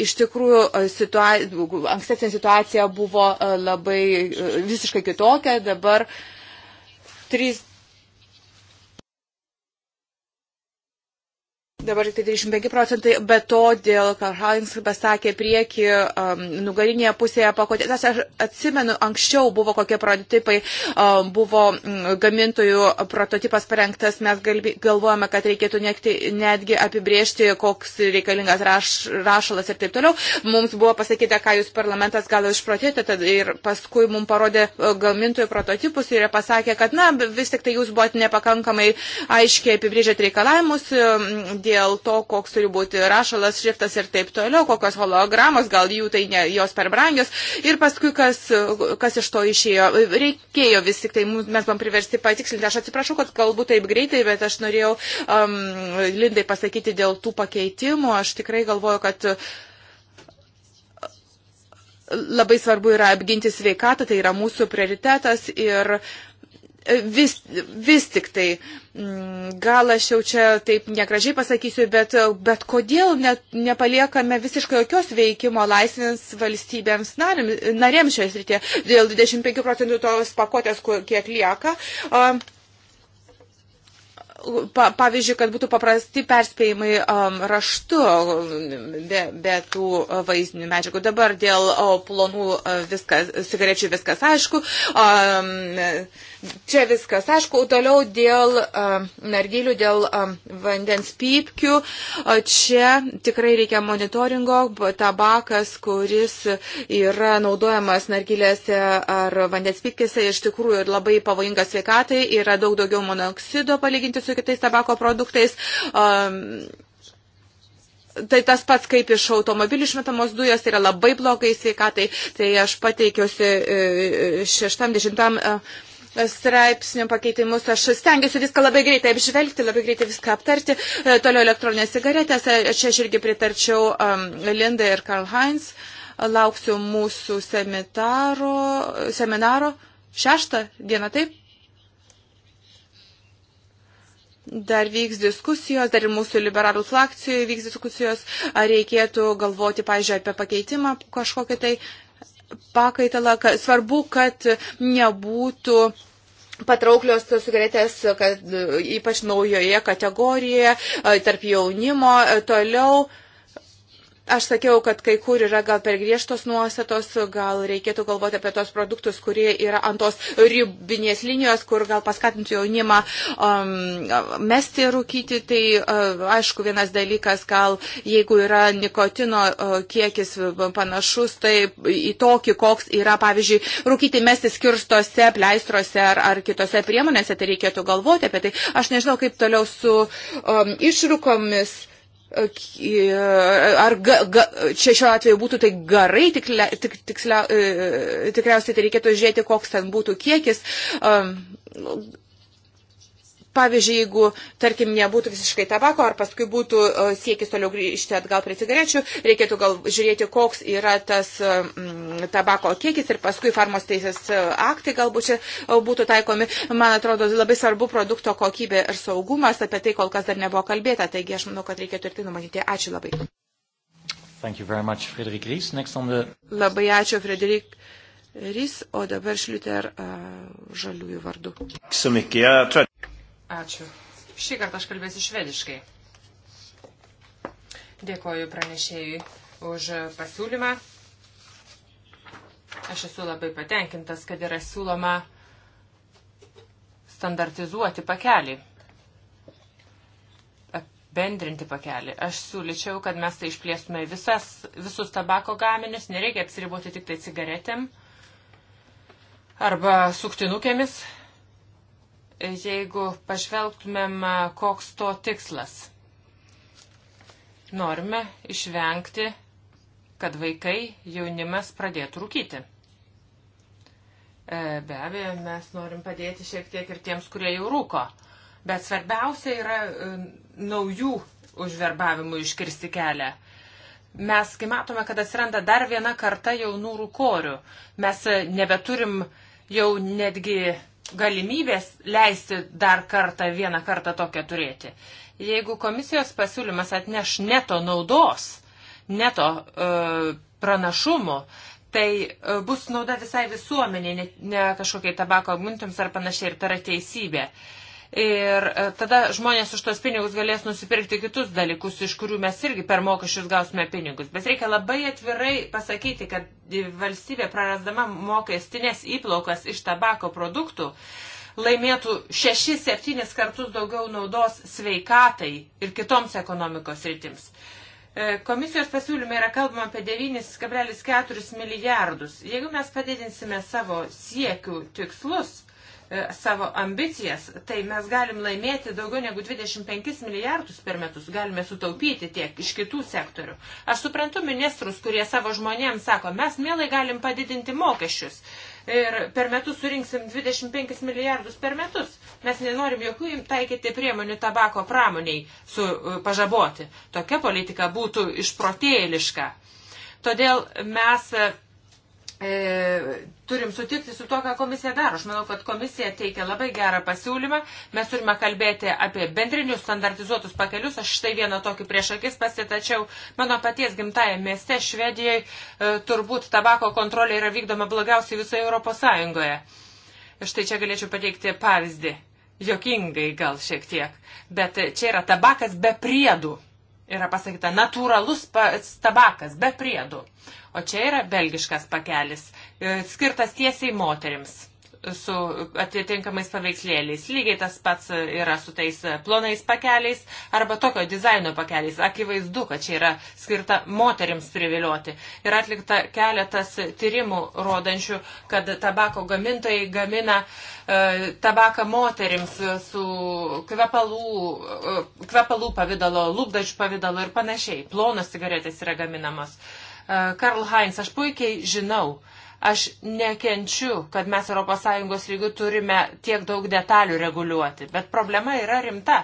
iš tikrųjų situa ankstesnė situacija buvo labai visiškai kitokia, dabar trys dabar tik 35 tai procentai, bet to dėl, ką Halins pasakė, prieki, um, nugarinėje pusėje pakotės. Aš atsimenu, anksčiau buvo kokie prototipai, um, buvo mm, gamintojų prototipas parengtas, mes galvojame, kad reikėtų nekti, netgi apibriežti, koks reikalingas raš, rašalas ir taip toliau. Mums buvo pasakyta, ką jūs parlamentas gal išprotėjote ir paskui mums parodė uh, gamintojų prototipus ir pasakė, kad na, vis tik tai jūs buvote nepakankamai aiškiai apibrėžę reikalavimus um, dėl dėl to, koks turi būti rašalas, šriftas ir taip toliau, kokios hologramos, gal jų tai ne, jos per brangios. Ir paskui, kas, kas iš to išėjo, reikėjo vis tik tai, mes buvom priversti patikslinti. Aš atsiprašau, kad kalbu taip greitai, bet aš norėjau um, Lindai pasakyti dėl tų pakeitimų. Aš tikrai galvoju, kad uh, labai svarbu yra apginti sveikatą, tai yra mūsų prioritetas ir uh, vis, vis tik tai, mm, gal aš jau čia taip negražiai pasakysiu, bet, bet kodėl net nepaliekame visiškai jokios veikimo laisvės valstybėms narėms šioje srityje, dėl 25 procentų tos pakotės, kiek lieka. Pa, pavyzdžiui, kad būtų paprasti perspėjimai um, raštu be, be tų vaizdinių medžiagų. Dabar dėl o, plonų viskas, cigarečių viskas aišku. Um, Čia viskas. Aišku, toliau dėl uh, nargylių, dėl um, vandens pypkių. Čia tikrai reikia monitoringo. Tabakas, kuris yra naudojamas nargylėse ar vandens pypkėse, iš tikrųjų labai pavojingas sveikatai. Yra daug daugiau monoksido palyginti su kitais tabako produktais. Um, tai tas pats kaip iš automobilių išmetamos dujos tai yra labai blogai sveikatai. Tai aš pateikiuosi e, e, šeštam dešimtam. Uh, straipsnių pakeitimus. Aš stengiuosi viską labai greitai apžvelgti, labai greitai viską aptarti. E, toliau elektroninės cigaretės, e, čia aš irgi pritarčiau um, Lindai ir Karl Heinz. Lauksiu mūsų seminaro, seminaro. Šeštą dieną, taip? Dar vyks diskusijos, dar ir mūsų liberalų frakcijoje vyks diskusijos, ar reikėtų galvoti, pažiūrėjau, apie pakeitimą kažkokį tai. Uh, pakaitalą, kad svarbu, kad nebūtų patrauklios tos cigaretės, kad e, ypač naujoje kategorijoje, e, tarp jaunimo, e, toliau. Aš sakiau, kad kai kur yra gal per griežtos nuostatos, gal reikėtų galvoti apie tos produktus, kurie yra ant tos ribinės linijos, kur gal paskatintų jaunimą um, mesti rūkyti. Tai uh, aišku, vienas dalykas, gal jeigu yra nikotino uh, kiekis panašus, tai į tokį, koks yra, pavyzdžiui, rūkyti mesti skirstose, pleistrose ar, ar kitose priemonėse, tai reikėtų galvoti apie tai. Aš nežinau, kaip toliau su um, išrūkomis Ar ga, ga, čia šiuo atveju būtų tai garai, tik, tik, tikslia, e, tikriausiai tai reikėtų žiūrėti, koks ten būtų kiekis. Um, Pavyzdžiui, jeigu, tarkim, nebūtų visiškai tabako, ar paskui būtų siekis toliau grįžti atgal prie cigarečių, reikėtų gal žiūrėti, koks yra tas mm, tabako kiekis ir paskui farmos teisės e, aktai galbūt čia būtų taikomi. Man atrodo, labai svarbu produkto kokybė ir saugumas, apie tai kol kas dar nebuvo kalbėta, taigi aš manau, kad reikėtų ir tai numatyti. Ačiū labai. Thank you very much, Frederik Ries. Next on the... Labai ačiū, Frederik. Rys, o dabar Šliuter e, žaliųjų vardu. Ačiū. Šį kartą aš kalbėsiu švediškai. Dėkoju pranešėjui už pasiūlymą. Aš esu labai patenkintas, kad yra siūloma standartizuoti pakelį, bendrinti pakelį. Aš siūlyčiau, kad mes tai išplėstume visas, visus tabako gaminius, nereikia apsiriboti tik tai cigaretėm arba suktinukėmis, jeigu pažvelgtumėm, koks to tikslas. Norime išvengti, kad vaikai, jaunimas pradėtų rūkyti. E, be abejo, mes norim padėti šiek tiek ir tiems, kurie jau rūko. Bet svarbiausia yra e, naujų užverbavimų iškirsti kelią. Mes, kai matome, kad atsiranda dar viena karta jaunų rūkorių, mes e, nebeturim jau netgi galimybės leisti dar kartą, vieną kartą tokią turėti. Jeigu komisijos pasiūlymas atneš neto naudos, neto e, pranašumų, tai e, bus nauda visai visuomeniai, ne, ne kažkokiai tabako gumintams ar panašiai, ir tai yra teisybė. E, ir e, tada žmonės už tos pinigus galės nusipirkti kitus dalykus, iš kurių mes irgi per mokesčius gausime pinigus. Bet reikia labai atvirai pasakyti, kad valstybė prarasdama mokestinės įplaukas iš tabako produktų laimėtų 6-7 kartus daugiau naudos sveikatai ir kitoms ekonomikos rytims. E, komisijos pasiūlyme yra kalbama apie 9,4 milijardus. Jeigu mes padidinsime savo siekių tikslus, E, savo ambicijas, tai mes galim laimėti daugiau negu 25 milijardus per metus, galime sutaupyti tiek iš kitų sektorių. Aš suprantu ministrus, kurie savo žmonėms sako, mes mielai galim padidinti mokesčius ir per metus surinksim 25 milijardus per metus. Mes nenorim jokių taikyti priemonių tabako pramoniai su, e, pažaboti. Tokia politika būtų išprotėliška. Todėl mes e, e, turim sutikti su to, ką komisija daro. Aš manau, kad komisija teikia labai gerą pasiūlymą. Mes turime kalbėti apie bendrinius standartizuotus pakelius. Aš štai vieną tokį prieš akis pasitačiau. Mano paties gimtaja mieste Švedijoje e, turbūt tabako kontrolė yra vykdoma blogiausiai visoje Europos Sąjungoje. Štai čia galėčiau pateikti pavyzdį. Jokingai gal šiek tiek. Bet čia yra tabakas be priedų. Yra pasakyta natūralus tabakas be priedų. O čia yra belgiškas pakelis, e, skirtas tiesiai moterims su atitinkamais paveikslėliais. Lygiai tas pats yra su tais plonais pakeliais arba tokio dizaino pakeliais. Akivaizdu, kad čia yra skirta moteriams privilioti. Yra atlikta keletas tyrimų rodančių, kad tabako gamintojai gamina e, tabaką moteriams su kvepalų, e, kvepalų pavydalo, lūpdažių pavydalo ir panašiai. Plonos cigaretės yra gaminamos. E, Eh, Karl Heinz, aš puikiai žinau, aš nekenčiu, kad mes ES lygių turime tiek daug detalių reguliuoti, bet problema yra rimta.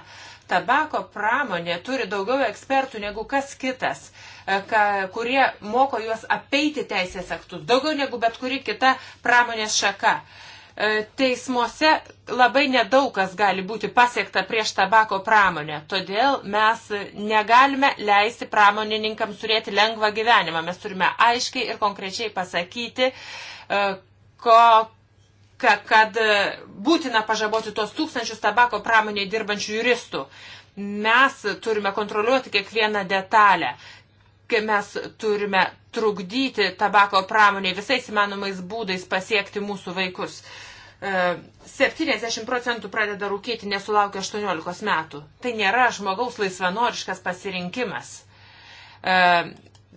Tabako pramonė turi daugiau ekspertų negu kas kitas, eh, ka, kurie moko juos apeiti teisės aktus, daugiau negu bet kuri kita pramonės šaka. Uh, E, teismuose labai nedaug kas gali būti pasiekta prieš tabako pramonę. Todėl mes negalime leisti pramonininkams turėti lengvą gyvenimą. Mes turime aiškiai ir konkrečiai pasakyti, e, ko, ka, kad e, būtina pažaboti tos tūkstančius tabako pramonėje dirbančių juristų. Mes turime kontroliuoti kiekvieną detalę kai mes turime trukdyti tabako pramoniai visais įmanomais būdais pasiekti mūsų vaikus. 70 e, procentų pradeda rūkyti nesulaukia 18 metų. Tai nėra žmogaus laisvanoriškas pasirinkimas. E,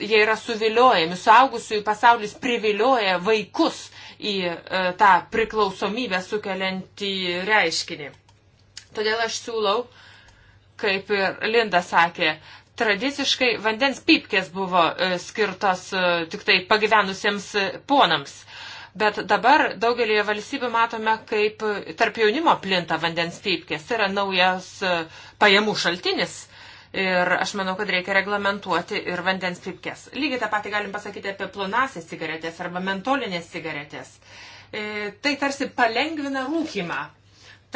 jie yra suviliojami, suaugusiųjų pasaulis privilioja vaikus į e, tą priklausomybę sukeliantį reiškinį. Todėl aš siūlau, kaip ir Linda sakė, tradiciškai vandens pipkės buvo skirtos tik tai pagyvenusiems ponams. Bet dabar daugelėje valstybių matome, kaip tarp jaunimo plinta vandens pypkės. Tai yra naujas e, pajamų šaltinis. Ir aš manau, kad reikia reglamentuoti ir vandens pipkės. Lygiai tą patį galim pasakyti apie plonasias cigaretės arba mentolinės cigaretės. E, tai tarsi palengvina rūkymą,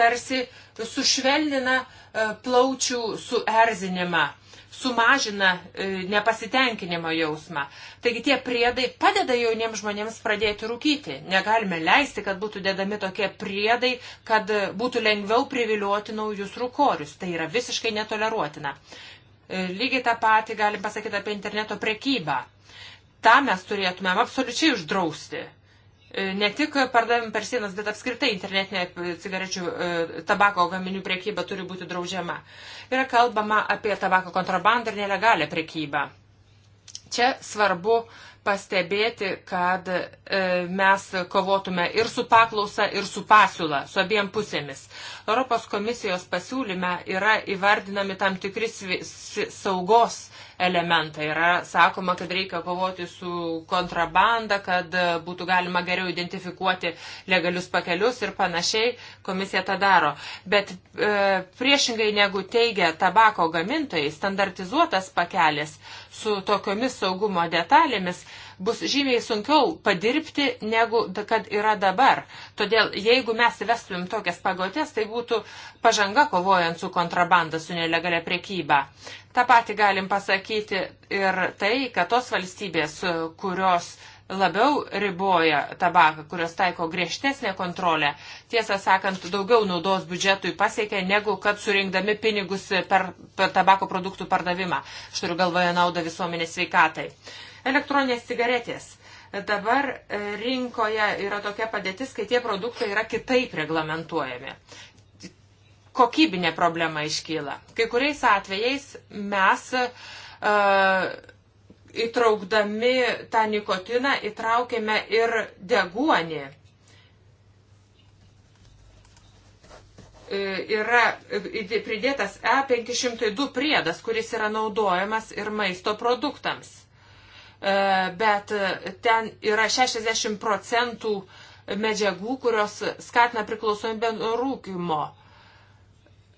tarsi sušvelnina e, plaučių suerzinimą sumažina e, nepasitenkinimo jausmą. Taigi tie priedai padeda jauniems žmonėms pradėti rūkyti. Negalime leisti, kad būtų dedami tokie priedai, kad būtų lengviau privilioti naujus rūkorius. Tai yra visiškai netoleruotina. E, lygiai tą patį galim pasakyti apie interneto prekybą. Ta mes turėtumėm absoliučiai uždrausti E, ne tik pardavim per sienas, bet apskritai internetinė e, cigarečių e, tabako gaminių priekyba turi būti draudžiama. Yra kalbama apie tabako kontrabandą ir nelegalią priekybą. Čia svarbu pastebėti, kad mes kovotume ir su paklausa, ir su pasiūla, su abiem pusėmis. Europos komisijos pasiūlyme yra įvardinami tam tikri saugos elementą. Yra sakoma, kad reikia kovoti su kontrabanda, kad būtų galima geriau identifikuoti legalius pakelius ir panašiai. Komisija tą daro. Bet e, priešingai negu teigia tabako gamintojai, standartizuotas pakelis su tokiomis saugumo detalėmis bus žymiai sunkiau padirbti, negu kad yra dabar. Todėl, jeigu mes įvestumėm tokias pagotės, tai būtų pažanga kovojant su kontrabanda, su nelegalia priekyba. Ta pati galim pasakyti ir tai, kad tos valstybės, kurios labiau riboja tabaką, kurios taiko griežtesnė kontrolė, tiesą sakant, daugiau naudos biudžetui pasiekia, negu kad surinkdami pinigus per, per tabako produktų pardavimą. Aš turiu galvoje naudą visuomenės sveikatai. Uh, Elektroninės cigaretės. Dabar rinkoje yra tokia padėtis, kai tie produktai yra kitaip reglamentuojami. Kokybinė problema iškyla. Kai kuriais atvejais mes uh, įtraukdami tą nikotiną įtraukėme ir deguonį. E, yra pridėtas E502 priedas, kuris yra naudojamas ir maisto produktams. E, bet ten yra 60 procentų medžiagų, kurios skatina priklausomybę nuo rūkimo.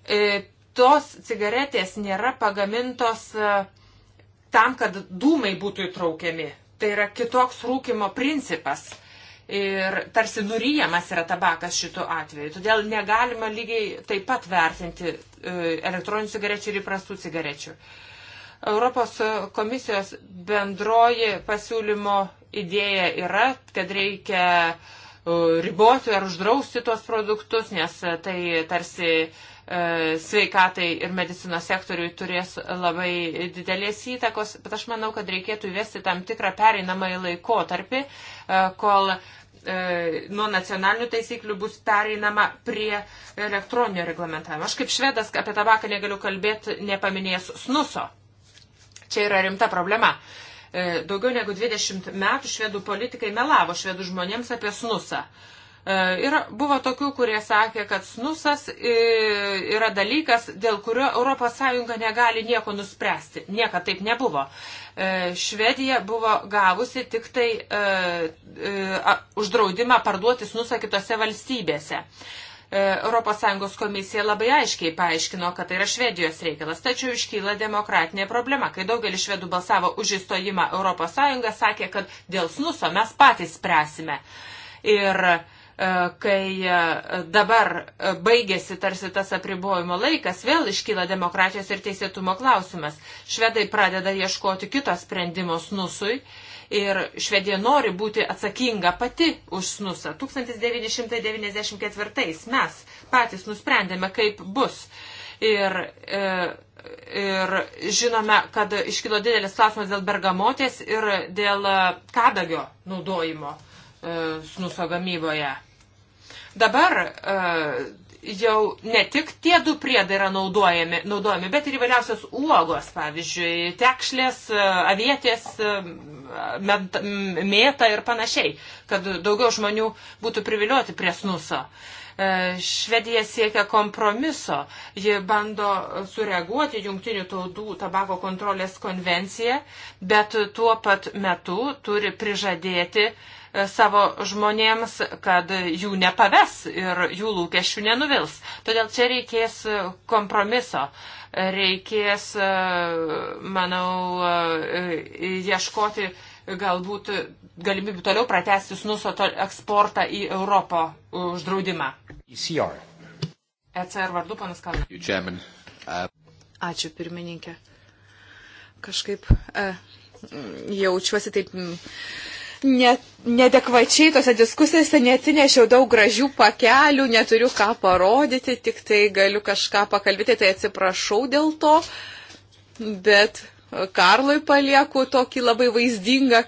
E, tos cigaretės nėra pagamintos e, tam, kad dūmai būtų įtraukiami. Tai yra kitoks rūkimo principas. Ir tarsi nuryjamas yra tabakas šitu atveju. Todėl negalima lygiai taip pat vertinti elektroninių cigarečių ir įprastų cigarečių. Uh, Europos komisijos bendroji pasiūlymo idėja yra, kad reikia e, riboti ar uždrausti tuos produktus, nes tai tarsi e, sveikatai ir medicinos sektoriui turės labai didelės įtakos, bet aš manau, kad reikėtų įvesti tam tikrą pereinamąjį laikotarpį, e, kol nuo nacionalinių taisyklių bus pereinama prie elektroninio reglamentavimo. Aš kaip švedas apie tabaką negaliu kalbėti nepaminėjęs snuso. Čia yra rimta problema. E, daugiau negu 20 metų švedų politikai melavo švedų žmonėms apie snusą. Ir e, buvo tokių, kurie sakė, kad snusas e, yra dalykas, dėl kurio ES negali nieko nuspręsti. Nieka taip nebuvo. Švedija buvo gavusi tik tai uždraudimą parduoti snusą kitose valstybėse. ES komisija labai aiškiai paaiškino, kad tai yra Švedijos reikalas, tačiau iškyla demokratinė problema. Kai daugelis švedų balsavo už įstojimą ES, sakė, kad dėl snuso mes patys spręsime. Ir e, kai e, dabar e, baigėsi tarsi tas apribojimo laikas, vėl iškyla demokratijos ir teisėtumo klausimas. Švedai pradeda ieškoti kitos sprendimo snusui Ir Švedija nori būti atsakinga pati už snusą. 1994 mes patys nusprendėme, kaip bus. Ir, e, ir žinome, kad iškilo didelis klausimas dėl bergamotės ir dėl e, kadagio naudojimo e, snuso gamyboje. Dabar jau ne tik tie du priedai yra naudojami, naudojami bet ir įvairiausios uogos, pavyzdžiui, tekšlės, e, avietės, e, med, mėta ir panašiai, kad daugiau žmonių būtų privilioti prie snuso. E, Švedija siekia kompromiso, ji bando sureaguoti jungtinių tautų tabako kontrolės konvenciją, bet tuo pat metu turi prižadėti uh, savo žmonėms, kad jų nepaves ir jų lūkesčių nenuvils. Todėl čia reikės kompromiso. Reikės, manau, ieškoti galbūt galimybių toliau pratesti snuso eksportą į Europą uždraudimą. ECR. ECR vardu, panas Kalnas. Ačiū, pirmininkė. Kažkaip e, jaučiuosi taip ne, nedekvačiai tose diskusijose netinešiau daug gražių pakelių, neturiu ką parodyti, tik tai galiu kažką pakalbėti, tai atsiprašau dėl to, bet Karlui palieku tokį labai vaizdingą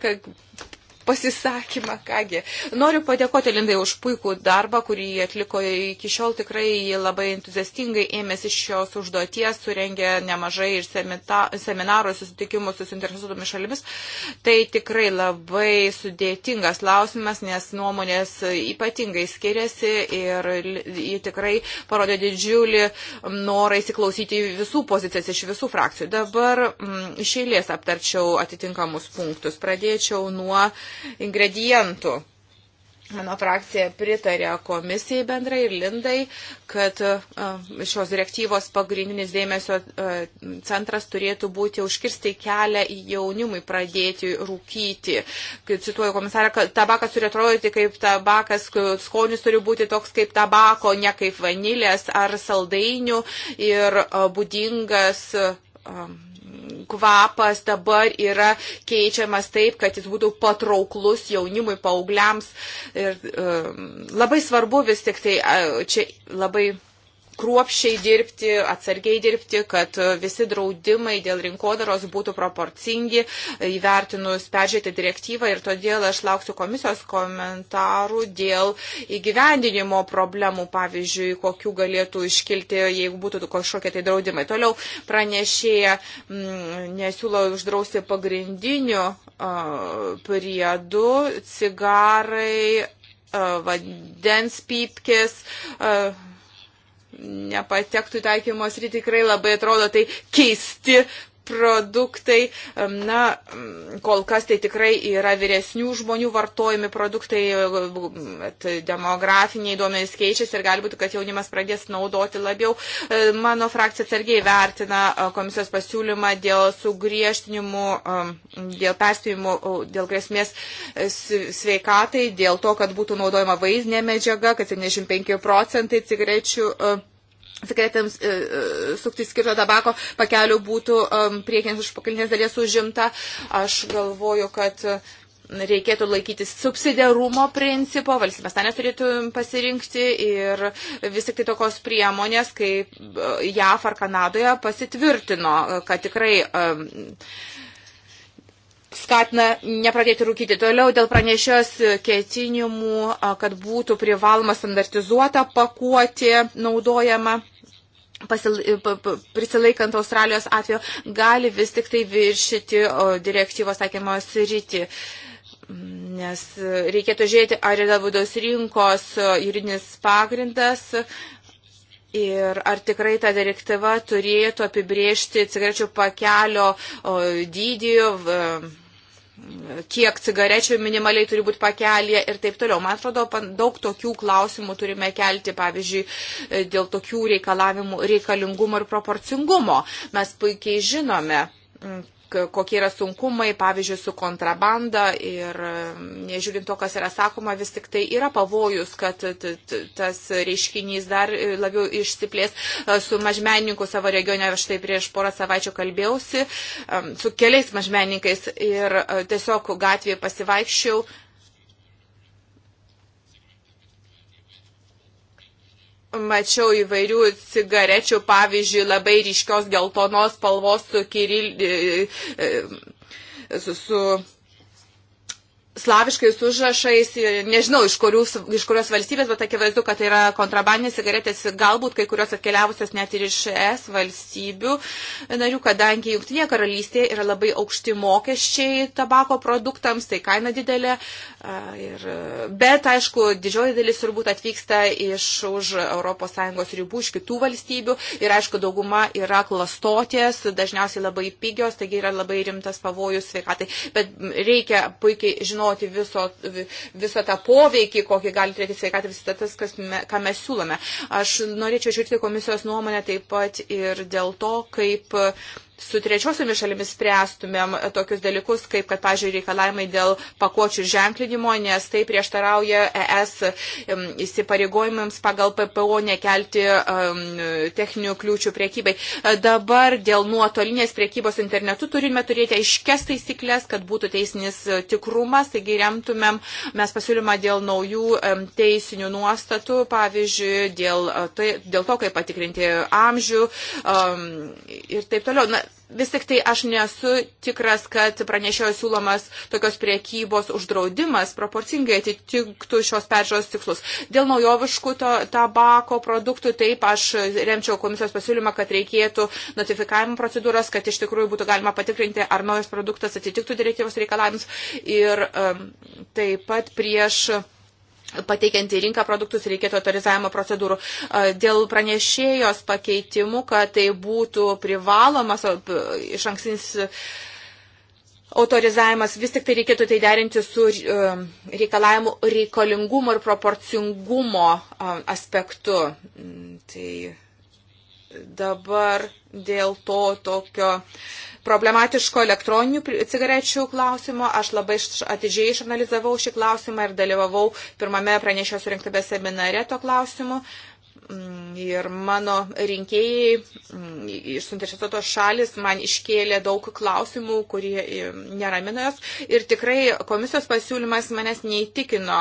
pasisakymą. Kągi, noriu padėkoti Lindai už puikų darbą, kurį atliko iki šiol. Tikrai jie labai entuziastingai ėmėsi šios užduoties, surengė nemažai ir seminarų susitikimų su suinteresuotomis šalimis. Tai tikrai labai sudėtingas klausimas, nes nuomonės ypatingai skiriasi ir jie tikrai parodė didžiulį norą įsiklausyti visų pozicijas iš visų frakcijų. Dabar m, mm, iš eilės aptarčiau atitinkamus punktus. Pradėčiau nuo uh, ingredientų. Mano frakcija pritarė komisijai bendrai ir Lindai, kad e, šios direktyvos pagrindinis dėmesio e, centras turėtų būti užkirsti kelią jaunimui pradėti rūkyti. Kaip cituoju komisarą, kad tabakas turi atrodyti kaip tabakas, skonis turi būti toks kaip tabako, ne kaip vanilės ar saldainių ir e, būdingas kvapas dabar yra keičiamas taip, kad jis būtų patrauklus jaunimui, paaugliams. Ir um, labai svarbu vis tik tai, čia labai kruopšiai dirbti, atsargiai dirbti, kad e, visi draudimai dėl rinkodaros būtų proporcingi, e, įvertinus peržiūrėti direktyvą ir todėl aš lauksiu komisijos komentarų dėl įgyvendinimo problemų, pavyzdžiui, kokių galėtų iškilti, jeigu būtų kažkokie tai draudimai. Toliau pranešėja mm, nesiūlo uždrausti pagrindinių e, priedų, cigarai, vandens pypkės, nepatektų taikymos rytį, tikrai labai atrodo tai keisti produktai, na, kol kas tai tikrai yra vyresnių žmonių vartojami produktai, e, demografiniai duomenys keičiasi ir gali būti, kad jaunimas pradės naudoti labiau. E, mano frakcija atsargiai vertina e, komisijos pasiūlymą dėl sugriežtinimų, dėl perspėjimų, dėl grėsmės sveikatai, dėl to, kad būtų naudojama vaizdinė medžiaga, kad 75 procentai cigarečių cigaretėms e, e, sukti skirto tabako pakelių būtų e, um, priekinės užpakalinės dalies užimta. Aš galvoju, kad e, reikėtų laikytis subsidiarumo principo, valstybės narės turėtų pasirinkti ir vis tik tai tokios priemonės, kaip e, JAF ar Kanadoje pasitvirtino, e, kad tikrai um, skatina nepradėti rūkyti. Toliau dėl pranešios ketinimų, kad būtų privaloma standartizuota pakuotė naudojama. Pasil, prisilaikant Australijos atveju, gali vis tik tai viršyti direktyvos taikymos rytį. Nes reikėtų žiūrėti, ar yra vidaus rinkos juridinis pagrindas, Ir ar tikrai ta direktyva turėtų apibriežti cigarečių pakelio dydį, kiek cigarečių minimaliai turi būti pakelėje ir taip toliau. Man atrodo, daug tokių klausimų turime kelti, pavyzdžiui, e, dėl tokių reikalavimų reikalingumo ir proporcingumo. Mes puikiai žinome, kokie yra sunkumai, pavyzdžiui, su kontrabanda ir nežiūrint to, kas yra sakoma, vis tik tai yra pavojus, kad tas reiškinys dar e, labiau išsiplės e, su mažmenininku savo regione. Aš tai prieš porą savaičių kalbėjausi su keliais mažmenininkais ir e, tiesiog gatvėje pasivaikščiau mačiau įvairių cigarečių, pavyzdžiui, labai ryškios geltonos spalvos su kiril, e, e, e, su, su slaviškais užrašais, nežinau iš, kurių, iš kurios valstybės, bet akivaizdu, kad tai yra kontrabandinės cigaretės, galbūt kai kurios atkeliavusios net ir iš ES valstybių narių, kadangi Junktinėje karalystėje yra labai aukšti mokesčiai tabako produktams, tai kaina didelė. Ir, bet, aišku, didžioji dalis turbūt atvyksta iš už ES ribų, iš kitų valstybių ir, aišku, dauguma yra klastotės, dažniausiai labai pigios, taigi yra labai rimtas pavojus sveikatai. Bet reikia puikiai žinoti, žinoti viso, visą tą poveikį, kokį gali turėti sveikatą visą tas, kas me, ką mes siūlome. Aš norėčiau žiūrėti komisijos nuomonę taip pat ir dėl to, kaip uh, su trečiosiomis šalimis spręstumėm e, tokius dalykus, kaip, kad, pažiūrėjau, reikalavimai dėl pakuočių ženklinimo, nes tai prieštarauja ES įsipareigojimams pagal PPO nekelti um, techninių kliūčių priekybai. E, dabar dėl nuotolinės priekybos internetu turime turėti aiškes taisyklės, kad būtų teisinis e, tikrumas, taigi remtumėm mes pasiūlymą dėl naujų teisinių nuostatų, pavyzdžiui, dėl, tai, dėl to, kaip patikrinti amžių um, ir taip toliau. Na, vis tik tai aš nesu tikras, kad pranešėjo siūlomas tokios priekybos uždraudimas proporcingai atitiktų šios peržiūros tikslus. Dėl naujoviškų to, tabako produktų taip aš remčiau komisijos pasiūlymą, kad reikėtų notifikavimo procedūros, kad iš tikrųjų būtų galima patikrinti, ar naujas produktas atitiktų direktyvos reikalavimus ir um, taip pat prieš pateikiant į rinką produktus reikėtų autorizavimo procedūrų. Dėl pranešėjos pakeitimų, kad tai būtų privalomas iš anksinis autorizavimas, vis tik tai reikėtų tai derinti su e, reikalavimu reikalingumo ir proporcingumo aspektu. Mm, tai dabar dėl to tokio uh, problematiško elektroninių cigarečių klausimo. Aš labai atidžiai išanalizavau šį klausimą ir dalyvavau pirmame pranešio surinktame seminare to klausimu. Uh, Mm, ir mano rinkėjai mm, iš suinteresuotos šalis man iškėlė daug klausimų, kurie mm, neramina jos. Ir tikrai komisijos pasiūlymas manęs neįtikino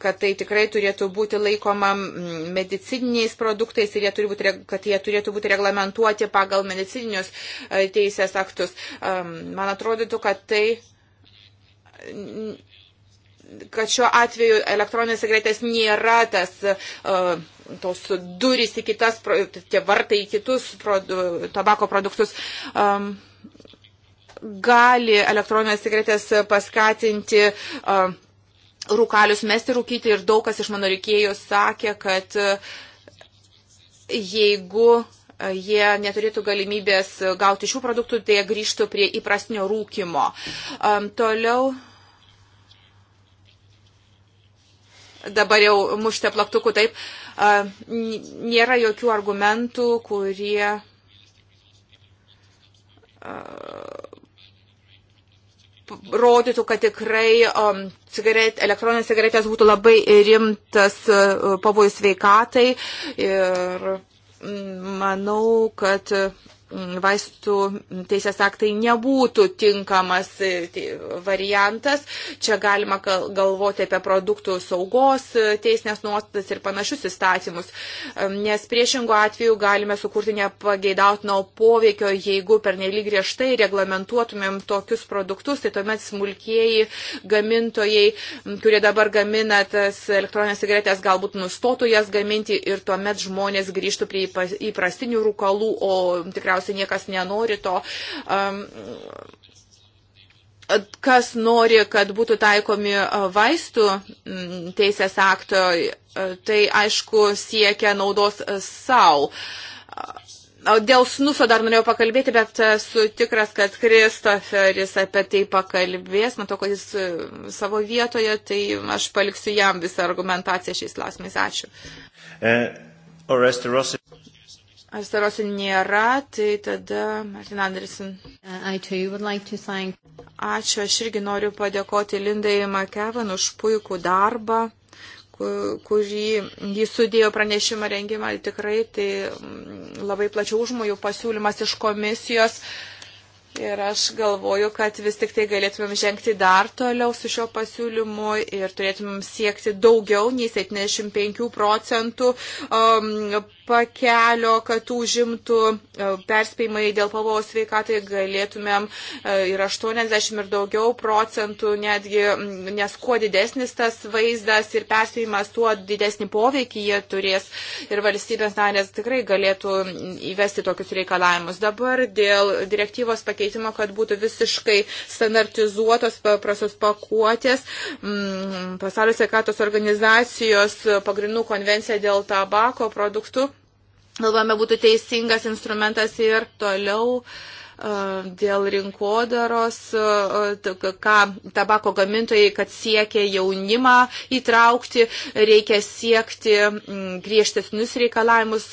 kad tai tikrai turėtų būti laikoma medicininiais produktais ir jie turi būti, kad jie turėtų būti reglamentuoti pagal medicininius e, teisės aktus. Man atrodytų, kad tai kad šiuo atveju elektroninės cigaretės nėra tas uh, tos durys į kitas, tie vartai į kitus produ, tabako produktus. Um, gali elektroninės cigaretės paskatinti uh, rūkalius mesti rūkyti ir daug kas iš mano reikėjų sakė, kad uh, jeigu uh, jie neturėtų galimybės gauti šių produktų, tai jie grįžtų prie įprasnio rūkimo. Um, toliau dabar jau mušte plaktuku taip, nėra jokių argumentų, kurie rodytų, kad tikrai um, cigaret, elektroninės cigaretės būtų labai rimtas uh, pavojus veikatai ir manau, kad uh, vaistų teisės aktai nebūtų tinkamas e, variantas. Čia galima galvoti apie produktų saugos e, teisinės nuostatas ir panašius įstatymus, nes priešingų atveju galime sukurti nepageidautino poveikio, jeigu pernelyg griežtai reglamentuotumėm tokius produktus, tai tuomet smulkieji gamintojai, kurie dabar gamina tas elektroninės cigaretės, galbūt nustotų jas gaminti ir tuomet žmonės grįžtų prie įprastinių rūkalų, o tikriausiai tikriausiai niekas nenori to. Um, kas nori, kad būtų taikomi vaistų teisės akto, tai aišku siekia naudos savo. Dėl snuso dar norėjau pakalbėti, bet esu tikras, kad Kristoferis apie tai pakalbės. Matau, kad jis savo vietoje, tai aš paliksiu jam visą argumentaciją šiais klausimais. Ačiū. Uh, Ar starosi nėra, tai tada Martin Anderson. Like thank... Ačiū, aš irgi noriu padėkoti Lindai Makevan už puikų darbą, kurį jis sudėjo pranešimą rengimą. Tikrai tai mm, labai plačių užmojų pasiūlymas iš komisijos. Ir aš galvoju, kad vis tik tai galėtumėm žengti dar toliau su šio pasiūlymu ir turėtumėm siekti daugiau nei 75 procentų um, pakelio, kad užimtų e, perspėjimai dėl pavojaus sveikatai, galėtumėm e, ir 80 ir daugiau procentų, netgi, nes kuo didesnis tas vaizdas ir perspėjimas, tuo didesnį poveikį jie turės ir valstybės narės tikrai galėtų įvesti tokius reikalavimus. Dabar dėl direktyvos pakeitimo, kad būtų visiškai standartizuotos paprastos pakuotės, pasaulio sveikatos organizacijos pagrindų konvencija dėl tabako produktų galvojame, būtų teisingas instrumentas ir toliau uh, dėl rinkodaros, ką tabako gamintojai, kad siekia jaunimą įtraukti, reikia siekti griežtesnius reikalavimus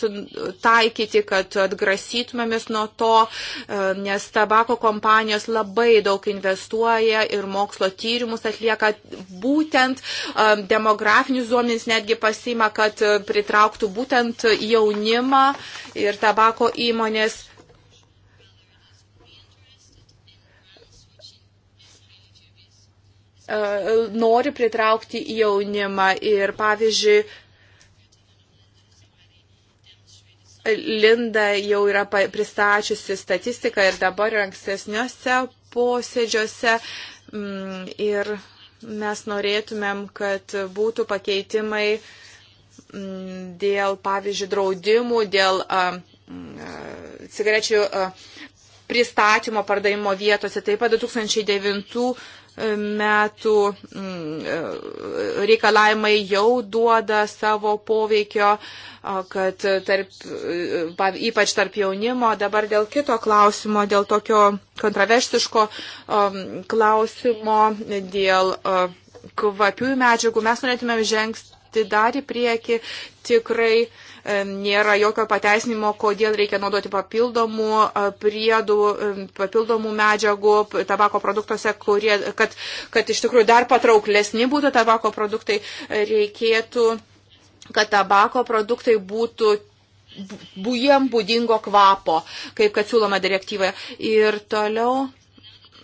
taikyti, kad atgrasytumėmės nuo to, nes tabako kompanijos labai daug investuoja ir mokslo tyrimus atlieka būtent demografinius duomenys netgi pasima, kad pritrauktų būtent jaunimą ir tabako įmonės E, nori pritraukti jaunimą ir, pavyzdžiui, Linda jau yra pristačiusi statistiką ir dabar ir ankstesniuose posėdžiuose mm, ir mes norėtumėm, kad būtų pakeitimai mm, dėl, pavyzdžiui, draudimų, dėl mm, cigarečių pristatymo pardavimo vietose. Taip pat 2009 metų mm, reikalavimai jau duoda savo poveikio, kad tarp, ypač tarp jaunimo. Dabar dėl kito klausimo, dėl tokio kontraversiško klausimo, dėl kvapiųjų medžiagų mes norėtume žengti dar į priekį tikrai nėra jokio pateisinimo, kodėl reikia naudoti papildomų e, priedų, papildomų medžiagų tabako produktuose, kurie, kad, kad iš tikrųjų dar patrauklesni būtų tabako produktai, e, reikėtų, kad tabako produktai būtų būjiem būdingo kvapo, kaip kad siūloma direktyvoje. Ir toliau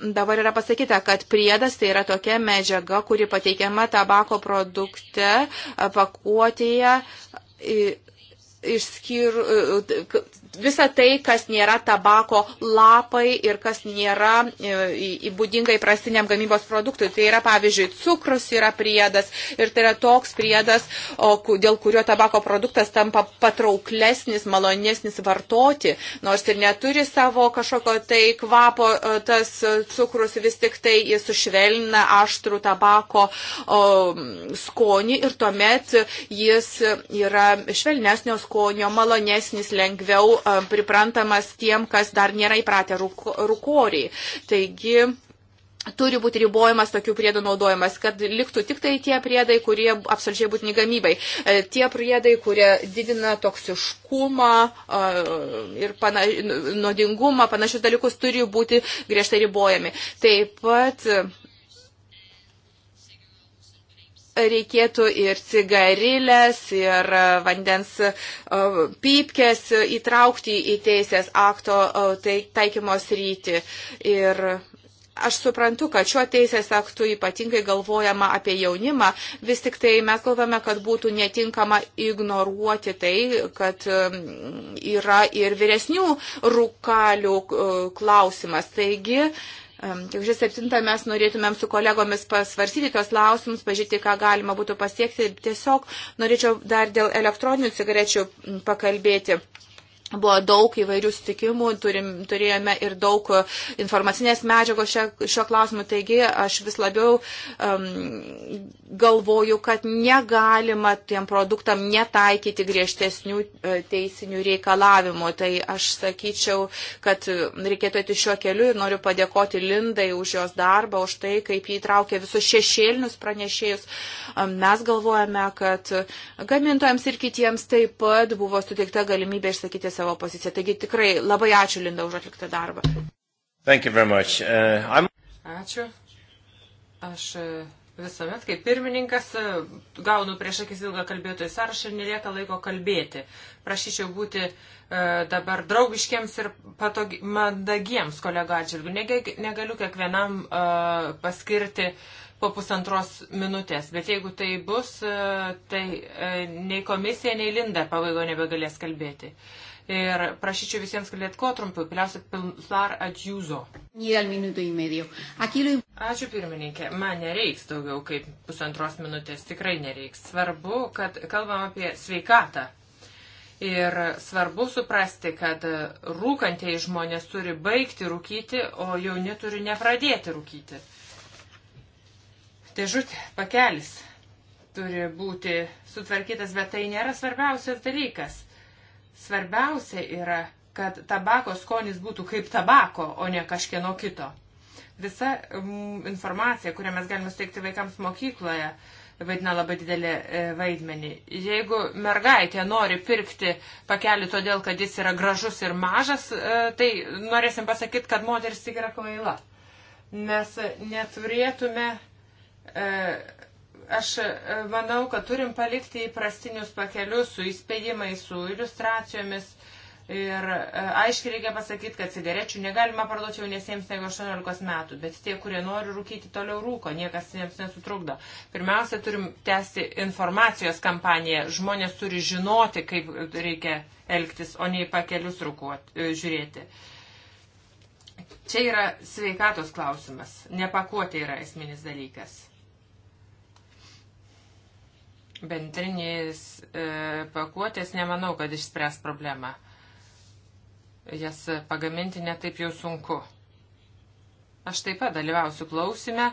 dabar yra pasakyta, kad priedas tai yra tokia medžiaga, kuri pateikiama tabako produkte, e, pakuotėje išskyrus visa tai, kas nėra tabako lapai ir kas nėra e, įbūdinga įprastiniam gamybos produktui. Tai yra, pavyzdžiui, cukrus yra priedas ir tai yra toks priedas, o, dėl kurio tabako produktas tampa patrauklesnis, malonesnis vartoti, nors ir neturi savo kažkokio tai kvapo, e, tas e, cukrus vis tik tai jis sušvelnina aštrų tabako o, skonį ir tuomet jis yra švelnesnio skonio, malonesnis, lengviau priprantamas tiem, kas dar nėra įpratę rūkoriai. Taigi, turi būti ribojamas tokių priedų naudojimas, kad liktų tik tai tie priedai, kurie absoliučiai būtini gamybai. E, tie priedai, kurie didina toksiškumą e, ir pana, nuodingumą, panašius dalykus turi būti griežtai ribojami. Taip pat reikėtų ir cigarilės, ir e, vandens e, pypkės įtraukti į teisės akto e, tai, taikymos rytį. Ir aš suprantu, kad šiuo teisės aktu ypatingai galvojama apie jaunimą, vis tik tai mes galvame, kad būtų netinkama ignoruoti tai, kad yra ir vyresnių rūkalių klausimas. Taigi, Tikrai septintą mes norėtumėm su kolegomis pasvarsyti tos lausimus, pažiūrėti, ką galima būtų pasiekti. Tiesiog norėčiau dar dėl elektroninių cigarečių pakalbėti. Buvo daug įvairių sutikimų, turim, turėjome ir daug informacinės medžiagos šio, šio klausimu, taigi aš vis labiau um, galvoju, kad negalima tiem produktam netaikyti griežtesnių e, teisinių reikalavimų. Tai aš sakyčiau, kad reikėtų eiti šiuo keliu ir noriu padėkoti Lindai už jos darbą, už tai, kaip jį traukė visus šešėlinius pranešėjus. Um, mes galvojame, kad gamintojams ir kitiems taip pat buvo suteikta galimybė išsakyti savo savo poziciją. Taigi tikrai labai ačiū, Linda, už atliktą darbą. Uh, ačiū. Aš e, visuomet, kaip pirmininkas, e, gaunu prieš akis ilgą kalbėtojų sąrašą ir nelieka laiko kalbėti. Prašyčiau būti uh, dabar draugiškiems ir patogi, mandagiems kolegų atžvilgių. Negaliu kiekvienam uh, paskirti po pusantros minutės, bet jeigu tai bus, uh, tai uh, nei komisija, nei Linda pabaigo nebegalės kalbėti. Uh, ir prašyčiau visiems kalbėti kuo trumpiau, galiausiai Pilar Adjuzo. Ačiū pirmininkė, man nereiks daugiau kaip pusantros minutės, tikrai nereiks. Svarbu, kad kalbam apie sveikatą. Ir svarbu suprasti, kad rūkantieji žmonės turi baigti rūkyti, o jauni turi nepradėti rūkyti. Dėžutė, pakelis turi būti sutvarkytas, bet tai nėra svarbiausias dalykas. Svarbiausia yra, kad tabako skonis būtų kaip tabako, o ne kažkieno kito. Visa informacija, kurią mes galime suteikti vaikams mokykloje, vaidina labai didelį e, vaidmenį. Jeigu mergaitė nori pirkti pakelį todėl, kad jis yra gražus ir mažas, e, tai norėsim pasakyti, kad moteris tik yra kvaila. Mes neturėtume e, Aš e, manau, kad turim palikti įprastinius pakelius su įspėjimais, su iliustracijomis. Ir e, aiškiai reikia pasakyti, kad cigarečių negalima parduoti jaunesiems negu 18 metų, bet tie, kurie nori rūkyti, toliau rūko, niekas jiems nesutrukdo. Pirmiausia, turim tęsti informacijos kampaniją. Žmonės turi žinoti, kaip reikia elgtis, o ne į pakelius rūkuot, e, žiūrėti. Čia yra sveikatos klausimas, nepakuotė yra esminis dalykas bendrinės e, pakuotės nemanau, kad išspręs problemą. Jas pagaminti netaip jau sunku. Aš taip pat dalyvausiu klausime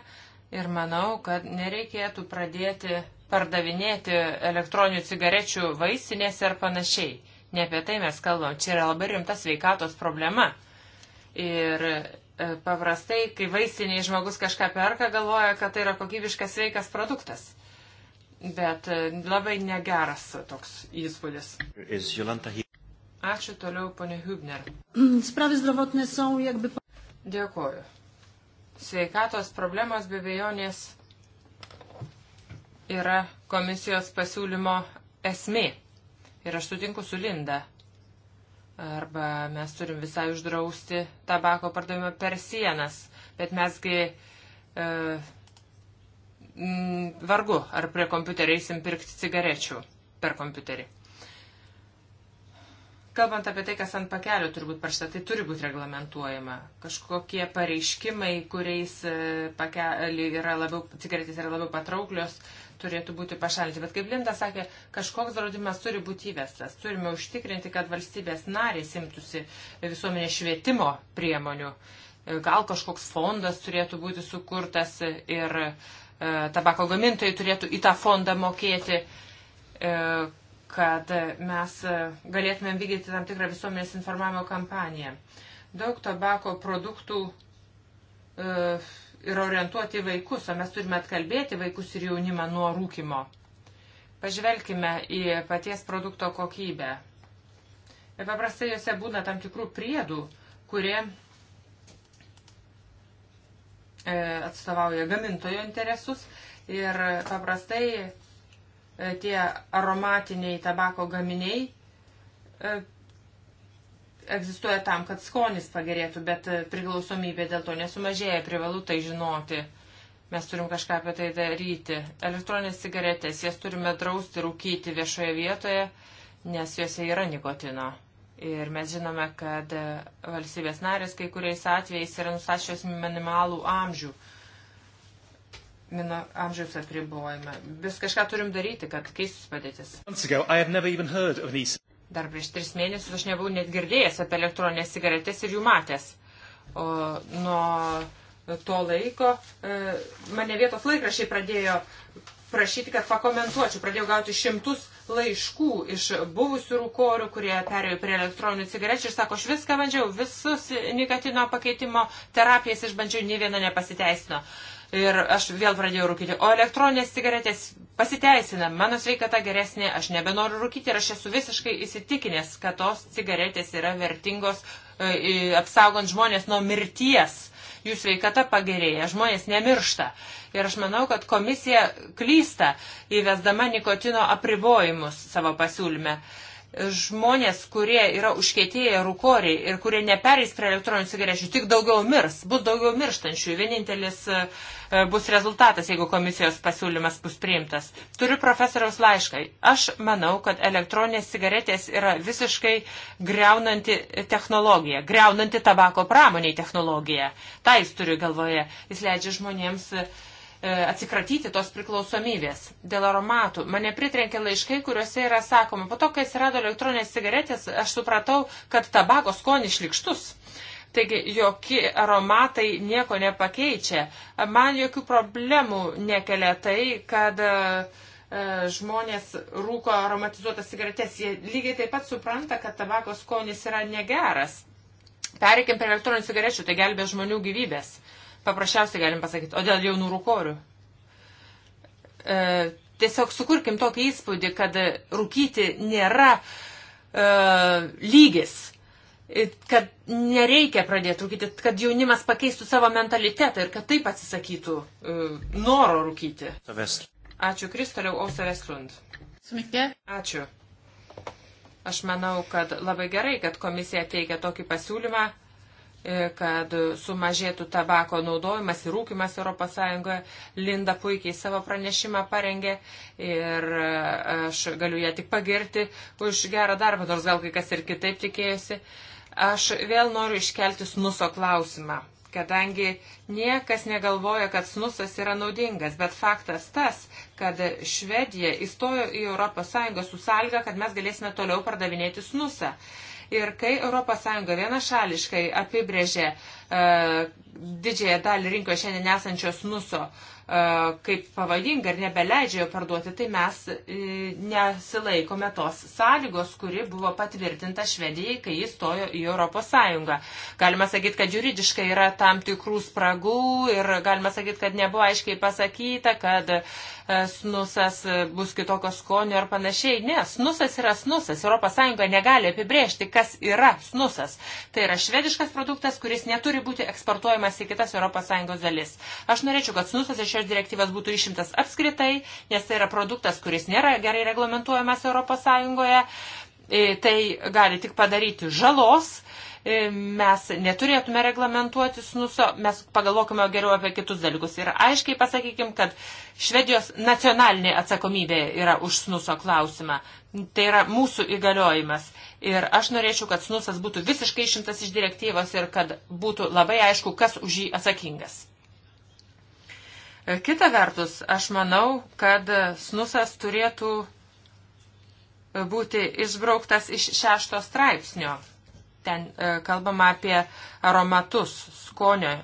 ir manau, kad nereikėtų pradėti pardavinėti elektroninių cigarečių vaisinėse ar panašiai. Ne apie tai mes kalbam. Čia yra labai rimta sveikatos problema. Ir e, paprastai, kai vaistiniai žmogus kažką perka, galvoja, kad tai yra kokybiškas sveikas produktas bet e, labai negeras toks įspūdis. Ačiū toliau, ponė Hübner. Mm, sprawy zdrowotne są jakby. Dėkuoju. Sveikatos problemos be vėjonės yra komisijos pasiūlymo esmė. Ir aš sutinku su Linda. Arba mes turim visai uždrausti tabako pardavimą per sienas. Bet mesgi. Uh, e, Mm, vargu, ar prie kompiuterio eisim pirkti cigarečių per kompiuterį. Kalbant apie tai, kas ant pakelio turbūt parašyta, tai turi būti reglamentuojama. Kažkokie pareiškimai, kuriais e, pakelį yra labiau, cigaretės yra labiau patrauklios, turėtų būti pašalinti. Bet kaip Linda sakė, kažkoks draudimas turi būti įvestas. Turime užtikrinti, kad valstybės narės imtųsi visuomenės švietimo priemonių. E, gal kažkoks fondas turėtų būti sukurtas ir uh, E, tabako gamintojai turėtų į tą fondą mokėti, e, kad mes galėtumėm vykdyti tam tikrą visuomenės informavimo kampaniją. Daug tabako produktų e, yra orientuoti į vaikus, o mes turime atkalbėti vaikus ir jaunimą nuo rūkimo. Pažvelkime į paties produkto kokybę. Ir paprastai juose būna tam tikrų priedų, kurie E, atstovauja gamintojo interesus ir paprastai e, tie aromatiniai tabako gaminiai e, egzistuoja tam, kad skonis pagerėtų, bet priklausomybė dėl to nesumažėja, privalu tai žinoti. Mes turim kažką apie tai daryti. Elektroninės cigaretės, jas turime drausti rūkyti viešoje vietoje, nes juose yra nikotino. Ir mes žinome, kad e, valstybės narės kai kuriais atvejais yra nustačios minimalų amžių, mino, amžiaus apribojimą. Vis kažką turim daryti, kad keistus padėtis. Dar prieš tris mėnesius aš nebuvau net girdėjęs apie elektroninės cigaretės ir jų matęs. O nuo to laiko e, mane vietos laikrašiai pradėjo prašyti, kad pakomentuočiau. Pradėjau gauti šimtus laiškų iš buvusių rūkorių, kurie perėjo prie elektroninių cigarečių ir sako, aš viską bandžiau, visus nikotino pakeitimo terapijas išbandžiau, nei viena nepasiteisino. Ir aš vėl pradėjau rūkyti. O elektroninės cigaretės pasiteisina, mano sveikata geresnė, aš nebenoriu rūkyti ir aš esu visiškai įsitikinęs, kad tos cigaretės yra vertingos, e, apsaugant žmonės nuo mirties jų sveikata pagerėja, žmonės nemiršta. Ir aš manau, kad komisija klysta įvesdama nikotino apribojimus savo pasiūlyme. Uh, žmonės, kurie yra užkėtėję rūkoriai ir kurie nepereis prie elektroninių cigarečių, tik daugiau mirs, bus daugiau mirštančių. Vienintelis e, bus rezultatas, jeigu komisijos pasiūlymas bus priimtas. Turiu profesoriaus laišką. Aš manau, kad elektroninės cigaretės yra visiškai greunanti technologija, greunanti tabako pramoniai technologija. Tai jis turi galvoje. Jis leidžia žmonėms uh, E, atsikratyti tos priklausomybės dėl aromatų. Mane pritrenkė laiškai, kuriuose yra sakoma, po to, kai atsirado elektroninės cigaretės, aš supratau, kad tabako skonis šlikštus. Taigi jokie aromatai nieko nepakeičia. Man jokių problemų nekelia tai, kad uh, žmonės rūko aromatizuotas cigaretės. Jie lygiai taip pat supranta, kad tabako skonis yra negeras. Pereikim prie elektroninių cigarečių, tai gelbė žmonių gyvybės paprasčiausiai galim pasakyti, o dėl jaunų rūkorių. E, tiesiog sukurkim tokį įspūdį, kad rūkyti nėra e, lygis, kad nereikia pradėti rūkyti, kad jaunimas pakeistų savo mentalitetą ir kad taip atsisakytų e, noro rūkyti. Ačiū, Kristoliau, Ausa Vestlund. Smikė. Ačiū. Aš manau, kad labai gerai, kad komisija teikia tokį pasiūlymą E, kad sumažėtų tabako naudojimas ir rūkimas ES. Linda puikiai savo pranešimą parengė ir e, aš galiu ją tik pagirti už gerą darbą, nors gal kai kas ir kitaip tikėjosi. Aš vėl noriu iškelti snuso klausimą, kadangi niekas negalvoja, kad snusas yra naudingas, bet faktas tas, kad Švedija įstojo į ES su sąlyga, kad mes galėsime toliau pardavinėti snusą. Ir kai ES vienašališkai apibrėžė e, didžiąją dalį rinkos šiandien esančios nuso, e, E, kaip pavojinga ir nebeleidžia jo parduoti, tai mes e, nesilaikome tos sąlygos, kuri buvo patvirtinta Švedijai, kai jis stojo į Europos Sąjungą. Galima sakyti, kad juridiškai yra tam tikrų spragų ir galima sakyti, kad nebuvo aiškiai pasakyta, kad e, snusas bus kitokio skonio ar panašiai. Ne, snusas yra snusas. Europos Sąjunga negali apibrėžti, kas yra snusas. Tai yra švediškas produktas, kuris neturi būti eksportuojamas į kitas Europos Sąjungos dalis. Aš norėčiau, kad snusas iš šios direktyvos būtų išimtas apskritai, nes tai yra produktas, kuris nėra gerai reglamentuojamas ES. E, tai gali tik padaryti žalos e, mes neturėtume reglamentuoti snuso, mes pagalvokime geriau apie kitus dalykus. Ir aiškiai pasakykim, kad Švedijos nacionalinė atsakomybė yra už snuso klausimą. Tai yra mūsų įgaliojimas. Ir aš norėčiau, kad snusas būtų visiškai išimtas iš direktyvos ir kad būtų labai aišku, kas už jį atsakingas. Kita vertus, aš manau, kad snusas turėtų būti išbrauktas iš šešto straipsnio. Ten kalbama apie aromatus, skonio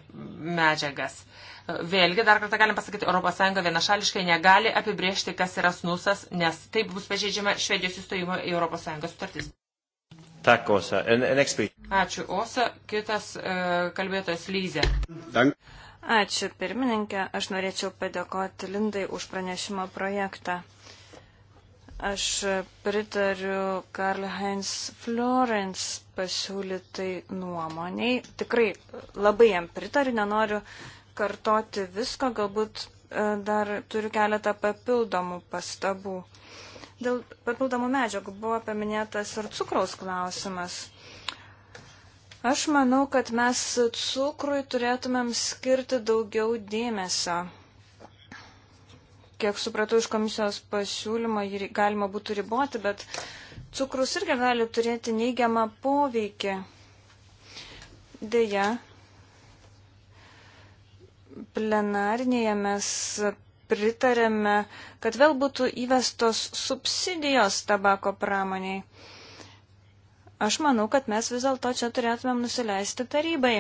medžiagas. Vėlgi, dar kartą galim pasakyti, ES vienašališkai negali apibriežti, kas yra snusas, nes taip bus pažeidžiama Švedijos įstojimo į ES sutartis. Tak, Osa. Ačiū, Osa. Kitas uh, kalbėtojas Lyzė. Dank. Ačiū pirmininkė, aš norėčiau padėkoti Lindai už pranešimo projektą. Aš pritariu Karl Heinz Florence pasiūlytai nuomoniai. Tikrai labai jam pritariu, nenoriu kartoti visko, galbūt e, dar turiu keletą papildomų pastabų. Dėl papildomų medžiagų buvo paminėtas ir cukraus klausimas. Aš manau, kad mes cukrui turėtumėm skirti daugiau dėmesio. Kiek supratau iš komisijos pasiūlymo, jį galima būtų riboti, bet cukrus irgi gali turėti neigiamą poveikį. Deja, plenarnėje mes pritarėme, kad vėl būtų įvestos subsidijos tabako pramoniai. Aš manau, kad mes vis dėlto čia turėtumėm nusileisti tarybai.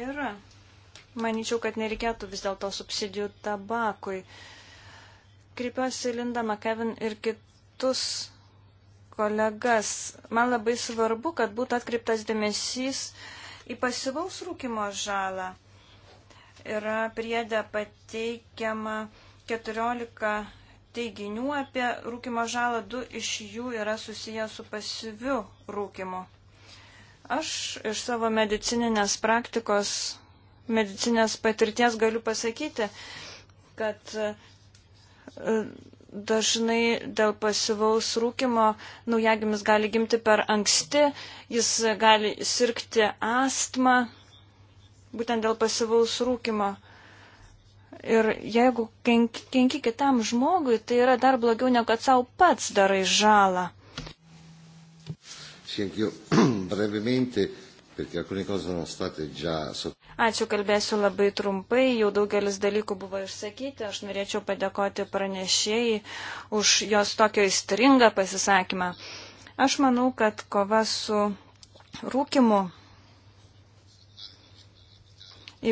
Ir manyčiau, kad nereikėtų vis dėlto subsidijų tabakui. Kreipiuosi Linda McKevin ir kitus kolegas. Man labai svarbu, kad būtų atkreiptas dėmesys į pasivaus rūkimo žalą. Yra priedė pateikiama 14 teiginių apie rūkimo žalą, du iš jų yra susiję su pasyviu rūkimu. Aš iš savo medicininės praktikos, medicinės patirties galiu pasakyti, kad e, dažnai dėl pasivaus rūkimo naujagimis gali gimti per anksti, jis gali sirgti astmą, būtent dėl pasivaus rūkimo. Ir jeigu kenki, kenki kitam žmogui, tai yra dar blogiau negu kad savo pats darai žalą. *clears throat* Ačiū, kalbėsiu labai trumpai, jau daugelis dalykų buvo išsakyti, aš norėčiau padėkoti pranešėjai už jos tokio įstringą pasisakymą. Aš manau, kad kova su rūkimu,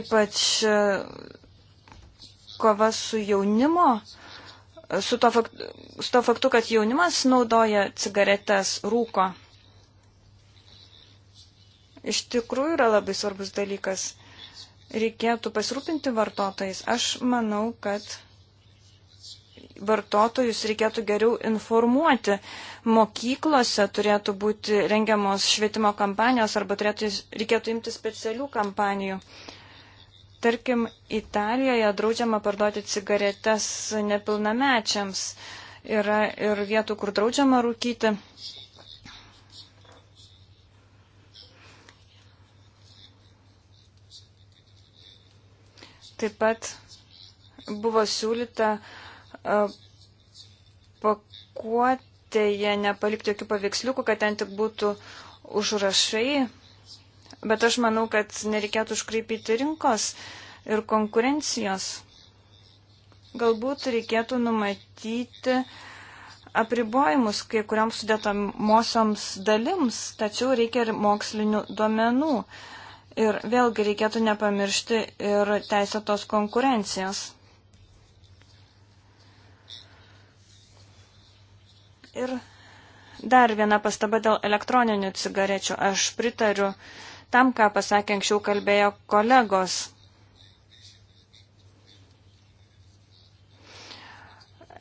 ypač kova su jaunimo, su to, faktu, su to faktu, kad jaunimas naudoja cigaretes, rūko. Iš tikrųjų yra labai svarbus dalykas. Reikėtų pasirūpinti vartotojais. Aš manau, kad vartotojus reikėtų geriau informuoti. Mokyklose turėtų būti rengiamos švietimo kampanijos arba turėtų, reikėtų imti specialių kampanijų. Uh, Tarkim, Italijoje draudžiama parduoti cigaretes nepilnamečiams. Yra ir vietų, kur draudžiama rūkyti. Taip pat buvo siūlyta pakuotėje nepalikti jokių paveiksliukų, kad ten tik būtų užrašai Bet aš manau, kad nereikėtų užkreipyti rinkos ir konkurencijos. Galbūt reikėtų numatyti apribojimus kai kurioms sudėtamosioms dalims, tačiau reikia ir mokslinių duomenų. Ir vėlgi reikėtų nepamiršti ir teisėtos konkurencijos. Ir dar viena pastaba dėl elektroninių cigarečių. Aš pritariu uh, tam, ką pasakė anksčiau kalbėjo kolegos.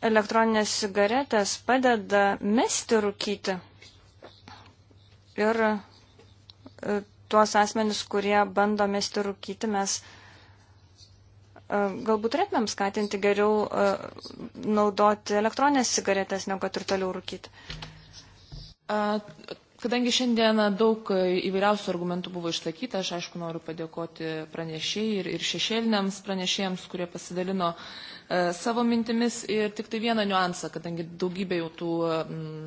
Elektroninės cigaretės padeda mesti rūkyti ir e, tuos asmenis, kurie bando mesti rūkyti, mes e, galbūt turėtumėm skatinti geriau e, naudoti elektroninės cigaretės, negu kad ir toliau rūkyti. Kadangi šiandieną daug e, įvairiausių argumentų buvo išsakyta, aš aišku noriu padėkoti pranešėjai ir, ir šešėliniams pranešėjams, kurie pasidalino e, savo mintimis ir tik tai vieną niuansą, kadangi daugybė jau tų mm,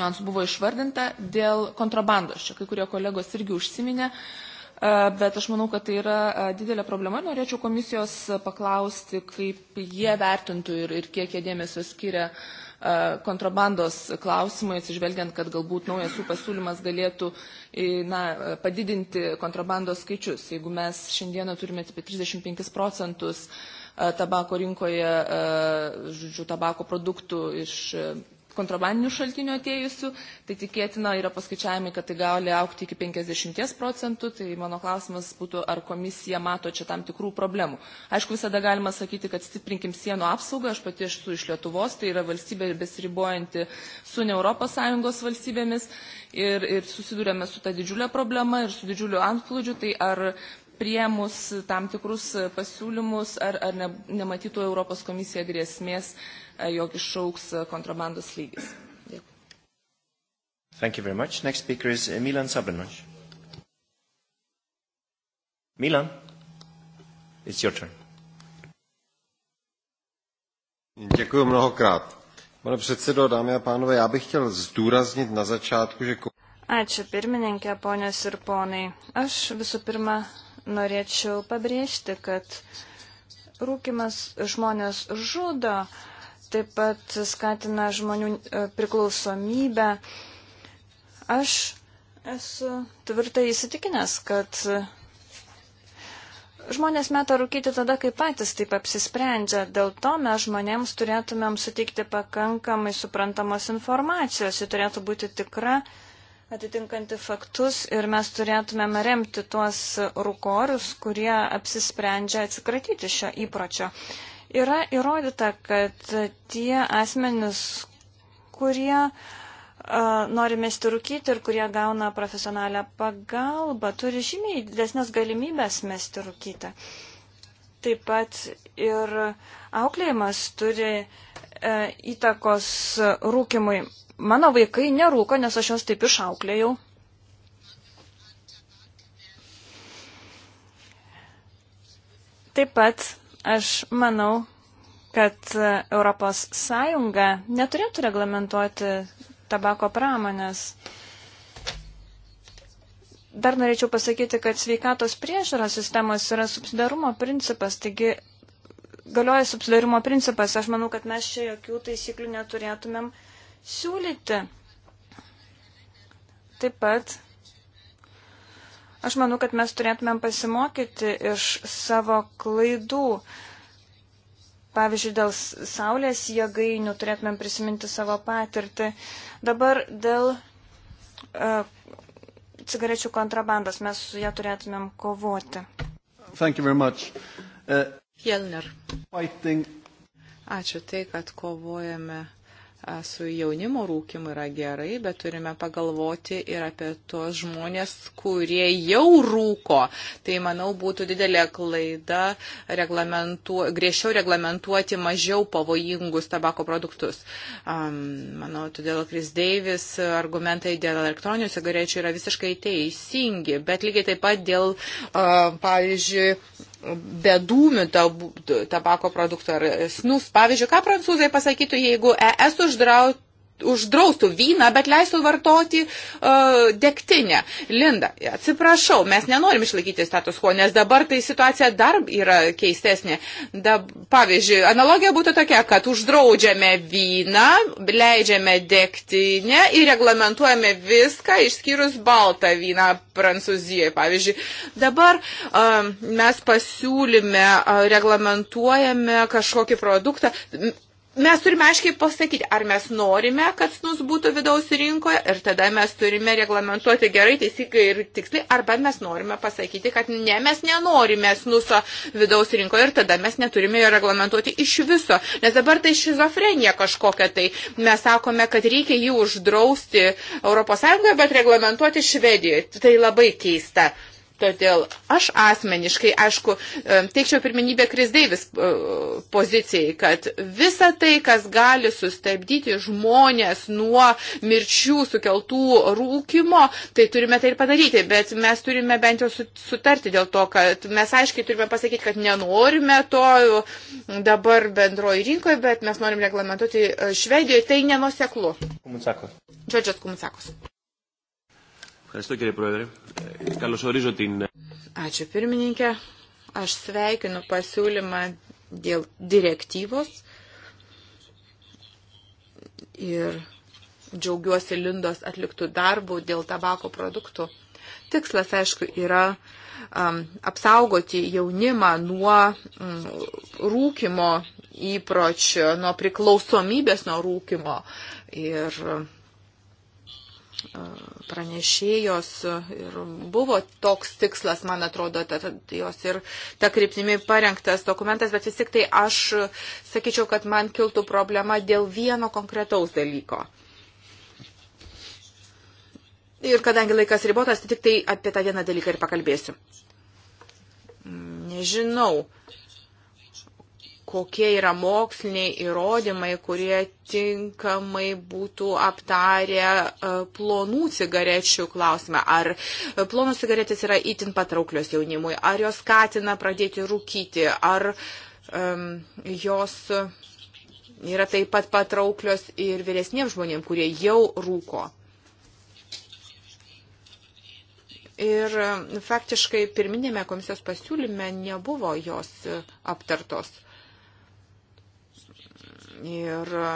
niuansų buvo išvardinta dėl kontrabandos. Čia kai kurie kolegos irgi užsiminė, e, bet aš manau, kad tai yra e, didelė problema ir norėčiau komisijos paklausti, kaip jie vertintų ir, ir kiek jie dėmesio skiria uh, E, kontrabandos klausimai, atsižvelgiant, kad galbūt naujas jų pasiūlymas galėtų e, na, padidinti kontrabandos skaičius. Jeigu mes šiandieną turime apie 35 procentus e, tabako rinkoje, žodžiu, tabako produktų iš kontrabandinių šaltinių atėjusių, tai tikėtina yra paskaičiavimai, kad tai gali aukti iki 50 procentų, tai mano klausimas būtų, ar komisija mato čia tam tikrų problemų. Aišku, visada galima sakyti, kad stiprinkim sienų apsaugą, aš pati esu iš Lietuvos, tai yra valstybė besiribojanti su ne ES valstybėmis ir, ir susidurėme su tą didžiulę problemą ir su didžiuliu antplūdžiu, tai ar priemus tam tikrus pasiūlymus, ar, ar ne, nematytų Europos komisija grėsmės E, jog išauks e, kontrabandos lygis. Dėkui. Thank you very much. Next speaker is eh, Milan Sabrinoš. Milan, it's your turn. Děkuji mnohokrát. Pane předsedo, dámy a pánové, já bych chtěl zdůraznit na začátku, že... Ačiū pirmininkė, ponios ir ponai. Aš visų pirma norėčiau pabrėžti, kad rūkimas žmonės žudo, uh, taip pat skatina žmonių e, priklausomybę. Aš esu tvirtai įsitikinęs, kad žmonės meta rūkyti tada, kai patys taip apsisprendžia. Dėl to mes žmonėms turėtumėm suteikti pakankamai suprantamos informacijos. Ji turėtų būti tikra, atitinkanti faktus ir mes turėtumėm remti tuos rūkorius, kurie apsisprendžia atsikratyti šio įpročio. Yra įrodyta, kad tie asmenys, kurie uh, nori mesti rūkyti ir kurie gauna profesionalią pagalbą, turi žymiai didesnės galimybės mesti rūkyti. Taip pat ir auklėjimas turi e, įtakos rūkimui. Mano vaikai nerūko, nes aš juos taip išauklėjau. Taip pat Aš manau, kad ES neturėtų reglamentuoti tabako pramonės. Dar norėčiau pasakyti, kad sveikatos priežiūros sistemos yra subsidarumo principas, taigi galioja subsidarumo principas. Aš manau, kad mes čia jokių taisyklių neturėtumėm siūlyti. Taip pat Aš manau, kad mes turėtumėm pasimokyti iš savo klaidų. Pavyzdžiui, dėl saulės jėgainių turėtumėm prisiminti savo patirtį. Dabar dėl uh, cigarečių kontrabandos mes su ją turėtumėm kovoti. Uh, Jelner. Ačiū tai, kad kovojame su jaunimo rūkimu yra gerai, bet turime pagalvoti ir apie tuos žmonės, kurie jau rūko. Tai, manau, būtų didelė klaida reglamentu, griežčiau reglamentuoti mažiau pavojingus tabako produktus. Um, manau, todėl Kris Deivis argumentai dėl elektroninių cigarečių yra visiškai teisingi, bet lygiai taip pat dėl, uh, pavyzdžiui, bedūmių tabako produktų ar snus. Pavyzdžiui, ką prancūzai pasakytų, jeigu ES uždraut, uždraustų vyną, bet leistų vartoti uh, degtinę. Linda, atsiprašau, mes nenorim išlaikyti status quo, nes dabar tai situacija dar yra keistesnė. Dab, pavyzdžiui, analogija būtų tokia, kad uždraudžiame vyną, leidžiame degtinę ir reglamentuojame viską išskyrus baltą vyną Prancūzijoje. Pavyzdžiui, dabar uh, mes pasiūlyme, uh, reglamentuojame kažkokį produktą mes turime aiškiai pasakyti, ar mes norime, kad snus būtų vidaus rinkoje ir tada mes turime reglamentuoti gerai, teisingai ir tiksliai, arba mes norime pasakyti, kad ne, mes nenorime snuso vidaus rinkoje ir tada mes neturime jo reglamentuoti iš viso. Nes dabar tai šizofrenija kažkokia tai. Mes sakome, kad reikia jį uždrausti ES, bet reglamentuoti Švedijoje. Tai labai keista. Todėl aš asmeniškai, aišku, teikčiau pirminybę Krisdeivis e, pozicijai, kad visa tai, kas gali sustabdyti žmonės nuo mirčių sukeltų rūkimo, tai turime tai ir padaryti, bet mes turime bent jau sutarti dėl to, kad mes aiškiai turime pasakyti, kad nenorime to dabar bendroji rinkoje, bet mes norim reglamentuoti e, Švedijoje, tai nenuseklu. Džodžias Kumsakos. Ευχαριστώ κύριε Πρόεδρε. Καλωσορίζω την... Ačiū pirmininkė. Aš sveikinu pasiūlymą dėl direktyvos ir džiaugiuosi Lindos atliktų darbų dėl tabako produktų. Tikslas, aišku, yra um, apsaugoti jaunimą nuo um, rūkimo įpročio, nuo priklausomybės nuo rūkimo. Ir um, pranešėjos ir buvo toks tikslas, man atrodo, ta, ta, jos ir ta kryptimi parengtas dokumentas, bet vis tik tai aš sakyčiau, kad man kiltų problema dėl vieno konkretaus dalyko. Ir kadangi laikas ribotas, tai tik tai apie tą vieną dalyką ir pakalbėsiu. Nežinau, kokie yra moksliniai įrodymai, kurie tinkamai būtų aptarę e, plonų cigarečių klausimą. Ar plonos cigaretės yra itin patrauklios jaunimui, ar jos skatina pradėti rūkyti, ar um, jos yra taip pat patrauklios ir vyresniems žmonėms, kurie jau rūko. Ir e, faktiškai pirminėme komisijos pasiūlyme nebuvo jos e, aptartos. Ir e,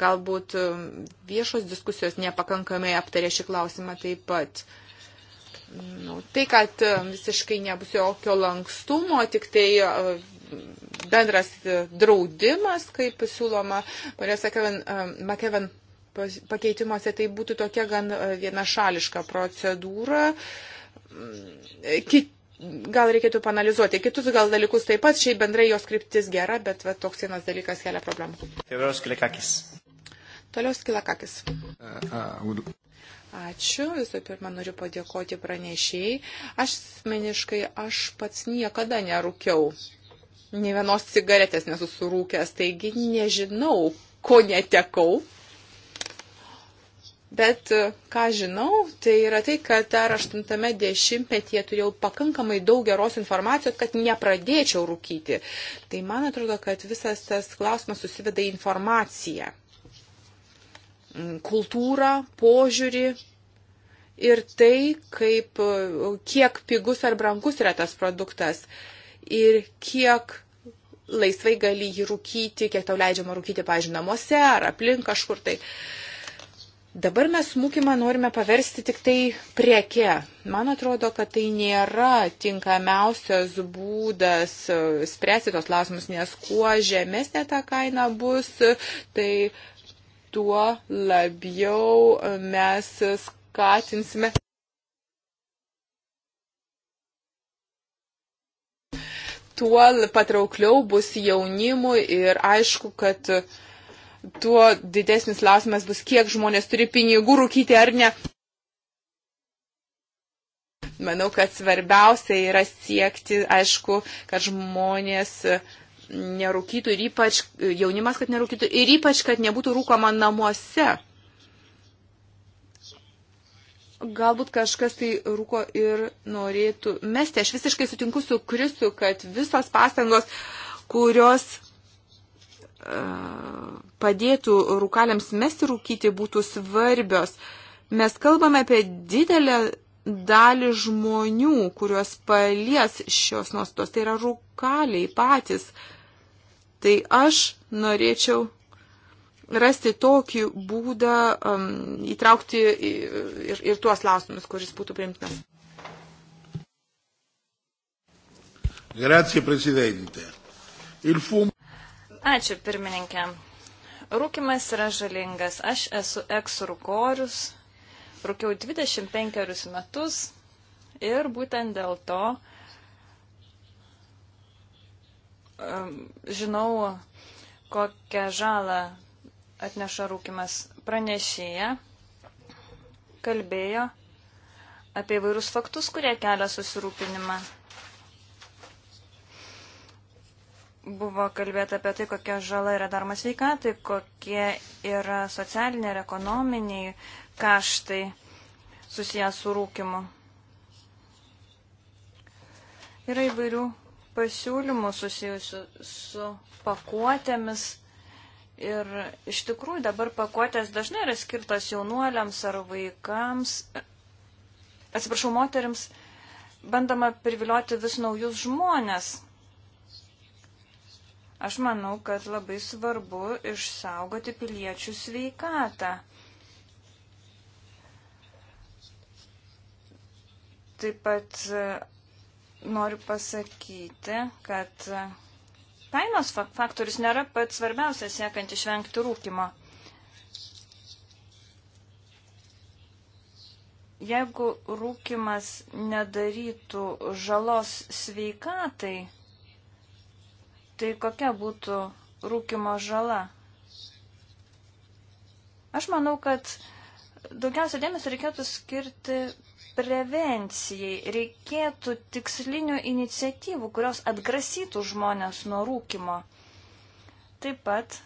galbūt e, viešos diskusijos nepakankamai aptarė šį klausimą taip pat. Nu, tai, kad e, visiškai nebus jokio lankstumo, tik tai bendras draudimas, kaip siūloma, Marijas Makeven pakeitimuose, tai būtų tokia gan vienašališka procedūra. Mm, kit, gal reikėtų panalizuoti. Kitus gal dalykus taip pat, šiaip bendrai jos kryptis gera, bet va, toks vienas dalykas kelia problemų. Toliau skilakakis. Toliau uh, uh, skilakakis. Ačiū. Visų pirma, noriu padėkoti pranešėjai. Aš asmeniškai, aš pats niekada nerūkiau. Ne vienos cigaretės nesu surūkęs, taigi nežinau, ko netekau Bet e, ką žinau, tai yra tai, kad dar 80-metyje turėjau pakankamai daug geros informacijos, kad nepradėčiau rūkyti. Tai man atrodo, kad visas tas klausimas susiveda į informaciją, mm, kultūrą, požiūrį ir tai, kaip, e, kiek pigus ar brangus yra tas produktas ir kiek laisvai gali jį rūkyti, kiek tau leidžiama rūkyti, pažiūrėjau, namuose ar aplink kažkur tai. Uh, Dabar mes smūkimą norime paversti tik tai prieke. Man atrodo, kad tai nėra tinkamiausias būdas e, spręsti tos klausimus, nes kuo žemesnė ta kaina bus, tai tuo labiau mes skatinsime. Tuo patraukliau bus jaunimui ir aišku, kad uh, tuo didesnis klausimas bus, kiek žmonės turi pinigų rūkyti ar ne. Manau, kad svarbiausia yra siekti, aišku, kad žmonės nerūkytų ir ypač jaunimas, kad nerūkytų ir ypač, kad nebūtų rūkoma namuose. Galbūt kažkas tai rūko ir norėtų mesti. Aš visiškai sutinku su Kristu, kad visos pastangos, kurios uh, padėtų rūkaliams mesti rūkyti, būtų svarbios. Mes kalbame apie didelę dalį žmonių, kuriuos palies šios nuostos, tai yra rūkaliai patys. Tai aš norėčiau rasti tokį būdą um, įtraukti ir, ir tuos lausimus, kuris būtų primtinas. Grazie, prezidente. Il fum... Ačiū, pirmininkė. Rūkimas yra žalingas. Aš esu eksrukorius, rūkiau 25 metus ir būtent dėl to um, žinau, kokią žalą atneša rūkimas pranešėja. Kalbėjo apie vairūs faktus, kurie kelia susirūpinimą buvo kalbėta apie tai, kokia žala yra daroma sveikatai, kokie yra socialiniai ir ekonominiai kaštai susijęs su rūkimu. Yra įvairių pasiūlymų susijusių su pakuotėmis. Ir iš tikrųjų dabar pakuotės dažnai yra skirtos jaunuoliams ar vaikams, atsiprašau, moteriams, bandama privilioti vis naujus žmonės. Aš manau, kad labai svarbu išsaugoti piliečių sveikatą. Taip pat e, noriu pasakyti, kad e, kainos faktorius nėra pats svarbiausias siekant išvengti rūkimo. Jeigu rūkimas nedarytų žalos sveikatai, tai kokia būtų rūkimo žala? Aš manau, kad daugiausia dėmesio reikėtų skirti prevencijai. Reikėtų tikslinių iniciatyvų, kurios atgrasytų žmonės nuo rūkimo. Taip pat,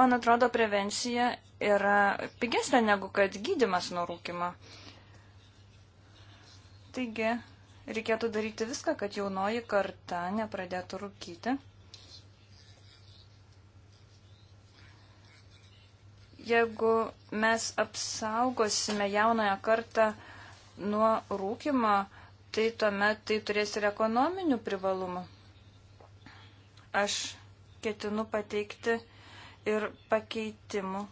man atrodo, prevencija yra pigesnė negu kad gydimas nuo rūkimo. Taigi, reikėtų daryti viską, kad jaunoji karta nepradėtų rūkyti. Jeigu mes apsaugosime jaunąją kartą nuo rūkimo, tai tuomet tai turės ir ekonominių privalumų. Aš ketinu pateikti ir pakeitimų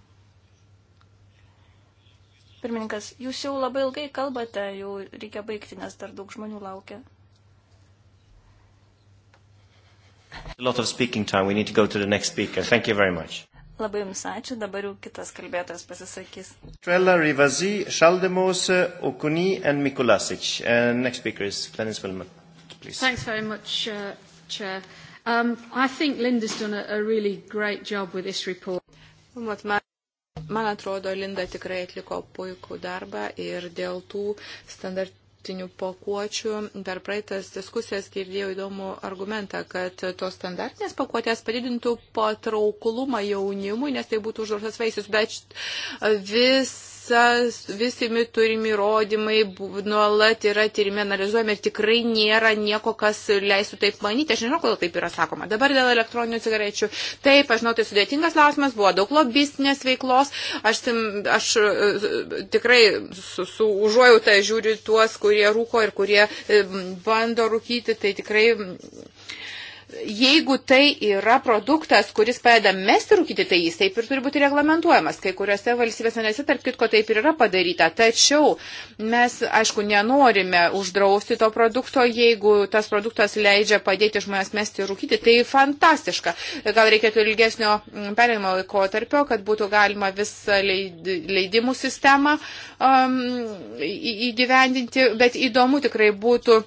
Pirmininkas, jūs jau labai ilgai kalbate, jau reikia baigti, nes dar daug žmonių laukia. Labai jums ačiū, dabar jau kitas kalbėtojas pasisakys. Trella Rivazi, Šaldemos, Okuni and Mikulasic. Uh, next speaker is Glenis Wilmot, please. Thanks very much, uh, Chair. Um, I think Linda's done a, a really great job with this report. Wilmot, Man atrodo, Linda tikrai atliko puikų darbą ir dėl tų standart, plastikinių pakuočių. Per praeitas diskusijas girdėjau įdomų argumentą, kad tos standartinės pakuotės padidintų patrauklumą jaunimui, nes tai būtų užduotas vaisius, bet vis visas, visimi turimi įrodymai nuolat yra tyrimi analizuojami ir tikrai nėra nieko, kas leistų taip manyti. Aš nežinau, kodėl taip yra sakoma. Dabar dėl elektroninių cigarečių. Taip, aš žinau, tai sudėtingas klausimas, buvo daug lobistinės veiklos. Aš, aš e, tikrai su, su užuojauta žiūriu tuos, kurie rūko ir kurie e, bando rūkyti. Tai tikrai jeigu tai yra produktas, kuris padeda mesti rūkyti, tai jis taip ir turi būti reglamentuojamas. Kai kuriuose valstybėse nesitarp kitko taip ir yra padaryta. Tačiau mes, aišku, nenorime uždrausti to produkto, jeigu tas produktas leidžia padėti žmonės mesti rūkyti. Tai fantastiška. Gal reikėtų ilgesnio mm, perėjimo laikotarpio, kad būtų galima visą leidimų sistemą um, įgyvendinti. Bet įdomu tikrai būtų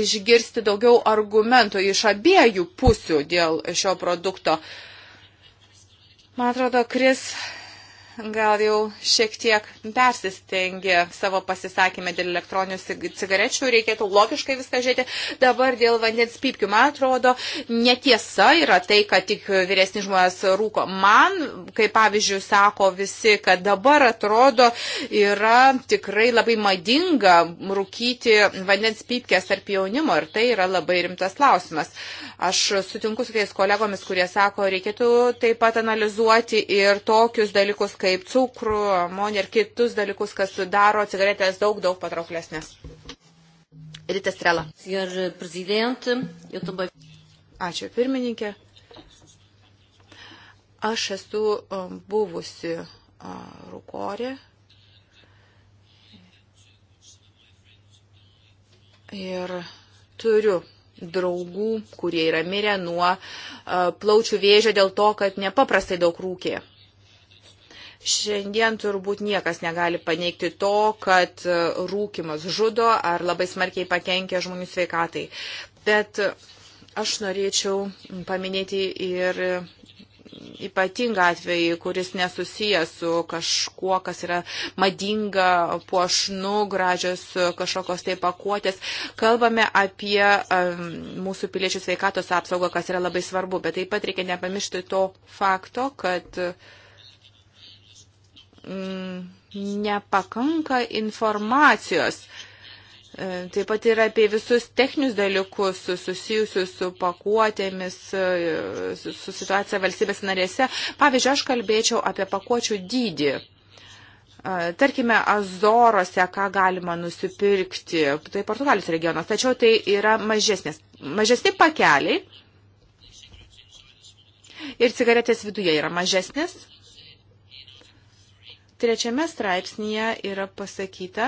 išgirsti daugiau argumentų iš abiejų pusių dėl šio produkto. Man atrodo, Kris gal jau šiek tiek persistengė savo pasisakymę dėl elektroninių cigarečių, reikėtų logiškai viską žiūrėti. Dabar dėl vandens pypkių, man atrodo, netiesa yra tai, kad tik vyresni žmonės rūko. Man, kaip pavyzdžiui, sako visi, kad dabar atrodo yra tikrai labai madinga rūkyti vandens pypkės tarp jaunimo ir tai yra labai rimtas klausimas. Aš sutinku su tais kolegomis, kurie sako, reikėtų taip pat analizuoti ir tokius dalykus, kaip cukrų, amonį ir kitus dalykus, kas daro cigaretės daug, daug patrauklesnės. Rita Strela. Ačiū, pirmininkė. Aš esu buvusi rūkorė. Ir turiu draugų, kurie yra mirę nuo plaučių vėžio dėl to, kad nepaprastai daug rūkė. Šiandien turbūt niekas negali paneigti to, kad rūkimas žudo ar labai smarkiai pakenkia žmonių sveikatai. Bet aš norėčiau paminėti ir ypatingą atvejį, kuris nesusijęs su kažkuo, kas yra madinga, puošnu, gražios kažkokios tai pakuotės. Kalbame apie um, mūsų piliečių sveikatos apsaugą, kas yra labai svarbu, bet taip pat reikia nepamiršti to fakto, kad uh, m, mm, nepakanka informacijos. E, taip pat ir apie visus techninius dalykus susijusius su pakuotėmis, e, su situacija valstybės narėse. Pavyzdžiui, aš kalbėčiau apie pakuočių dydį. E, tarkime, Azorose, ką galima nusipirkti, tai Portugalijos regionas, tačiau tai yra mažesnės, mažesni pakeliai ir cigaretės viduje yra mažesnės Trečiame straipsnėje yra pasakyta,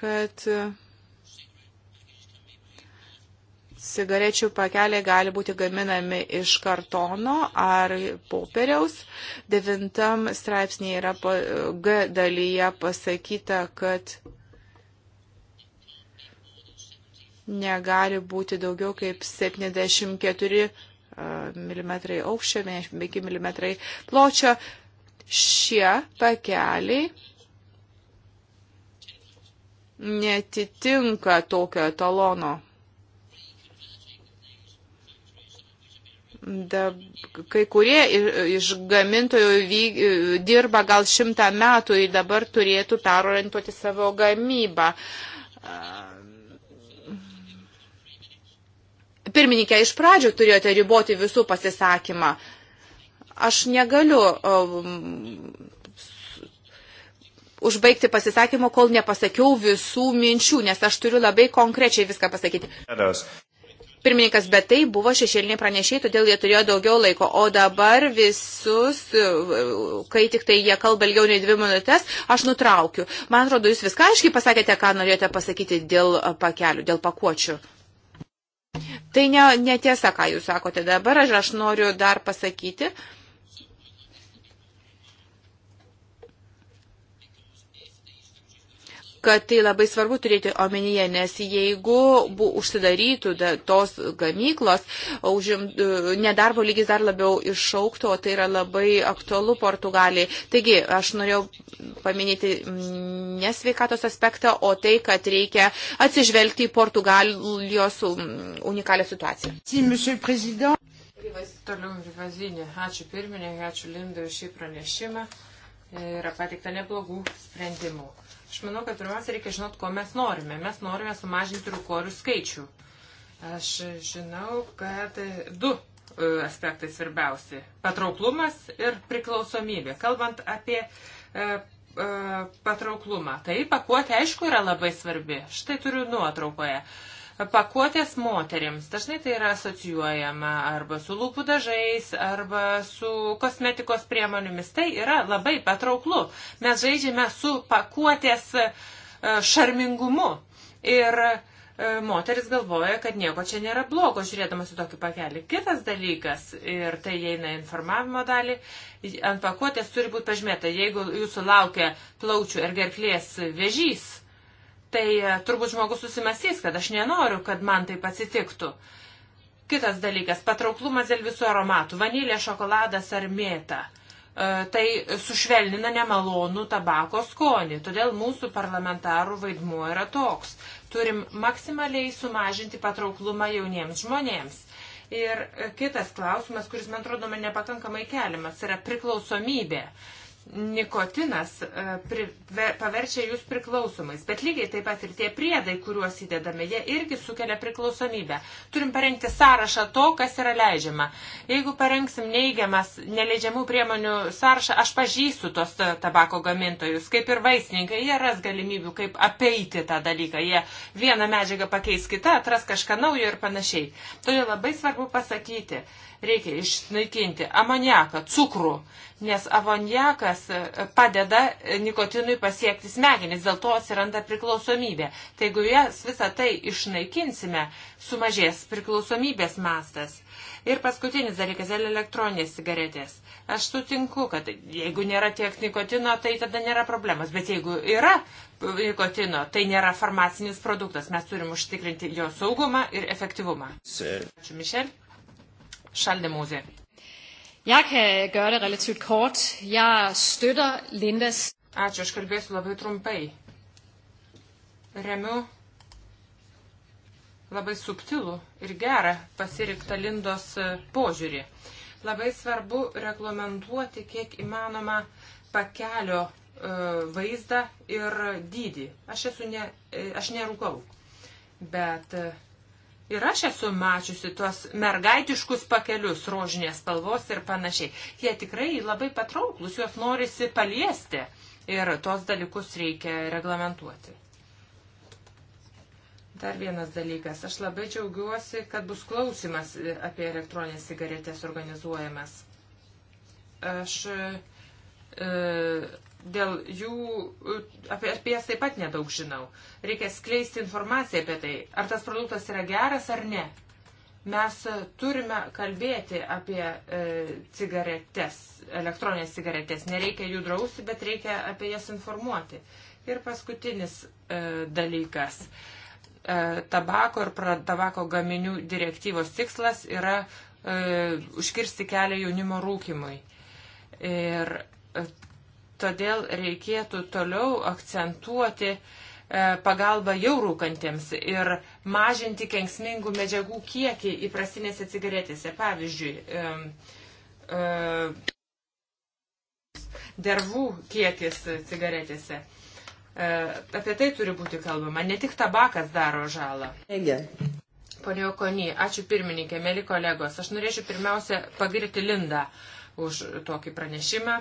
kad cigarečių pakeliai gali būti gaminami iš kartono ar popieriaus. Devintam straipsnėje yra G dalyje pasakyta, kad negali būti daugiau kaip 74 mm aukščio, 95 mm pločio. Šie pakeliai netitinka tokio etalono. Da, kai kurie iš gamintojų vyg, dirba gal šimtą metų ir dabar turėtų perorientuoti savo gamybą. Uh, pirmininkė, iš pradžių turėjote riboti visų pasisakymą. Aš negaliu um, užbaigti pasisakymą, kol nepasakiau visų minčių, nes aš turiu labai konkrečiai viską pasakyti. Pirmininkas, bet tai buvo šešėliniai pranešiai, todėl jie turėjo daugiau laiko. O dabar visus, kai tik tai jie kalba ilgiau nei dvi minutės, aš nutraukiu. Man atrodo, jūs viską aiškiai pasakėte, ką norėjote pasakyti dėl pakelių, dėl pakuočių. Tai netiesa, ne, ne tiesa, ką jūs sakote dabar. Aš, aš noriu dar pasakyti, uh, kad tai labai svarbu turėti omenyje, nes jeigu bu, užsidarytų da, tos gamyklos, užim, e, nedarbo lygis dar labiau išauktų, o tai yra labai aktualu Portugaliai. Taigi, aš norėjau paminėti nesveikatos aspektą, o tai, kad reikia atsižvelgti į Portugalijos unikalią situaciją. Toliau Rivazinė. Ačiū pirmininkė, ačiū Lindui šį pranešimą. Yra pateikta neblogų sprendimų. Aš manau, kad pirmiausia reikia žinot, ko mes norime. Mes norime sumažinti rūkorių skaičių. Aš žinau, kad du e, aspektai svarbiausi - patrauklumas ir priklausomybė. Kalbant apie e, e, patrauklumą. Tai pakuotė aišku yra labai svarbi. Štai turiu nuotraukoje. Pakuotės moterims dažnai tai yra asocijuojama arba su lūpų dažais, arba su kosmetikos priemonėmis. Tai yra labai patrauklu. Mes žaidžiame su pakuotės e, šarmingumu. Ir e, moteris galvoja, kad nieko čia nėra blogo, žiūrėdamas į tokį pakelį. Kitas dalykas, ir tai eina informavimo dalį, ant pakuotės turi būti pažymėta, jeigu jūsų laukia plaučių ir gerklės vėžys, tai e, turbūt žmogus susimastys, kad aš nenoriu, kad man taip atsitiktų. Kitas dalykas - patrauklumas dėl visų aromatų - vanilė, šokoladas ar mėta. E, tai sušvelnina nemalonų tabako skonį, todėl mūsų parlamentarų vaidmuo yra toks. Turim maksimaliai sumažinti patrauklumą jauniems žmonėms. Ir kitas klausimas, kuris, man atrodo, man nepakankamai keliamas, yra priklausomybė. Uh, nikotinas e, pri, ve, paverčia jūs priklausomais, bet lygiai taip pat ir tie priedai, kuriuos įdedame, jie irgi sukelia priklausomybę. Turim parengti sąrašą to, kas yra leidžiama. Jeigu parengsim neigiamas neleidžiamų priemonių sąrašą, aš pažįstu tos tabako gamintojus, kaip ir vaistininkai, jie ras galimybių, kaip apeiti tą dalyką, jie vieną medžiagą pakeis kitą, atras kažką naujo ir panašiai. Todėl labai svarbu pasakyti, reikia išnaikinti amoniaką, cukrų, nes amoniakas e, padeda nikotinui pasiekti smegenis, dėl to atsiranda priklausomybė. Tai jeigu jas visą tai išnaikinsime, sumažės priklausomybės mastas. Ir paskutinis dalykas - elektroninės cigaretės. Aš sutinku, kad jeigu nėra tiek nikotino, tai tada nėra problemas. Bet jeigu yra nikotino, tai nėra farmacinis produktas. Mes turim užtikrinti jo saugumą ir efektyvumą. Ačiū, Mišel. Schaldemose. Jeg kan gøre det relativt kort. Jeg støtter Lindas. Ačiū, aš kalbėsiu labai trumpai. Remiu labai subtilų ir gerą pasirinktą Lindos požiūrį. Labai svarbu reglamentuoti kiek įmanoma pakelio e, vaizdą ir dydį. Aš esu ne, e, aš nerūkau, bet e, Ir aš esu mačiusi tuos mergaitiškus pakelius, rožinės spalvos ir panašiai. Jie tikrai labai patrauklus, juos norisi paliesti ir tos dalykus reikia reglamentuoti. Dar vienas dalykas. Aš labai džiaugiuosi, kad bus klausimas apie elektroninės cigaretės organizuojamas. Aš e, Dėl jų, apie, apie jas taip pat nedaug žinau. Reikia skleisti informaciją apie tai, ar tas produktas yra geras ar ne. Mes turime kalbėti apie e, cigaretes, elektroninės cigaretes. Nereikia jų drausti, bet reikia apie jas informuoti. Ir paskutinis e, dalykas. E, tabako ir pra, tabako gaminių direktyvos tikslas yra e, užkirsti kelią jaunimo rūkimui. Ir e, Todėl reikėtų toliau akcentuoti e, pagalbą jau rūkantiems ir mažinti kenksmingų medžiagų kiekį įprastinėse cigaretėse. Pavyzdžiui, e, e, dervų kiekis cigaretėse. Apie tai turi būti kalbama. Ne tik tabakas daro žalą. Pone Okony, ačiū pirmininkė, mėly kolegos. Aš norėčiau pirmiausia pagirti Lindą už tokį pranešimą.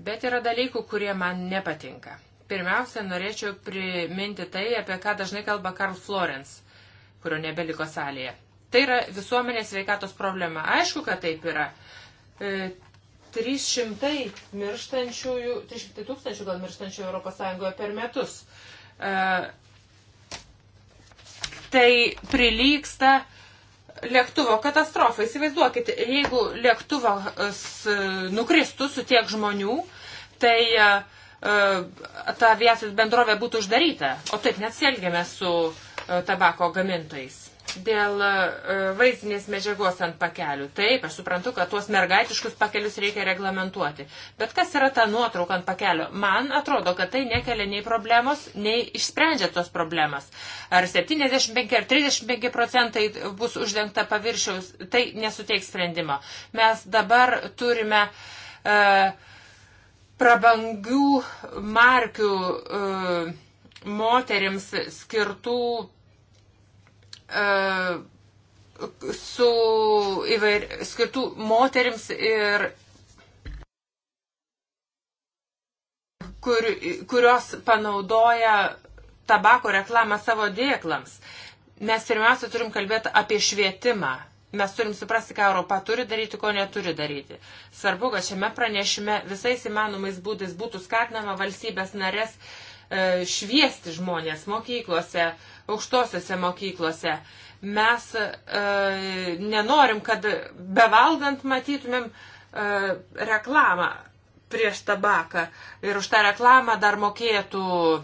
Bet yra dalykų, kurie man nepatinka. Pirmiausia, norėčiau priminti tai, apie ką dažnai kalba Karl Florence, kurio nebeliko salėje. Tai yra visuomenės sveikatos problema. Aišku, kad taip yra. 300 e, mirštančiųjų, 300 tūkstančių gal mirštančių ES per metus. E, tai prilyksta lėktuvo katastrofą. Įsivaizduokit, jeigu lėktuvas e, nukristų su tiek žmonių, tai e, e, ta aviacijos bendrovė būtų uždaryta. O taip nesielgėme su tabako gamintojais. Dėl e, vaizdinės medžiagos ant pakelių. Taip, aš suprantu, kad tuos mergaitiškus pakelius reikia reglamentuoti. Bet kas yra ta nuotrauka ant pakelio? Man atrodo, kad tai nekelia nei problemos, nei išsprendžia tos problemas. Ar 75 ar 35 procentai bus uždengta paviršiaus, tai nesuteiks sprendimo. Mes dabar turime. Uh, prabangių markių e, moteriams skirtų E, su įvair, skirtų moterims ir kur, kurios panaudoja tabako reklamą savo dėklams. Mes pirmiausia turim kalbėti apie švietimą. Mes turim suprasti, ką Europa turi daryti, ko neturi daryti. Svarbu, kad šiame pranešime visais įmanomais būdais būtų skatinama valstybės narės e, šviesti žmonės mokyklose, uh, aukštosiuose mokyklose. Mes e, nenorim, kad bevalgant matytumėm e, reklamą prieš tabaką ir už tą reklamą dar mokėtų e,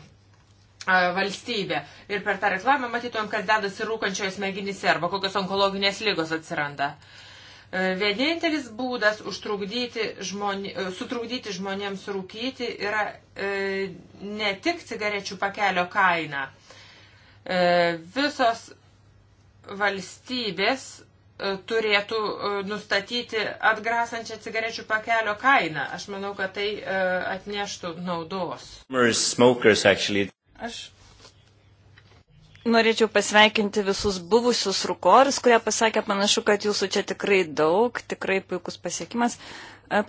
valstybė. Ir per tą reklamą matytumėm, kas dedasi rūkančioje smegenyse arba kokios onkologinės lygos atsiranda. E, vienintelis būdas žmoni, e, sutrukdyti žmonėms rūkyti yra e, ne tik cigarečių pakelio kaina. E, E, visos valstybės e, turėtų e, nustatyti atgrasančią cigarečių pakelio kainą. Aš manau, kad tai atneštų naudos. Aš norėčiau pasveikinti visus buvusius rukorus, kurie pasakė, panašu, kad jūsų čia tikrai daug, tikrai puikus pasiekimas.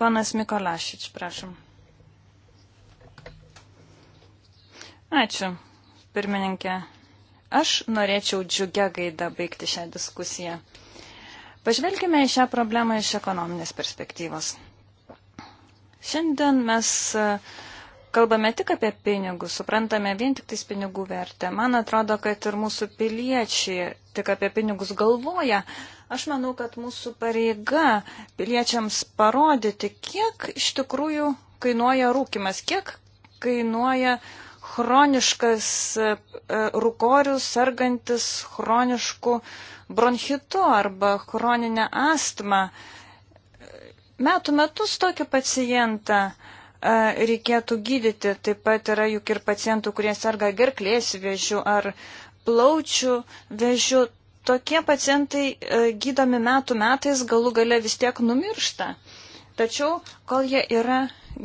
Panas Mikolašič, prašom. Ačiū, pirmininkė. Aš norėčiau džiugę gaidą baigti šią diskusiją. Pažvelkime į šią problemą iš ekonominės perspektyvos. Šiandien mes e, kalbame tik apie pinigus, suprantame vien tik tais pinigų vertę. Man atrodo, kad ir mūsų piliečiai tik apie pinigus galvoja. Aš manau, kad mūsų pareiga piliečiams parodyti, kiek iš tikrųjų kainuoja rūkimas, kiek kainuoja uh, chroniškas e, e, rūkorius, sargantis chronišku bronchitu arba chroninę astmą. Metų metus tokį pacientą e, reikėtų gydyti. Taip pat yra juk ir pacientų, kurie serga gerklės vėžių ar plaučių vėžių. Tokie pacientai gydomi metų metais galų gale vis tiek numiršta. Tačiau, kol jie yra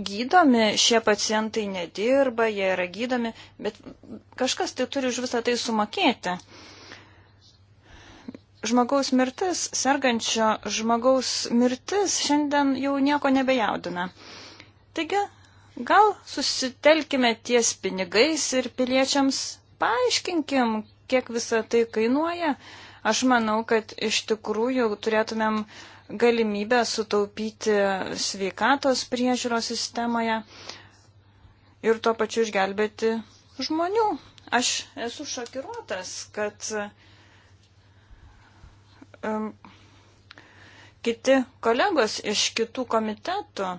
gydomi, šie pacientai nedirba, jie yra gydomi, bet kažkas tai turi už visą tai sumokėti. Žmogaus mirtis, sergančio žmogaus mirtis šiandien jau nieko nebejaudina. Taigi, gal susitelkime ties pinigais ir piliečiams paaiškinkim, kiek visą tai kainuoja. Aš manau, kad iš tikrųjų turėtumėm uh, galimybę sutaupyti sveikatos priežiūros sistemoje ir tuo pačiu išgelbėti žmonių. Aš esu šokiruotas, kad um, kiti kolegos iš kitų komitetų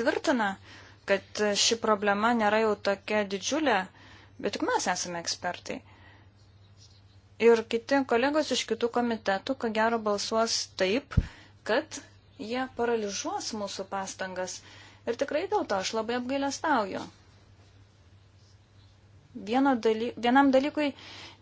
tvirtina, kad ši problema nėra jau tokia didžiulė, bet tik mes esame ekspertai ir kiti kolegos iš kitų komitetų, ko gero, balsuos taip, kad jie paralyžuos mūsų pastangas. Ir tikrai dėl to aš labai apgailestauju daly, vienam dalykui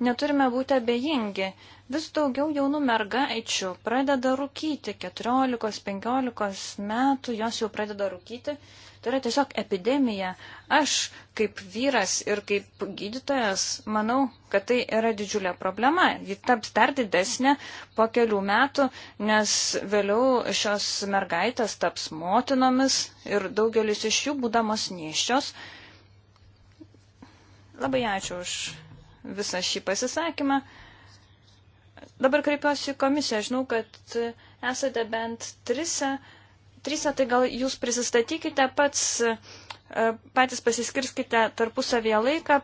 neturime būti abejingi. Vis daugiau jaunų mergaičių pradeda rūkyti, 14-15 metų jos jau pradeda rūkyti. Tai yra tiesiog epidemija. Aš kaip vyras ir kaip gydytojas manau, kad tai yra didžiulė problema. Ji taps dar didesnė po kelių metų, nes vėliau šios mergaitės taps motinomis ir daugelis iš jų, būdamos nieščios, Labai ačiū už visą šį pasisakymą. Dabar kreipiuosi į komisiją. Žinau, kad esate bent trise. Trise, tai gal jūs prisistatykite pats, e, patys pasiskirskite tarpusavėje laiką.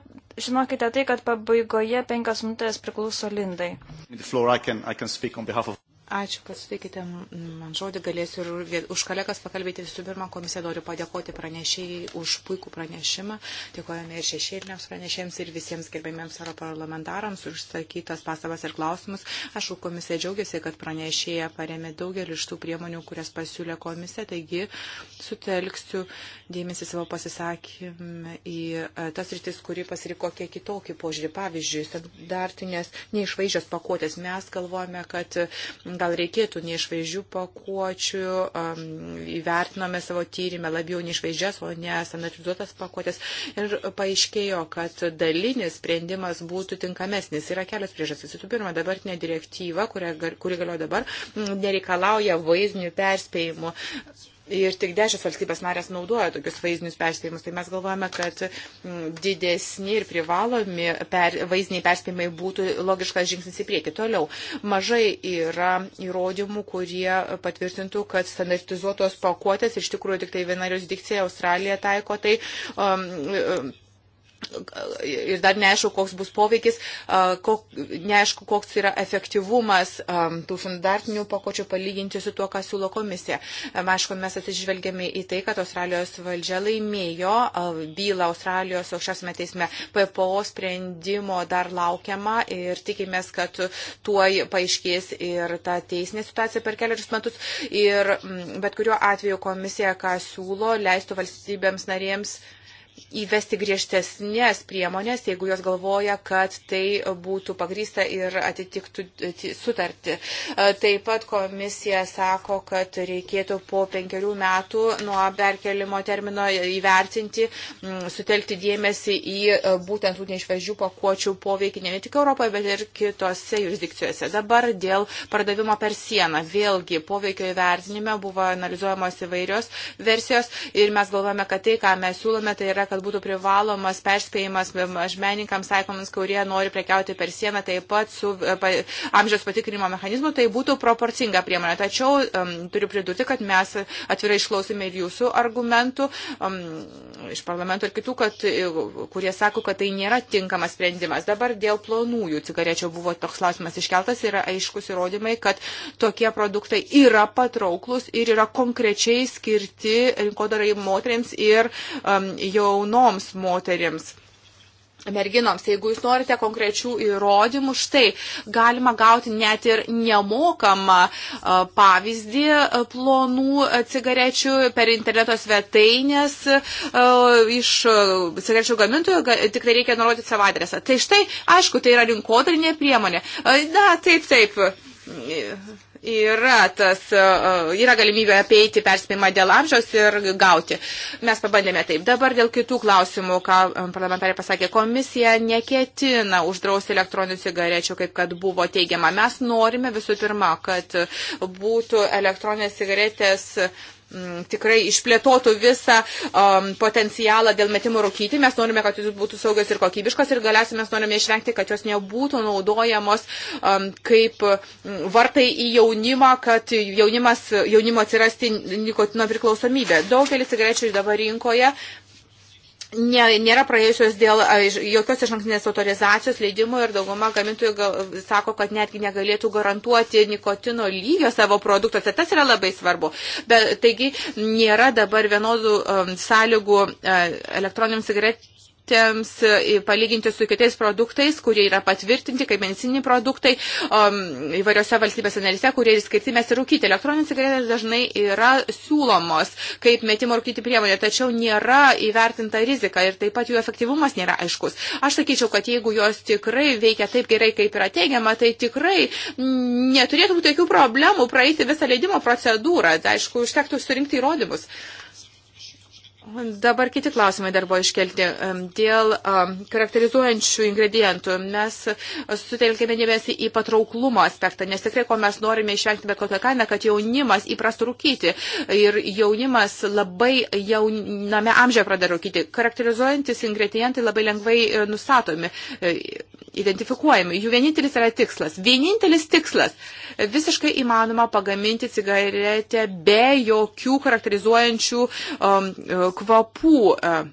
Žinokite tai, kad pabaigoje penkios minutės priklauso Lindai. Floor, I can, I can of... Ačiū, kad suteikite man žodį, galėsiu ir už kolegas pakalbėti visų pirma, komisija noriu padėkoti pranešėjai už puikų pranešimą, dėkojame ir šešėliniams pranešėjams ir visiems gerbėmiems europarlamentarams už išsakytas pastabas ir klausimus. Aš jau komisija džiaugiasi, kad pranešėja paremė daugelį iš tų priemonių, kurias pasiūlė komisija, taigi sutelksiu dėmesį savo pasisakymą į e, tas rytis, kuri pasiriko kiek kitokį požiūrį. Pavyzdžiui, standartinės neišvaizdžios pakuotės. Mes galvojame, kad gal reikėtų neišvaizdžių pakuočių, um, įvertinome savo tyrimę labiau neišvaizdžias, o ne standartizuotas pakuotės ir paaiškėjo, kad dalinis sprendimas būtų tinkamesnis. Yra kelios priežastys. Visų pirma, dabartinė direktyva, kuri, kuri galioja dabar, nereikalauja vaizdinių perspėjimų. Ir tik dešios valstybės narės naudoja tokius vaizdinius perspėjimus. Tai mes galvojame, kad mm, didesni ir privalomi per, vaizdiniai perspėjimai būtų logiškas žingsnis į priekį. Toliau, mažai yra įrodymų, kurie patvirtintų, kad standartizuotos pakuotės iš tikrųjų tik tai viena jurisdikcija Australija taiko. Tai, um, um ir dar neaišku, koks bus poveikis, kok, neaišku, koks yra efektyvumas tų standartinių pakočių palyginti su tuo, ką siūlo komisija. Aišku, mes atsižvelgėme į tai, kad Australijos valdžia laimėjo bylą Australijos aukščiausiame teisme PPO sprendimo dar laukiama ir tikimės, kad tuoj paaiškės ir ta teisinė situacija per keliarius metus. Ir bet kuriuo atveju komisija, ką siūlo, leistų valstybėms narėms. Thank you įvesti griežtesnės priemonės, jeigu jos galvoja, kad tai būtų pagrįsta ir atitiktų sutartį. E, taip pat komisija sako, kad reikėtų po penkerių metų nuo perkelimo termino įvertinti, sutelkti dėmesį į e, būtent tų neišvežių pakuočių poveikį ne tik Europoje, bet ir kitose jurisdikcijose. Dabar dėl pardavimo per sieną. Vėlgi, poveikio įvertinime buvo analizuojamos įvairios versijos ir mes galvojame, kad tai, ką mes siūlome, tai yra yra, kad būtų privalomas perspėjimas mažmeninkams taikomams, kurie nori prekiauti per sieną, taip pat su e, amžiaus patikrinimo mechanizmu, tai būtų proporcinga priemonė. Tačiau um, turiu pridurti, kad mes atvirai išklausime ir jūsų argumentų um, iš parlamento ir kitų, kad, e, kurie sako, kad tai nėra tinkamas sprendimas. Dabar dėl plonųjų cigarečių buvo toks klausimas iškeltas, yra aiškus įrodymai, kad tokie produktai yra patrauklus ir yra konkrečiai skirti rinkodarai moteriams ir um, jau jaunoms moterims merginoms, jeigu jūs norite konkrečių įrodymų, štai galima gauti net ir nemokamą pavyzdį plonų cigarečių per interneto svetainės iš cigarečių gamintojų, tik tai reikia nurodyti savo adresą. Tai štai, aišku, tai yra rinkodarinė priemonė. Na, taip, taip yra, tas, e, e, yra galimybė apeiti perspėjimą dėl amžiaus ir gauti. Mes pabandėme taip. Dabar dėl kitų klausimų, ką e, parlamentarė pasakė, komisija neketina uždrausti elektroninių cigarečių, kaip kad buvo teigiama. Mes norime visų pirma, kad būtų elektroninės cigaretės Mm, tikrai išplėtotų visą um, potencialą dėl metimo rūkyti. Mes norime, kad jis būtų saugios ir kokybiškos ir galiausiai mes norime išvengti, kad jos nebūtų naudojamos um, kaip mm, vartai į jaunimą, kad jaunimas, jaunimo atsirasti nikotino priklausomybė. Daugelis cigarečių dabar rinkoje nėra praėjusios dėl jokios išankstinės autorizacijos leidimo ir dauguma gamintojų gal, sako, kad netgi negalėtų garantuoti nikotino lygio savo produktuose. Tai tas yra labai svarbu. Bet taigi nėra dabar vienodų um, sąlygų uh, elektroniniams cigaretėms produktams, e, palyginti su kitais produktais, kurie yra patvirtinti kaip medicininiai produktai um, įvairiose valstybėse narise, kurie ir skirti mes ir rūkyti. Elektroninės cigaretės dažnai yra siūlomos kaip metimo rūkyti priemonė, tačiau nėra įvertinta rizika ir taip pat jų efektyvumas nėra aiškus. Aš sakyčiau, kad jeigu jos tikrai veikia taip gerai, kaip yra teigiama, tai tikrai neturėtų būti jokių problemų praeiti visą leidimo procedūrą. Tai, aišku, užtektų surinkti įrodymus. Uh, Dabar kiti klausimai dar buvo iškelti. Dėl charakterizuojančių ingredientų mes sutelkėme dėmesį į patrauklumo aspektą, nes tikrai, ko mes norime išvengti bet kokią kainą, kad jaunimas įprastų rūkyti ir jaunimas labai jauname amžiuje pradeda rūkyti. Charakterizuojantis ingredientai labai lengvai e, nustatomi. E, identifikuojami. Jų vienintelis yra tikslas. Vienintelis tikslas - visiškai įmanoma pagaminti cigaretę be jokių charakterizuojančių um, kvapų. Um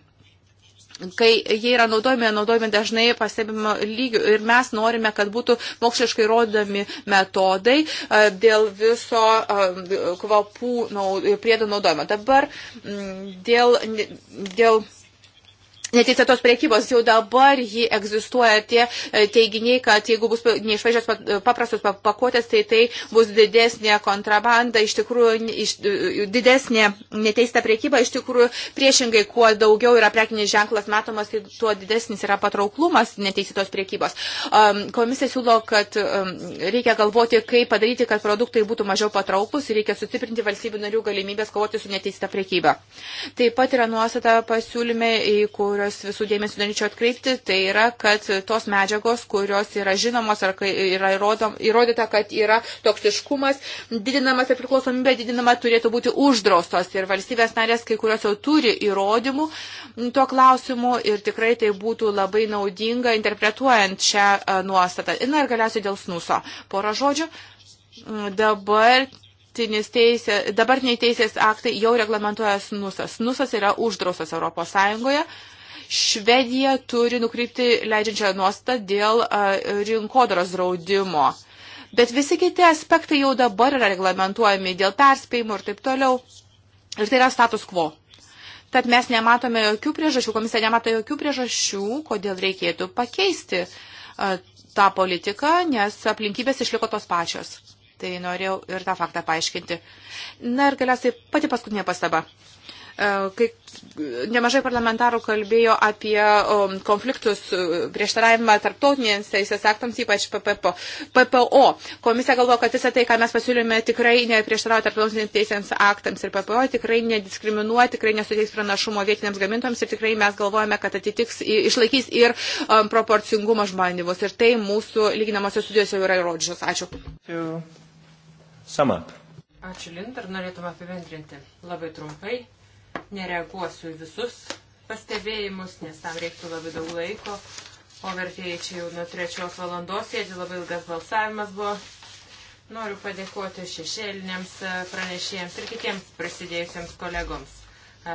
kai jie yra naudojami, naudojami dažnai pastebimo lygių ir mes norime, kad būtų moksliškai rodami metodai uh, dėl viso uh, kvapų priedų naudojimo. Dabar mm, dėl, dėl neteisėtos priekybos. Jau dabar ji egzistuoja tie e, teiginiai, kad jeigu bus neišvežęs paprastos pakuotės, tai tai bus didesnė kontrabanda, iš tikrųjų iš, e, e, didesnė neteista priekyba, iš tikrųjų priešingai, kuo daugiau yra prekinis ženklas matomas, tai tuo didesnis yra patrauklumas neteisėtos priekybos. Komisija siūlo, kad reikia galvoti, kaip padaryti, kad produktai būtų mažiau patrauklus ir reikia sustiprinti valstybių narių galimybės kovoti su neteista priekyba. Taip pat yra nuostata pasiūlyme, į kur kuriuos visų dėmesį norėčiau atkreipti, tai yra, kad tos medžiagos, kurios yra žinomos ar yra įrodom, įrodyta, kad yra toksiškumas, didinamas ir priklausomybė didinama turėtų būti uždraustos. Ir valstybės narės, kai kurios jau turi įrodymų tuo klausimu ir tikrai tai būtų labai naudinga interpretuojant šią e, nuostatą. Na ir galiausiai dėl snuso. Porą žodžių. Dabar Teisė, dabartiniai teisės aktai jau reglamentuoja snusas. Snusas yra uždrausas Europos Sąjungoje. Uh, Švedija turi nukreipti leidžiančią nuostą dėl rinkodaros draudimo. Bet visi kiti aspektai jau dabar yra reglamentuojami dėl perspėjimų ir taip toliau. Ir tai yra status quo. Tad mes nematome jokių priežasčių, komisija nemato jokių priežasčių, kodėl reikėtų pakeisti uh, tą politiką, nes aplinkybės išliko tos pačios. Tai norėjau ir tą faktą paaiškinti. Na ir galiausiai pati paskutinė pastaba. Uh, E, kai nemažai parlamentarų kalbėjo apie konfliktus e, prieštaravimą tarptautinėms teisės aktams, ypač PPO. PPO. Komisija galvo, kad visą tai, ką mes pasiūlėme, tikrai neprieštarauja tarptautinėms teisėms aktams ir PPO, tikrai nediskriminuoja, tikrai nesuteiks pranašumo vietiniams gamintojams ir tikrai mes galvojame, kad atitiks, išlaikys ir um, proporcingumo žmonimus. Ir tai mūsų lyginamosios studijos jau yra įrodžius. Ačiū. Sum up. Ačiū, Lint, ar norėtum apibendrinti? Labai trumpai. Nereaguosiu į visus pastebėjimus, nes tam reiktų labai daug laiko. O vertėjai čia jau nuo trečios valandos sėdi, labai ilgas balsavimas buvo. Noriu padėkoti šešėliniams pranešėjams ir kitiems prasidėjusiems kolegoms.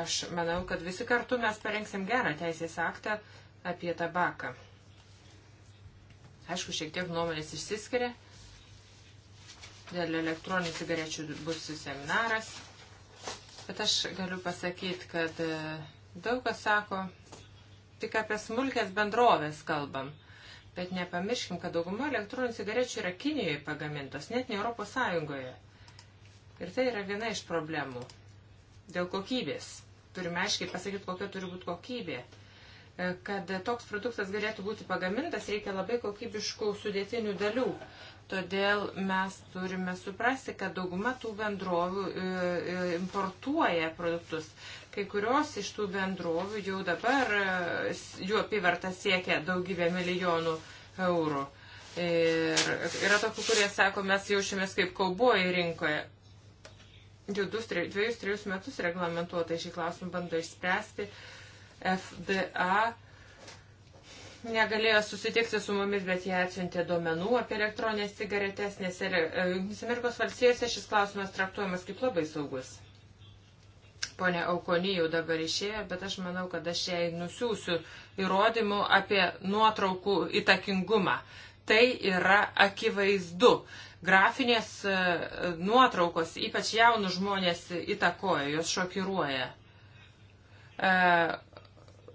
Aš manau, kad visi kartu mes parengsim gerą teisės aktą apie tabaką. Aišku, šiek tiek nuomonės išsiskiria. Dėl elektroninių cigarečių bus seminaras. Bet aš galiu pasakyti, kad e, daug kas sako, tik apie smulkės bendrovės kalbam. Bet nepamirškim, kad dauguma elektroninių cigarečių yra Kinijoje pagamintos, net ne Europos Sąjungoje. Ir tai yra viena iš problemų. Dėl kokybės. Turime aiškiai pasakyti, kokia turi būti kokybė. E, kad toks produktas galėtų būti pagamintas, reikia labai kokybiškų sudėtinių dalių. Todėl mes turime suprasti, kad dauguma tų bendrovių e, e, importuoja produktus. Kai kurios iš tų bendrovių jau dabar e, jų apyvarta siekia daugybę milijonų eurų. Ir yra tokių, kurie sako, mes jaučiamės kaip kaubojai rinkoje. Jau dviejus, trejus metus reglamentuotai šį klausimą bando išspręsti FDA negalėjo susitikti su mumis, bet jie atsiuntė duomenų apie elektroninės cigaretės, nes ir e, Junktinės Amerikos valstijose šis klausimas traktuojamas kaip labai saugus. Pone Aukonį jau dabar išėjo, bet aš manau, kad aš jai nusiųsiu įrodymų apie nuotraukų įtakingumą. Tai yra akivaizdu. Grafinės e, nuotraukos, ypač jaunų žmonės, įtakoja, jos šokiruoja e,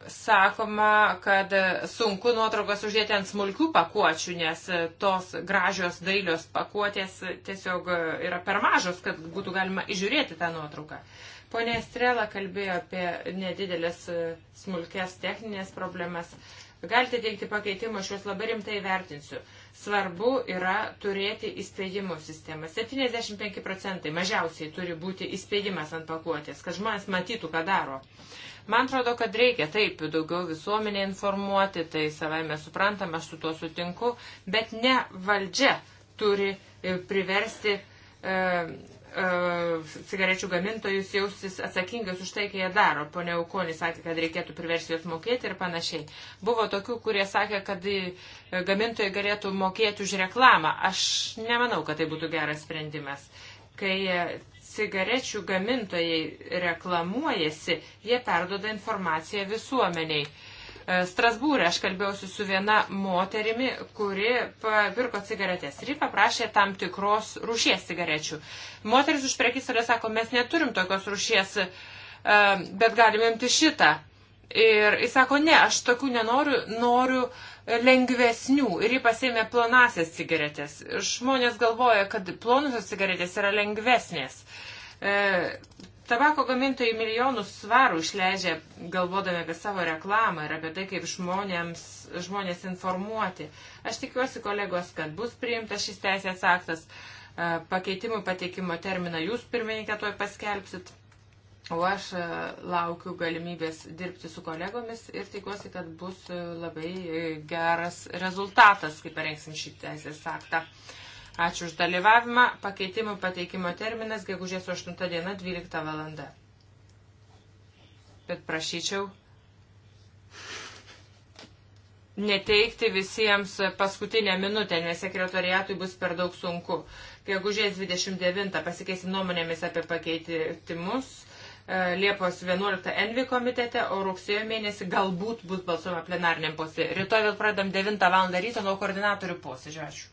sakoma, kad sunku nuotraukas uždėti ant smulkių pakuočių, nes tos gražios dailios pakuotės tiesiog yra per mažos, kad būtų galima įžiūrėti tą nuotrauką. Pone Estrela kalbėjo apie nedidelės e, smulkės techninės problemas. Galite teikti pakeitimą, aš juos labai rimtai vertinsiu. Svarbu yra turėti įspėjimo sistemą. 75 procentai mažiausiai turi būti įspėjimas ant pakuotės, kad žmonės matytų, ką daro. Uh, Man atrodo, kad reikia taip daugiau visuomenė informuoti, tai savai mes suprantam, aš su tuo sutinku, bet ne valdžia turi e, priversti e, e, cigarečių gamintojus jaustis atsakingas už tai, kai jie daro. Pone Aukonis sakė, kad reikėtų priversti juos mokėti ir panašiai. Buvo tokių, kurie sakė, kad e, gamintojai galėtų mokėti už reklamą. Aš nemanau, kad tai būtų geras sprendimas kai e, cigarečių gamintojai reklamuojasi, jie perdoda informaciją visuomeniai. E, Strasbūrė aš kalbėjausi su viena moterimi, kuri pirko cigaretės ir ji paprašė tam tikros rūšies cigarečių. Moteris už prekysarę sako, mes neturim tokios rūšies, e, bet galime imti šitą. Ir jis sako, ne, aš tokių nenoriu, noriu uh, lengvesnių ir ji pasėmė plonasias cigaretės. Žmonės galvoja, kad plonusios cigaretės yra lengvesnės. E, tabako gamintojai milijonus svarų išleidžia galvodami apie savo reklamą ir apie tai, kaip žmonėms, žmonės informuoti. Aš tikiuosi, kolegos, kad bus priimtas šis teisės aktas. E, pakeitimų pateikimo terminą jūs pirmininkė tuoj paskelbsit. O aš e, laukiu galimybės dirbti su kolegomis ir tikiuosi, kad bus e, labai e, geras rezultatas, kai parengsim šį teisės aktą. Ačiū už dalyvavimą. Pakeitimų pateikimo terminas gegužės 8 diena 12 valanda. Bet prašyčiau neteikti visiems paskutinę minutę, nes sekretoriatui bus per daug sunku. Gegužės 29 pasikeisim nuomonėmis apie pakeitimus E, Liepos 11 Envi komitete, o rugsėjo mėnesį galbūt bus balsuojama plenariniam posėdžiui. Rytoj vėl pradam 9 val. ryto nuo koordinatorių posėdžio. Ačiū.